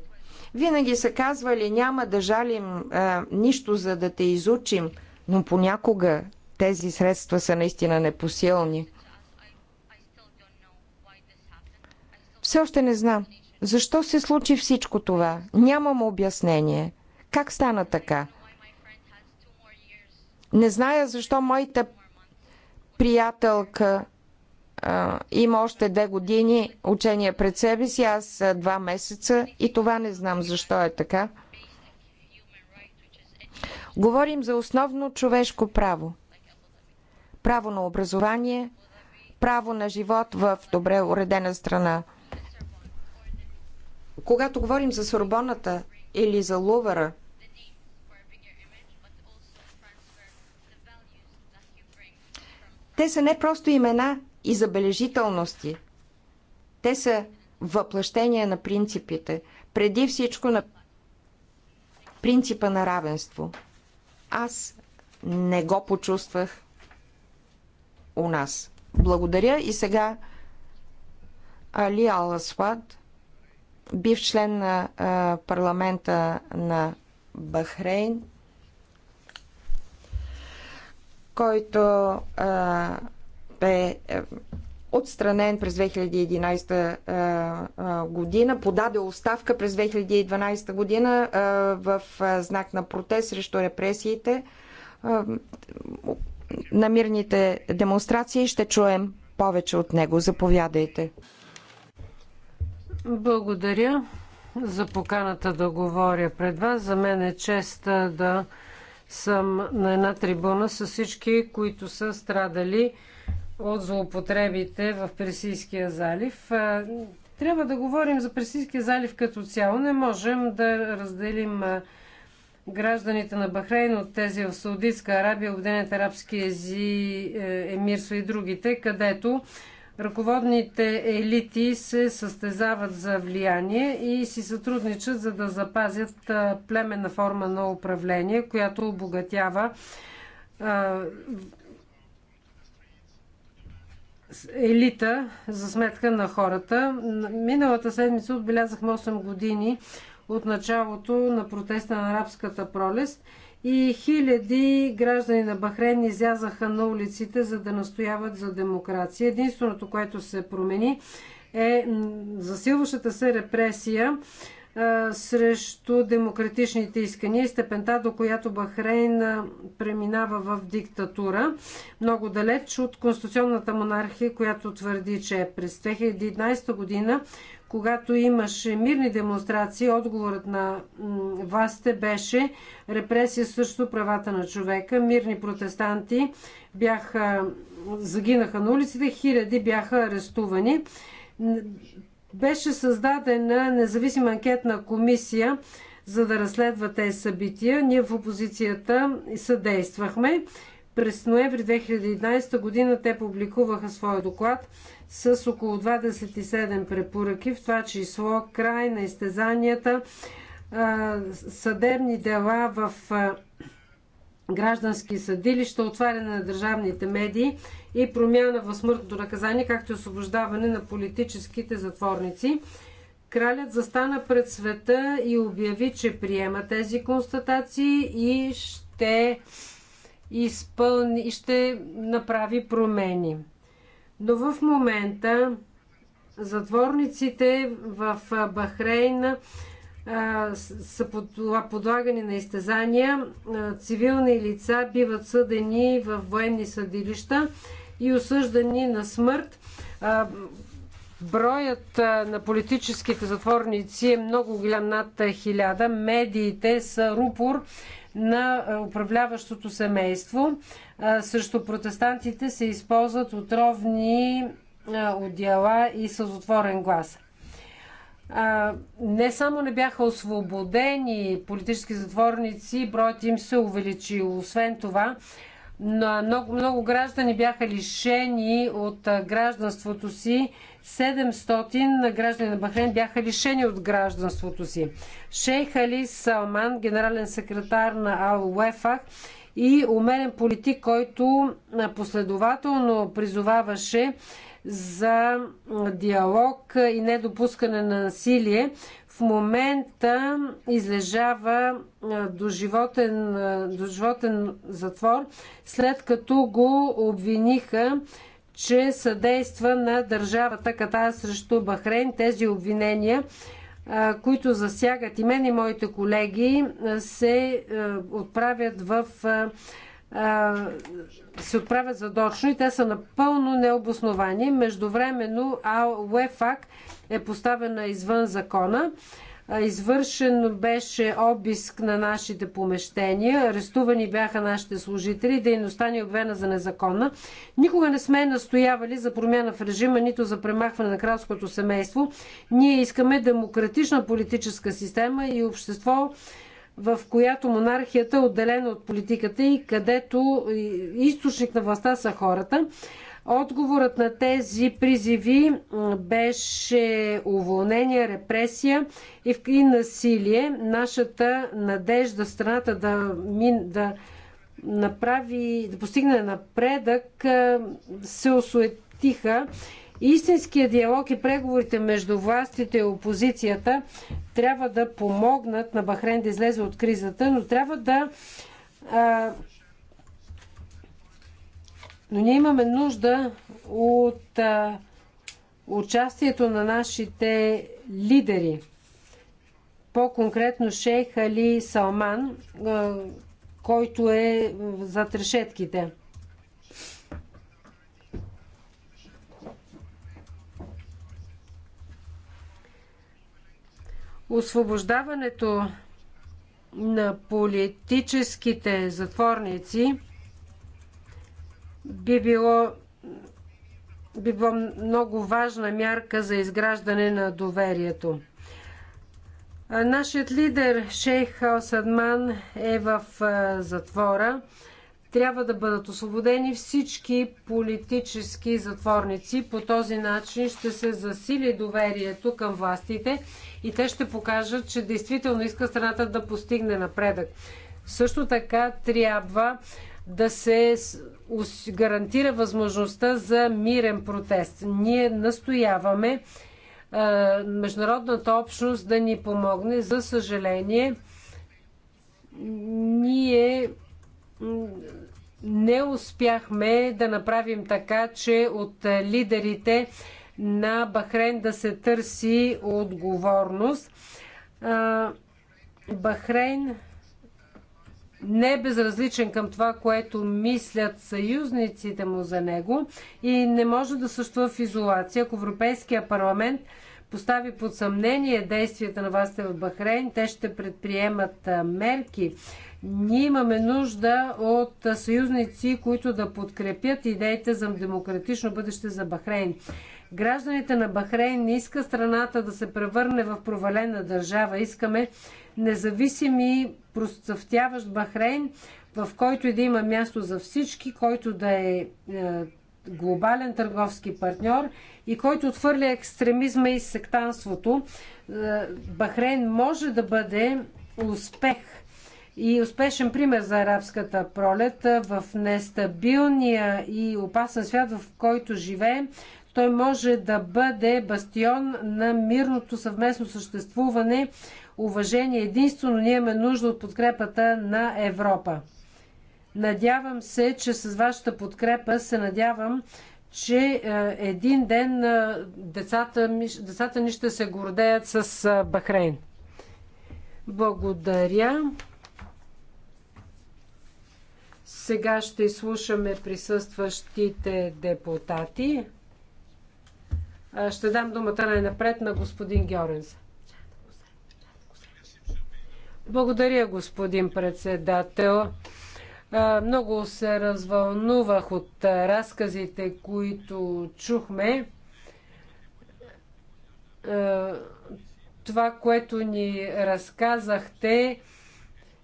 Винаги са казвали, няма да жалим а, е, нищо, за да те изучим, но понякога тези средства са наистина непосилни. Все още не знам. Защо се случи всичко това? Нямам обяснение. Как стана така? Не зная защо моята приятелка а, има още две години учение пред себе си, аз два месеца и това не знам защо е така. Говорим за основно човешко право. Право на образование, право на живот в добре уредена страна. Когато говорим за Сорбоната или за Лувъра, те са не просто имена и забележителности. Те са въплъщение на принципите. Преди всичко на принципа на равенство. Аз не го почувствах у нас. Благодаря и сега Али Алла Аласвад Бив член на парламента на Бахрейн, който бе е, отстранен през 2011 година, подаде оставка през 2012 година в знак на протест срещу репресиите. На мирните демонстрации ще чуем повече от него. Заповядайте. Благодаря за поканата да говоря пред вас. За мен е чест да съм на една трибуна с всички, които са страдали от злоупотребите в Персийския залив. Трябва да говорим за Персийския залив като цяло. Не можем да разделим гражданите на Бахрейн от тези в Саудитска Арабия, Обединените арабски ези, е, емирство и другите, където Ръководните елити се състезават за влияние и си сътрудничат, за да запазят племенна форма на управление, която обогатява елита за сметка на хората. Миналата седмица отбелязахме 8 години от началото на протеста на арабската пролест – и хиляди граждани на Бахрейн излязаха на улиците, за да настояват за демокрация. Единственото, което се промени, е засилващата се репресия а, срещу демократичните искания и степента, до която Бахрейн преминава в диктатура, много далеч от конституционната монархия, която твърди, че е. през 2011 година когато имаше мирни демонстрации, отговорът на властите беше репресия срещу правата на човека. Мирни протестанти бяха, загинаха на улиците, хиляди бяха арестувани. Беше създадена независима анкетна комисия, за да разследва тези събития. Ние в опозицията съдействахме през ноември 2011 година те публикуваха своя доклад с около 27 препоръки, в това число край на изтезанията, съдебни дела в граждански съдилища, отваряне на държавните медии и промяна в смъртното наказание, както и освобождаване на политическите затворници. Кралят застана пред света и обяви, че приема тези констатации и ще изпълни и ще направи промени. Но в момента затворниците в Бахрейн са подлагани на изтезания. Цивилни лица биват съдени в военни съдилища и осъждани на смърт. Броят на политическите затворници е много голям над хиляда. Медиите са рупор на е, управляващото семейство. Срещу протестантите се използват отровни е, отдела и с отворен глас. Не само не бяха освободени политически затворници, броят им се увеличи. Освен това, много, много граждани бяха лишени от гражданството си. 700 граждани на Бахрейн бяха лишени от гражданството си. Шейх Али Салман, генерален секретар на Ал Уефах и умерен политик, който последователно призоваваше за диалог и недопускане на насилие, в момента излежава доживотен, доживотен затвор, след като го обвиниха, че съдейства на държавата Катар срещу Бахрейн. Тези обвинения, които засягат и мен и моите колеги, се отправят в се отправят задочно и те са напълно необосновани. Междувременно АУЕФАК е поставена извън закона. Извършен беше обиск на нашите помещения, арестувани бяха нашите служители, дейността ни е обвена за незаконна. Никога не сме настоявали за промяна в режима, нито за премахване на кралското семейство. Ние искаме демократична политическа система и общество, в която монархията е отделена от политиката и където източник на властта са хората. Отговорът на тези призиви беше уволнение, репресия и насилие. Нашата надежда страната да, мин, да направи, да постигне напредък се осуетиха. Истинския диалог и преговорите между властите и опозицията трябва да помогнат на Бахрен да излезе от кризата, но трябва да но ние имаме нужда от а, участието на нашите лидери. По-конкретно шейх Али Салман, а, който е за трешетките. Освобождаването на политическите затворници – би било би било много важна мярка за изграждане на доверието. Нашият лидер Шейх Осадман е в затвора. Трябва да бъдат освободени всички политически затворници. По този начин ще се засили доверието към властите и те ще покажат, че действително иска страната да постигне напредък. Също така трябва да се гарантира възможността за мирен протест. Ние настояваме международната общност да ни помогне. За съжаление, ние не успяхме да направим така, че от лидерите на Бахрен да се търси отговорност. Бахрейн не е безразличен към това, което мислят съюзниците му за него и не може да съществува в изолация. Ако Европейския парламент постави под съмнение действията на властите в Бахрейн, те ще предприемат мерки. Ние имаме нужда от съюзници, които да подкрепят идеите за демократично бъдеще за Бахрейн. Гражданите на Бахрейн не иска страната да се превърне в провалена държава. Искаме независими процъфтяващ Бахрейн, в който да има място за всички, който да е, е глобален търговски партньор и който отвърля екстремизма и сектанството. Е, Бахрейн може да бъде успех и успешен пример за арабската пролет е, в нестабилния и опасен свят, в който живеем. Той може да бъде бастион на мирното съвместно съществуване, уважение. Единствено ние имаме нужда от подкрепата на Европа. Надявам се, че с вашата подкрепа се надявам, че е, един ден е, децата, децата ни ще се гордеят с е, Бахрейн. Благодаря. Сега ще изслушаме присъстващите депутати. Ще дам думата най-напред на господин Георенс. Благодаря, господин председател. Много се развълнувах от разказите, които чухме. Това, което ни разказахте,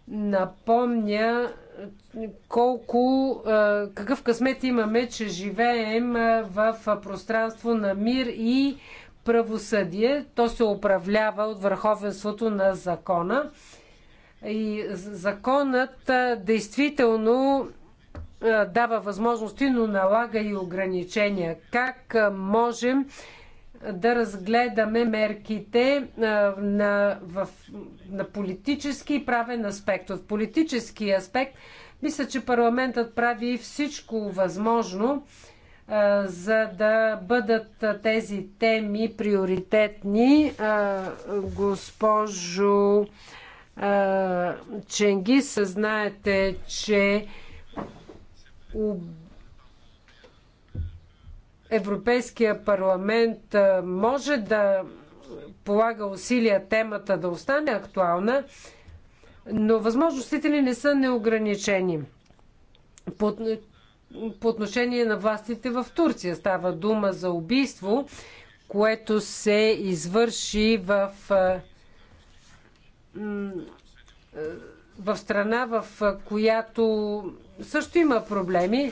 напомня колко, какъв късмет имаме, че живеем в пространство на мир и правосъдие. То се управлява от върховенството на закона. И законът действително дава възможности, но налага и ограничения. Как можем да разгледаме мерките на, в, на политически и правен аспект. От политически аспект мисля, че парламентът прави всичко възможно, за да бъдат тези теми приоритетни. Госпожо Ченгис, знаете, че Европейския парламент може да полага усилия темата да остане актуална, но възможностите ни не са неограничени. По, по отношение на властите в Турция става дума за убийство, което се извърши в, в страна, в която също има проблеми.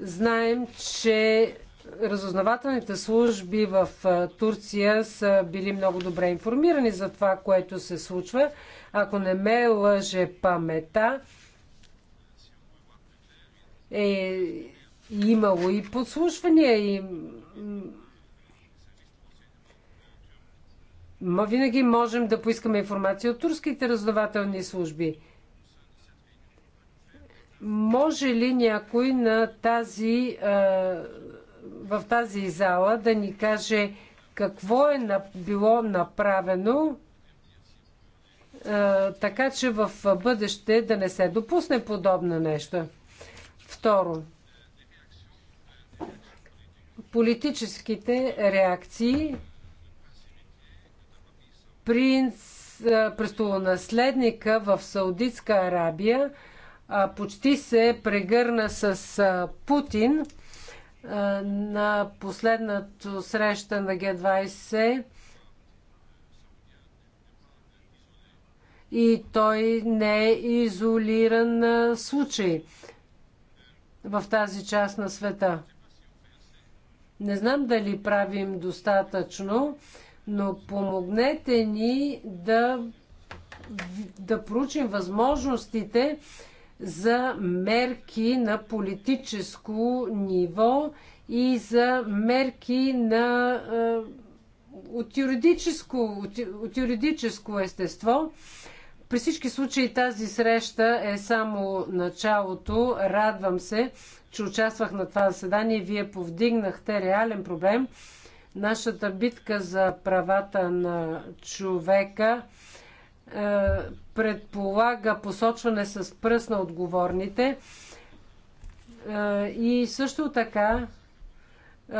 Знаем, че разузнавателните служби в Турция са били много добре информирани за това, което се случва. Ако не ме лъже памета, е имало и подслушвания, и винаги можем да поискаме информация от турските разузнавателни служби. Може ли някой на тази а, в тази зала да ни каже какво е било направено, така че в бъдеще да не се допусне подобна нещо. Второ, политическите реакции принц, престолонаследника в Саудитска Арабия почти се прегърна с Путин е, на последната среща на Г-20 и той не е изолиран случай в тази част на света. Не знам дали правим достатъчно, но помогнете ни да, да проучим възможностите за мерки на политическо ниво и за мерки на, е, от, юридическо, от юридическо естество. При всички случаи тази среща е само началото. Радвам се, че участвах на това заседание. Вие повдигнахте реален проблем. Нашата битка за правата на човека е, предполага посочване с пръст на отговорните е, и също така е,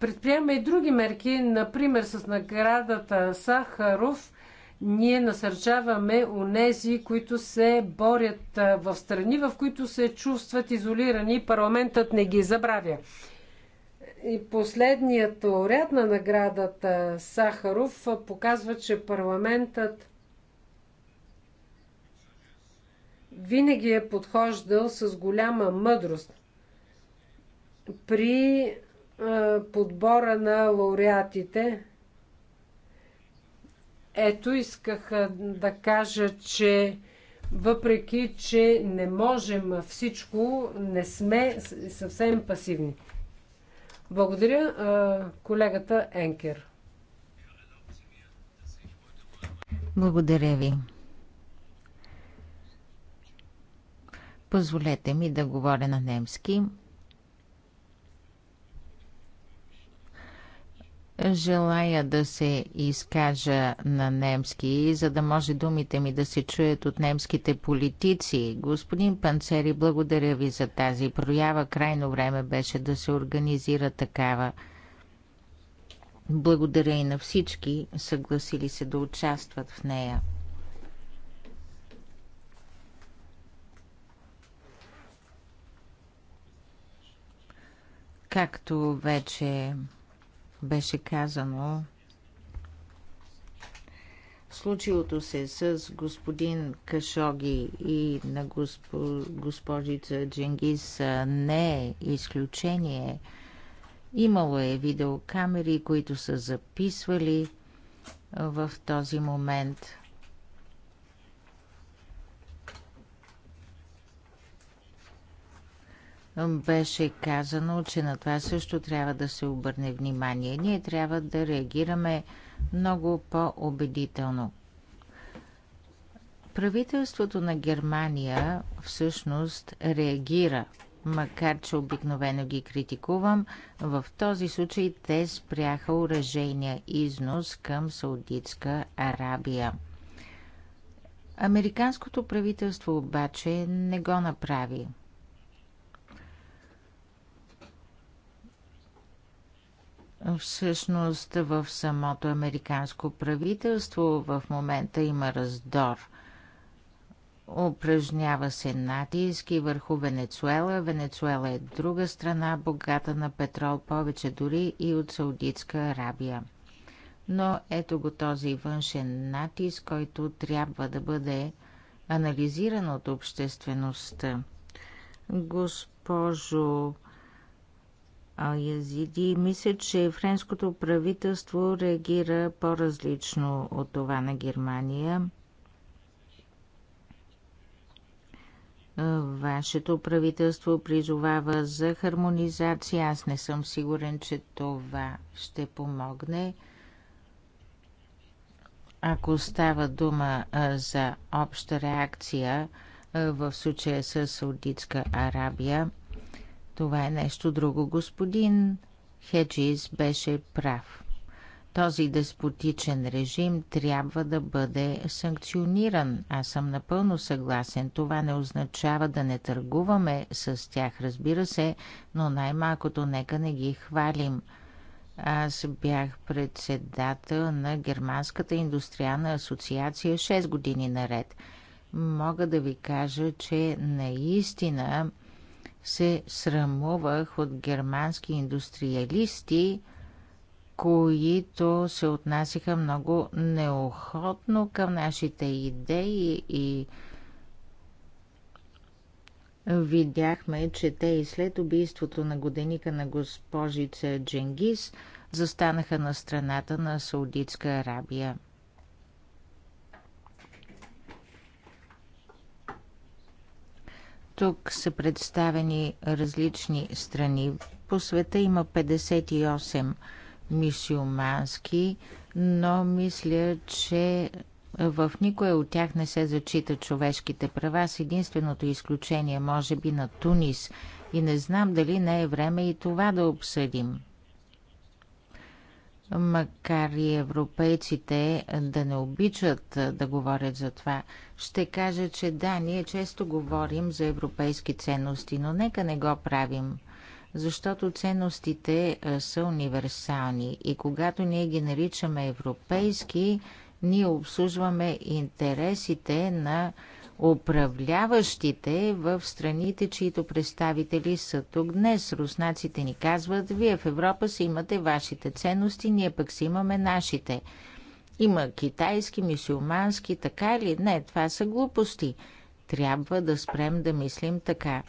предприемаме и други мерки, например с наградата Сахаров – ние насърчаваме онези, които се борят в страни, в които се чувстват изолирани. Парламентът не ги забравя. И последният ряд на наградата Сахаров показва, че парламентът винаги е подхождал с голяма мъдрост при е, подбора на лауреатите. Ето, исках да кажа, че въпреки, че не можем всичко, не сме съвсем пасивни. Благодаря, колегата Енкер. Благодаря ви. Позволете ми да говоря на немски. Желая да се изкажа на немски, за да може думите ми да се чуят от немските политици. Господин Панцери, благодаря ви за тази проява. Крайно време беше да се организира такава. Благодаря и на всички, съгласили се да участват в нея. Както вече беше казано, случилото се с господин Кашоги и на госп... госпожица Дженгис не е изключение. Имало е видеокамери, които са записвали в този момент – беше казано, че на това също трябва да се обърне внимание. Ние трябва да реагираме много по-убедително. Правителството на Германия всъщност реагира, макар че обикновено ги критикувам. В този случай те спряха уражения износ към Саудитска Арабия. Американското правителство обаче не го направи. Всъщност в самото американско правителство в момента има раздор. Упражнява се натиск и върху Венецуела. Венецуела е друга страна, богата на петрол, повече дори и от Саудитска Арабия. Но ето го този външен натиск, който трябва да бъде анализиран от обществеността. Госпожо Ал-Язиди. Мисля, че френското правителство реагира по-различно от това на Германия. Вашето правителство призовава за хармонизация. Аз не съм сигурен, че това ще помогне. Ако става дума за обща реакция в случая с Саудитска Арабия, това е нещо друго. Господин Хеджис беше прав. Този деспотичен режим трябва да бъде санкциониран. Аз съм напълно съгласен. Това не означава да не търгуваме с тях, разбира се, но най-малкото нека не ги хвалим. Аз бях председател на Германската индустриална асоциация 6 години наред. Мога да ви кажа, че наистина се срамувах от германски индустриалисти, които се отнасяха много неохотно към нашите идеи и видяхме, че те и след убийството на годеника на госпожица Дженгис застанаха на страната на Саудитска Арабия. Тук са представени различни страни. По света има 58 мисиомански, но мисля, че в никоя от тях не се зачита човешките права, с единственото изключение, може би, на Тунис. И не знам дали не е време и това да обсъдим макар и европейците да не обичат да говорят за това, ще кажа, че да, ние често говорим за европейски ценности, но нека не го правим, защото ценностите са универсални и когато ние ги наричаме европейски, ние обслужваме интересите на управляващите в страните, чието представители са тук днес. Руснаците ни казват, вие в Европа си имате вашите ценности, ние пък си имаме нашите. Има китайски, мисюлмански, така или не, това са глупости. Трябва да спрем да мислим така.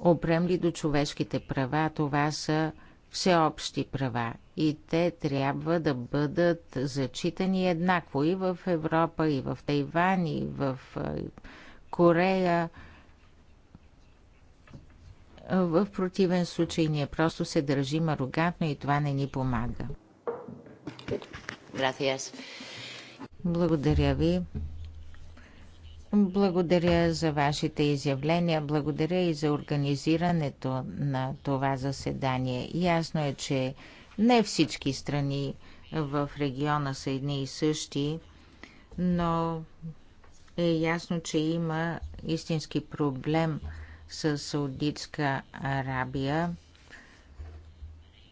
Опрем ли до човешките права, това са всеобщи права и те трябва да бъдат зачитани еднакво и в Европа, и в Тайван, и в Корея. В противен случай ние просто се държим арогантно и това не ни помага. Благодаря ви. Благодаря за вашите изявления, благодаря и за организирането на това заседание. Ясно е, че не всички страни в региона са едни и същи, но е ясно, че има истински проблем с Саудитска Арабия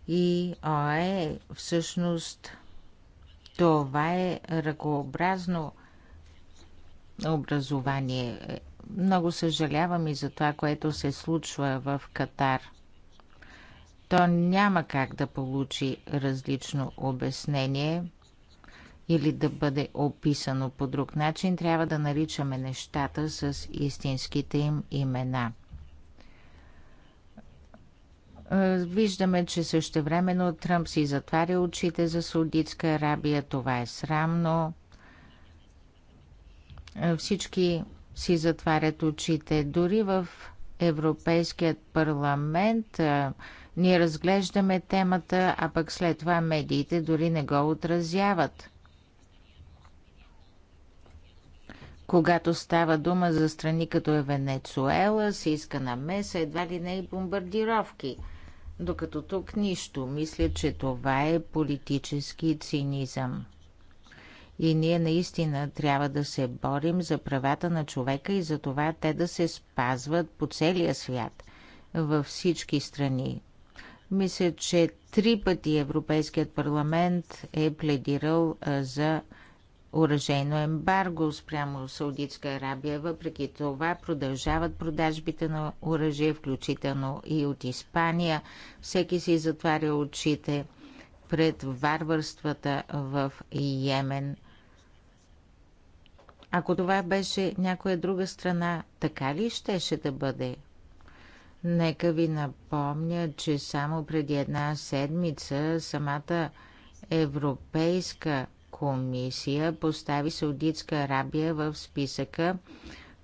и ОАЕ. Всъщност това е ръкообразно образование. Много съжалявам и за това, което се случва в Катар. То няма как да получи различно обяснение или да бъде описано по друг начин. Трябва да наричаме нещата с истинските им имена. Виждаме, че същевременно Тръмп си затваря очите за Саудитска Арабия. Това е срамно. Е, всички си затварят очите. Дори в Европейският парламент е, ние разглеждаме темата, а пък след това медиите дори не го отразяват. Когато става дума за страни като е Венецуела, се иска намеса, едва ли не и бомбардировки. Докато тук нищо, мисля, че това е политически цинизъм. И ние наистина трябва да се борим за правата на човека и за това те да се спазват по целия свят, във всички страни. Мисля, че три пъти Европейският парламент е пледирал за оръжейно ембарго спрямо Саудитска Арабия. Въпреки това продължават продажбите на оръжие, включително и от Испания. Всеки си затваря очите пред варварствата в Йемен. Ако това беше някоя друга страна, така ли щеше да бъде? Нека ви напомня, че само преди една седмица самата Европейска комисия постави Саудитска Арабия в списъка,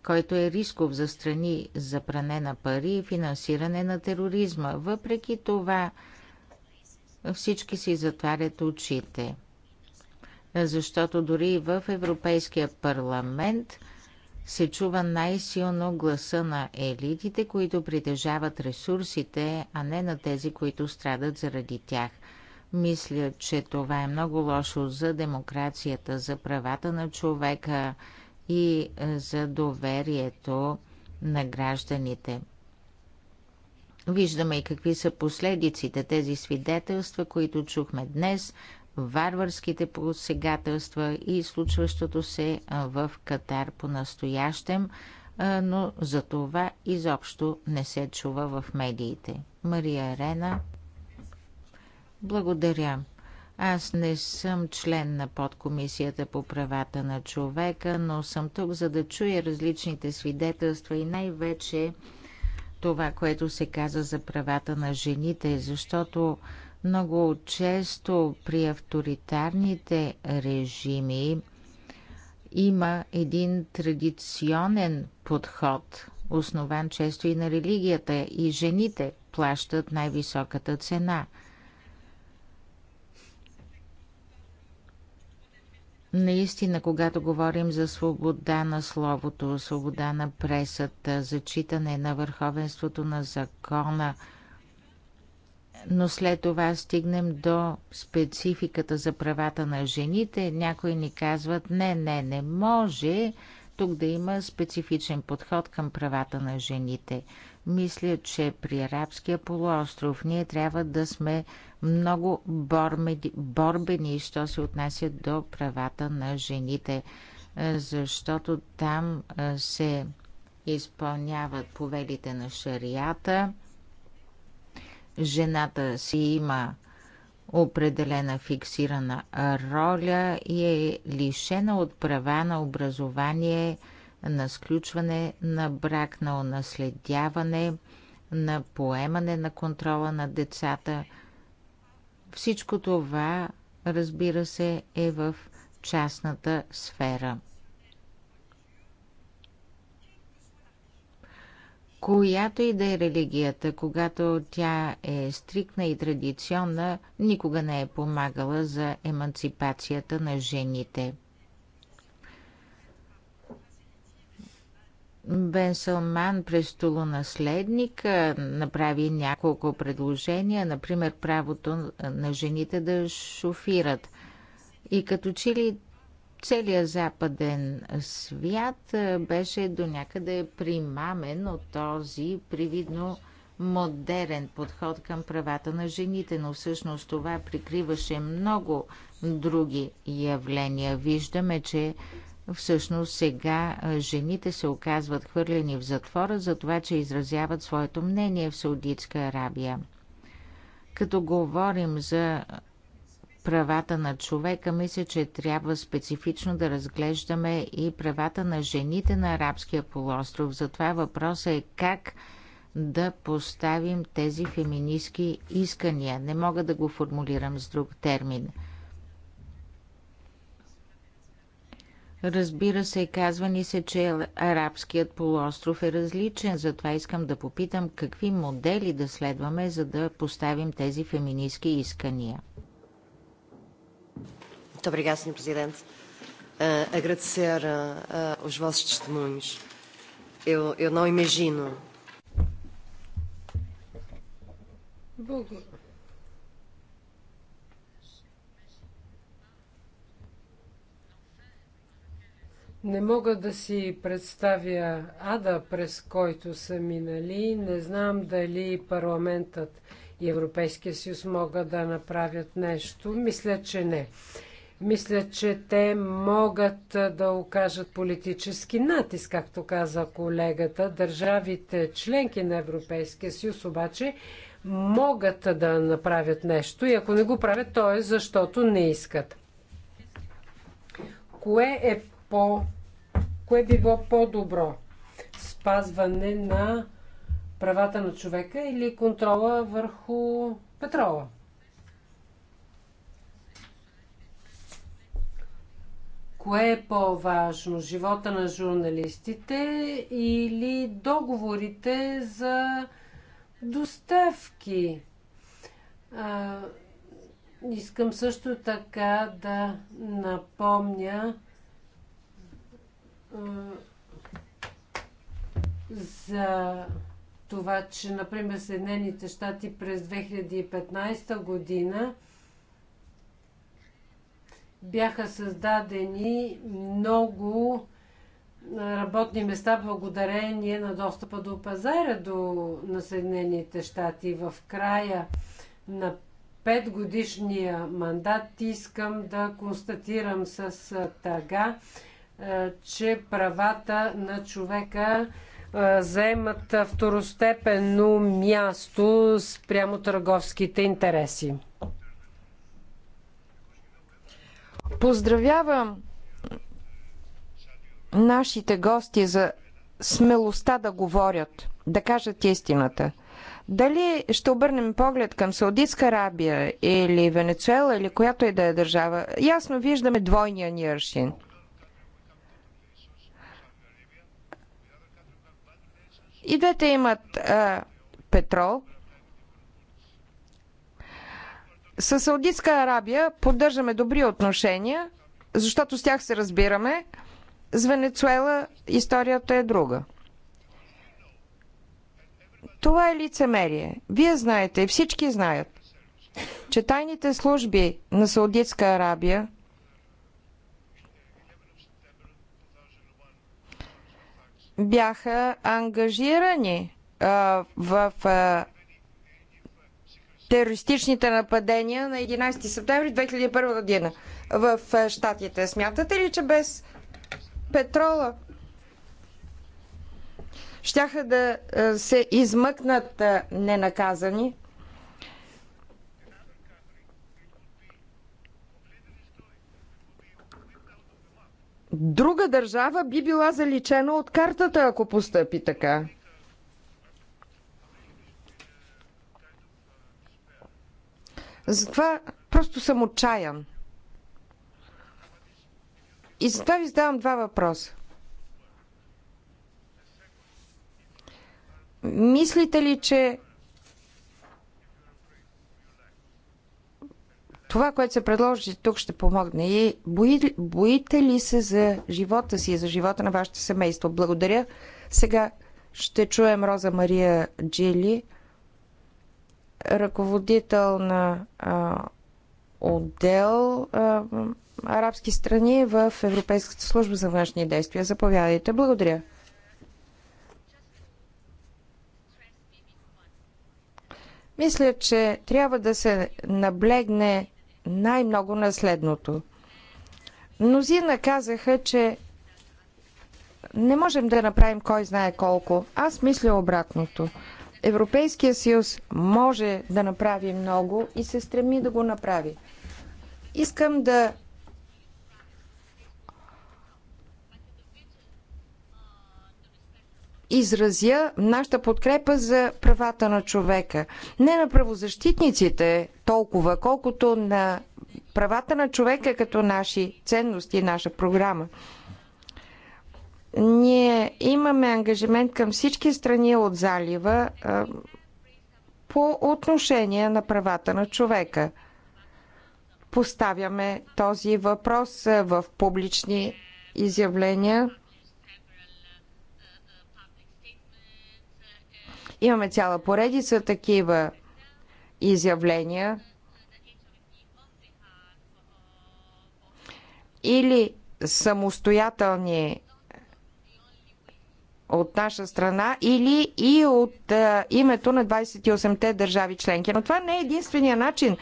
който е рисков за страни за пране на пари и финансиране на тероризма. Въпреки това, всички си затварят очите. Защото дори и в Европейския парламент се чува най-силно гласа на елитите, които притежават ресурсите, а не на тези, които страдат заради тях. Мисля, че това е много лошо за демокрацията, за правата на човека и за доверието на гражданите. Виждаме и какви са последиците тези свидетелства, които чухме днес, варварските посегателства и случващото се в Катар по-настоящем, но за това изобщо не се чува в медиите. Мария Рена. Благодаря. Аз не съм член на подкомисията по правата на човека, но съм тук, за да чуя различните свидетелства и най-вече това, което се каза за правата на жените, защото много често при авторитарните режими има един традиционен подход, основан често и на религията, и жените плащат най-високата цена – Наистина, когато говорим за свобода на словото, свобода на пресата, зачитане на върховенството на закона, но след това стигнем до спецификата за правата на жените, някои ни казват не, не, не може тук да има специфичен подход към правата на жените. Мисля, че при Арабския полуостров ние трябва да сме много борбени, борбени що се отнася до правата на жените, е, защото там е, се изпълняват повелите на шарията. Жената си има определена фиксирана роля и е лишена от права на образование – на сключване на брак, на унаследяване, на поемане на контрола на децата. Всичко това, разбира се, е в частната сфера. Която и да е религията, когато тя е стрикна и традиционна, никога не е помагала за емансипацията на жените – Бен Салман през наследник направи няколко предложения, например правото на жените да шофират. И като че ли целият западен свят беше до някъде примамен от този привидно модерен подход към правата на жените, но всъщност това прикриваше много други явления. Виждаме, че Всъщност сега жените се оказват хвърлени в затвора за това, че изразяват своето мнение в Саудитска Арабия. Като говорим за правата на човека, мисля, че трябва специфично да разглеждаме и правата на жените на арабския полуостров. Затова въпросът е как да поставим тези феминистки искания. Не мога да го формулирам с друг термин – Разбира се, казва ни се, че арабският полуостров е различен, затова искам да попитам какви модели да следваме, за да поставим тези феминистки искания. Добре, obrigada, президент. Eh, eh, os vossos testemunhos. Eu, eu não imagino. Благодаря. Не мога да си представя ада, през който са минали. Не знам дали парламентът и Европейския съюз могат да направят нещо. Мисля, че не. Мисля, че те могат да окажат политически натиск, както каза колегата. Държавите членки на Европейския съюз обаче могат да направят нещо и ако не го правят, то е защото не искат. Кое е по... кое би било по-добро? Спазване на правата на човека или контрола върху петрола? Кое е по-важно? Живота на журналистите или договорите за доставки? А, искам също така да напомня за това, че, например, Съединените щати през 2015 година бяха създадени много работни места благодарение на достъпа до пазара до на Съединените щати. В края на петгодишния мандат искам да констатирам с тъга, е, че правата на човека е, заемат второстепенно място спрямо търговските интереси. Поздравявам нашите гости за смелостта да говорят, да кажат истината. Дали ще обърнем поглед към Саудитска Арабия или Венецуела или която и да е държава, ясно виждаме двойния ни аршин – И двете имат а, петрол. С Саудитска Арабия поддържаме добри отношения, защото с тях се разбираме. С Венецуела историята е друга. Това е лицемерие. Вие знаете, всички знаят, че тайните служби на Саудитска Арабия бяха ангажирани а, в а, терористичните нападения на 11 септември 2001 година в Штатите. Смятате ли, че без петрола щяха да се измъкнат ненаказани? друга държава би била заличена от картата, ако постъпи така. Затова просто съм отчаян. И затова ви задавам два въпроса. Мислите ли, че това, което се предложи тук, ще помогне. И бои, боите ли се за живота си, за живота на вашето семейство? Благодаря. Сега ще чуем Роза Мария Джили, ръководител на а, отдел а, арабски страни в Европейската служба за външни действия. Заповядайте. Благодаря. Мисля, че трябва да се наблегне най-много на следното. Мнозина казаха, че не можем да направим кой знае колко. Аз мисля обратното. Европейския съюз може да направи много и се стреми да го направи. Искам да изразя нашата подкрепа за правата на човека. Не на правозащитниците толкова, колкото на правата на човека като наши ценности и наша програма. Ние имаме ангажимент към всички страни от залива по отношение на правата на човека. Поставяме този въпрос в публични изявления – Имаме цяла поредица такива изявления. Или самостоятелни от наша страна или и от а, името на 28-те държави членки. Но това не е единствения начин,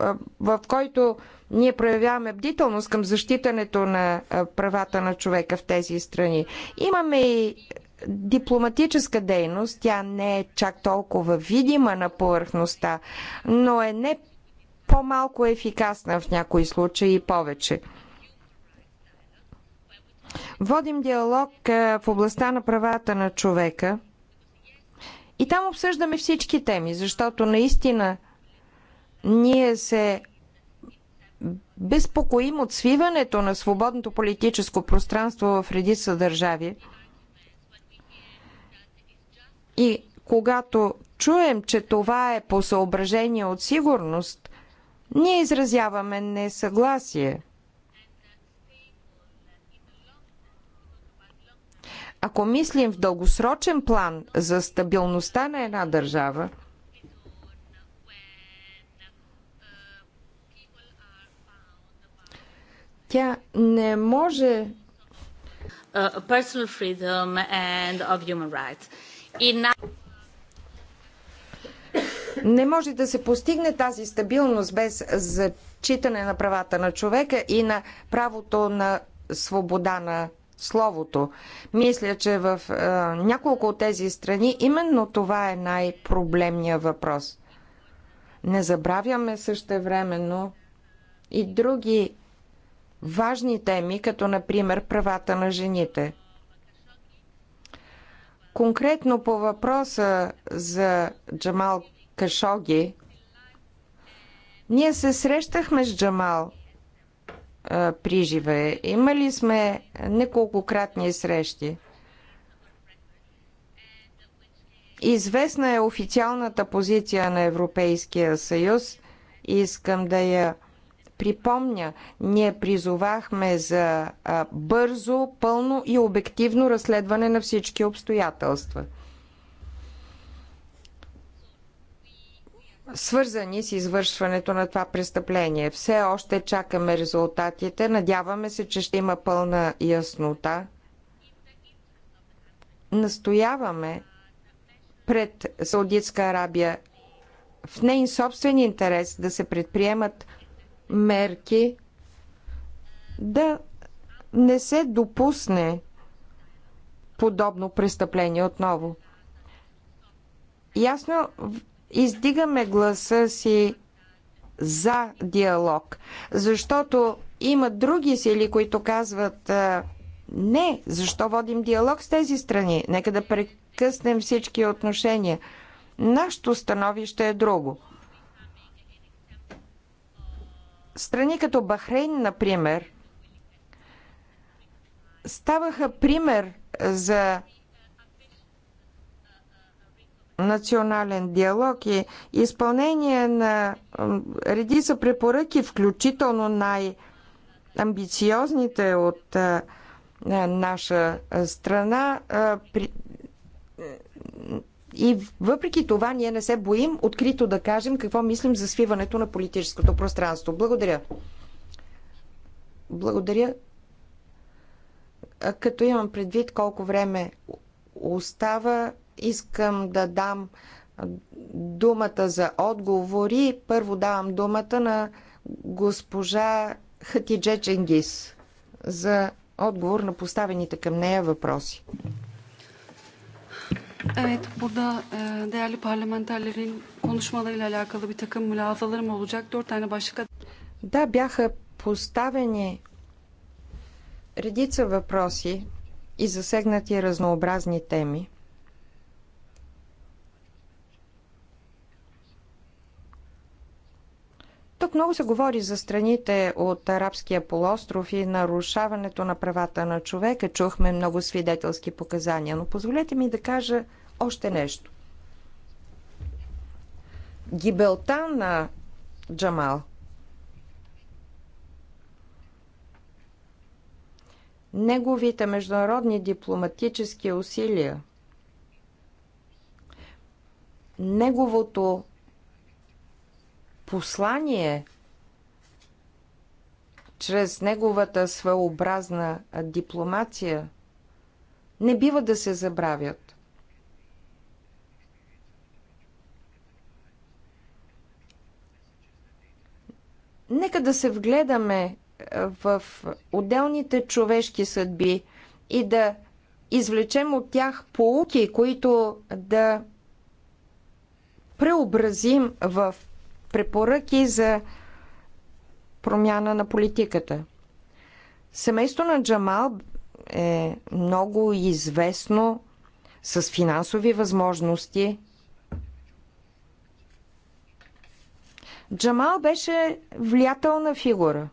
а, в който ние проявяваме бдителност към защитането на а, правата на човека в тези страни. Имаме и дипломатическа дейност. Тя не е чак толкова видима на повърхността, но е не по-малко ефикасна в някои случаи и повече. Водим диалог е, в областта на правата на човека и там обсъждаме всички теми, защото наистина ние се безпокоим от свиването на свободното политическо пространство в редица държави – и когато чуем, че това е по съображение от сигурност, ние изразяваме несъгласие. Ако мислим в дългосрочен план за стабилността на една държава, тя не може. Uh, не може да се постигне тази стабилност без зачитане на правата на човека и на правото на свобода на словото. Мисля, че в е, няколко от тези страни именно това е най-проблемният въпрос. Не забравяме същевременно и други важни теми, като например правата на жените – Конкретно по въпроса за Джамал Кашоги, ние се срещахме с Джамал а, при живе. Имали сме неколкократни срещи. Известна е официалната позиция на Европейския съюз. Искам да я припомня, ние призовахме за бързо, пълно и обективно разследване на всички обстоятелства. свързани с извършването на това престъпление. Все още чакаме резултатите. Надяваме се, че ще има пълна яснота. Настояваме пред Саудитска Арабия в нейн собствен интерес да се предприемат мерки да не се допусне подобно престъпление отново. Ясно издигаме гласа си за диалог, защото има други сили, които казват не, защо водим диалог с тези страни? Нека да прекъснем всички отношения. Нашето становище е друго – страни като Бахрейн, например, ставаха пример за национален диалог и изпълнение на редица препоръки, включително най-амбициозните от наша страна, и въпреки това ние не се боим открито да кажем какво мислим за свиването на политическото пространство. Благодаря. Благодаря. Като имам предвид колко време остава, искам да дам думата за отговори. Първо давам думата на госпожа Хатидже Ченгис за отговор на поставените към нея въпроси. Evet, burada e, değerli parlamenterlerin konuşmalarıyla alakalı bir takım mülazalarım olacak. Dört tane başlık. Да, бяха поставени редица въпроси и засегнати разнообразни теми. Тук много се говори за страните от арабския полуостров и нарушаването на правата на човека. Чухме много свидетелски показания, но позволете ми да кажа още нещо. Гибелта на Джамал неговите международни дипломатически усилия, неговото послание чрез неговата своеобразна дипломация не бива да се забравят. Нека да се вгледаме в отделните човешки съдби и да извлечем от тях полуки, които да преобразим в препоръки за промяна на политиката. Семейство на Джамал е много известно с финансови възможности. Джамал беше влиятелна фигура.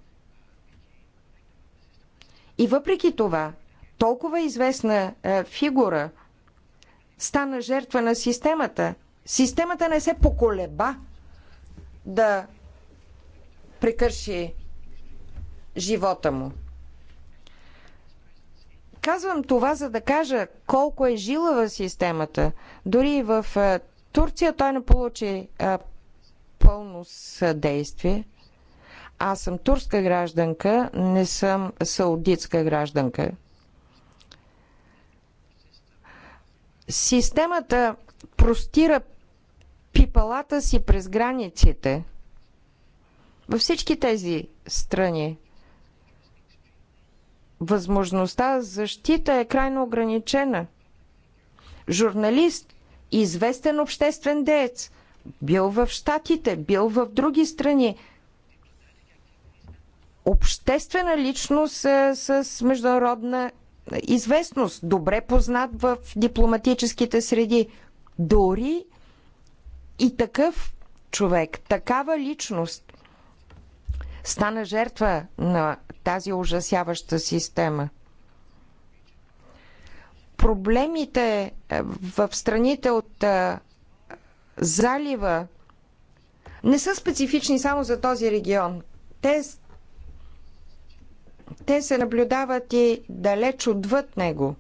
И въпреки това, толкова известна е, фигура стана жертва на системата. Системата не се поколеба да прекърши живота му. Казвам това, за да кажа колко е жила в системата. Дори в е, Турция той не получи а, е, пълно съдействие. Аз съм турска гражданка, не съм саудитска гражданка. Системата простира пипалата си през границите във всички тези страни. Възможността за защита е крайно ограничена. Журналист, известен обществен деец, бил в Штатите, бил в други страни, обществена личност е с международна известност, добре познат в дипломатическите среди, дори и такъв човек, такава личност стана жертва на тази ужасяваща система. Проблемите е, в страните от е, залива не са специфични само за този регион. Те, те се наблюдават и далеч отвъд него.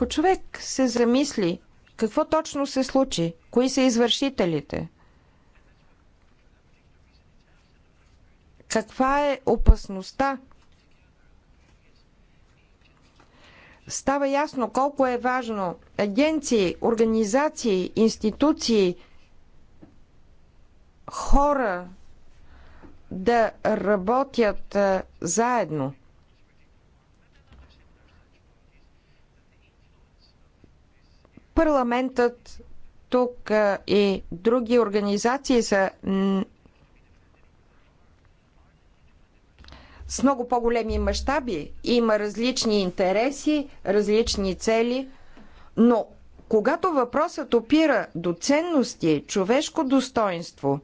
Ако човек се замисли какво точно се случи, кои са извършителите, каква е опасността, става ясно колко е важно агенции, организации, институции, хора да работят заедно. Парламентът тук и други организации са с много по-големи мащаби. Има различни интереси, различни цели, но когато въпросът опира до ценности, човешко достоинство,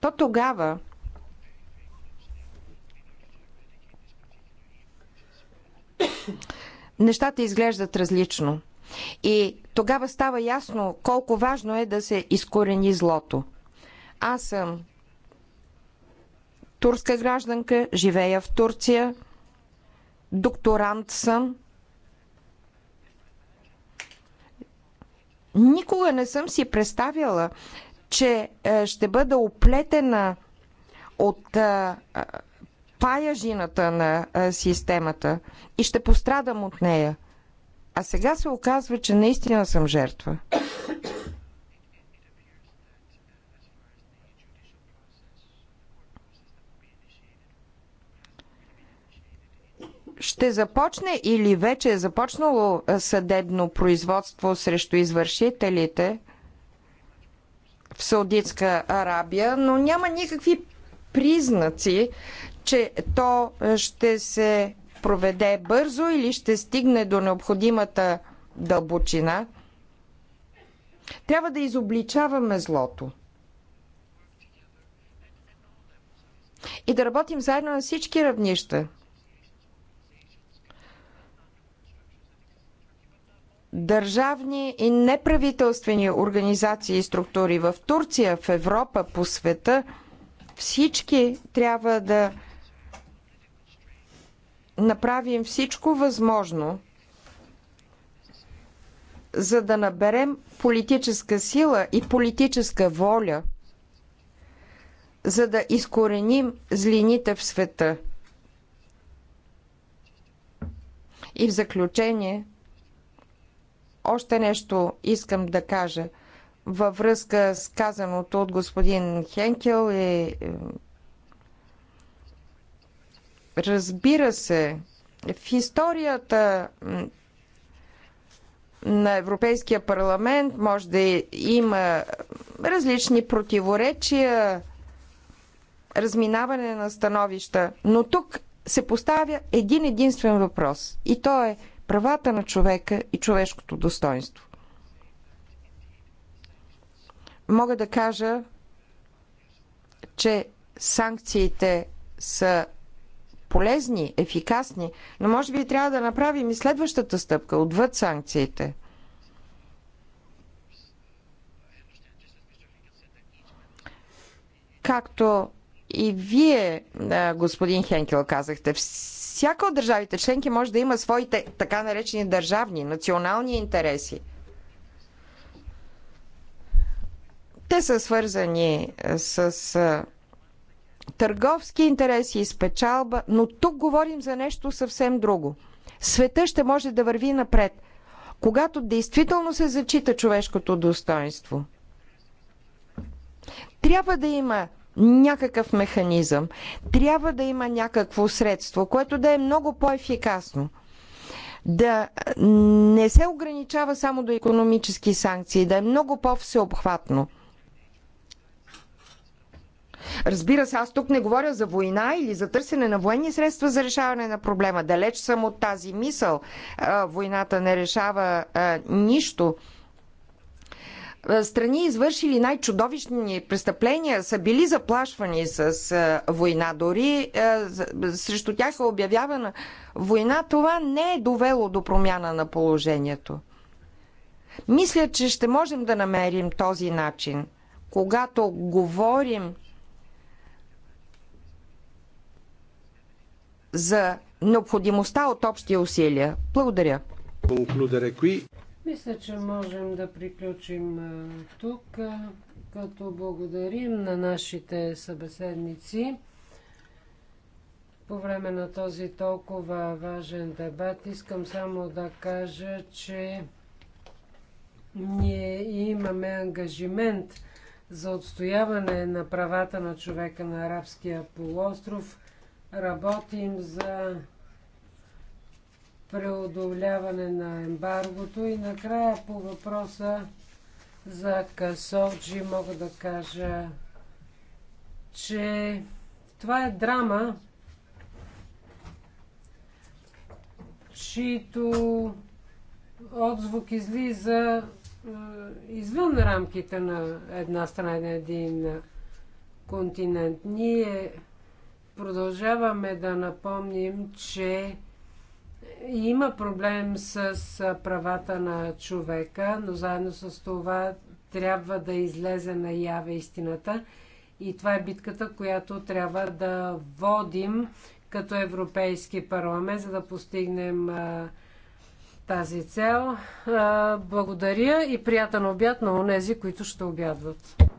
то тогава нещата изглеждат различно. И тогава става ясно колко важно е да се изкорени злото. Аз съм турска гражданка, живея в Турция, докторант съм. Никога не съм си представяла, че е, ще бъда оплетена от е, е, паяжината на системата и ще пострадам от нея. А сега се оказва, че наистина съм жертва. ще започне или вече е започнало съдебно производство срещу извършителите в Саудитска Арабия, но няма никакви признаци, че то ще се проведе бързо или ще стигне до необходимата дълбочина. Трябва да изобличаваме злото. И да работим заедно на всички равнища. държавни и неправителствени организации и структури в Турция, в Европа, по света, всички трябва да направим всичко възможно, за да наберем политическа сила и политическа воля, за да изкореним злините в света. И в заключение, още нещо искам да кажа във връзка с казаното от господин Хенкел и Разбира се, в историята на Европейския парламент може да има различни противоречия, разминаване на становища, но тук се поставя един единствен въпрос и то е правата на човека и човешкото достоинство. Мога да кажа, че санкциите са полезни, ефикасни, но може би трябва да направим и следващата стъпка отвъд санкциите. Както и вие, господин Хенкел, казахте, всяка от държавите членки може да има своите така наречени държавни, национални интереси. Те са свързани с търговски интереси и спечалба, но тук говорим за нещо съвсем друго. Света ще може да върви напред, когато действително се зачита човешкото достоинство. Трябва да има някакъв механизъм, трябва да има някакво средство, което да е много по-ефикасно да не се ограничава само до економически санкции, да е много по-всеобхватно. Разбира се, аз тук не говоря за война или за търсене на военни средства за решаване на проблема. Далеч съм от тази мисъл. Войната не решава нищо страни, извършили най-чудовищни престъпления, са били заплашвани с война. Дори срещу тях е обявявана война. Това не е довело до промяна на положението. Мисля, че ще можем да намерим този начин, когато говорим за необходимостта от общия усилия. Благодаря. Мисля, че можем да приключим тук, като благодарим на нашите събеседници по време на този толкова важен дебат. Искам само да кажа, че ние имаме ангажимент за отстояване на правата на човека на арабския полуостров. Работим за преодоляване на ембаргото и накрая по въпроса за Касоджи мога да кажа, че това е драма, чието отзвук излиза е, извън рамките на една страна, на един континент. Ние Продължаваме да напомним, че има проблем с правата на човека, но заедно с това трябва да излезе наяве истината. И това е битката, която трябва да водим като Европейски парламент, за да постигнем а, тази цел. А, благодаря и приятен обяд на онези, които ще обядват.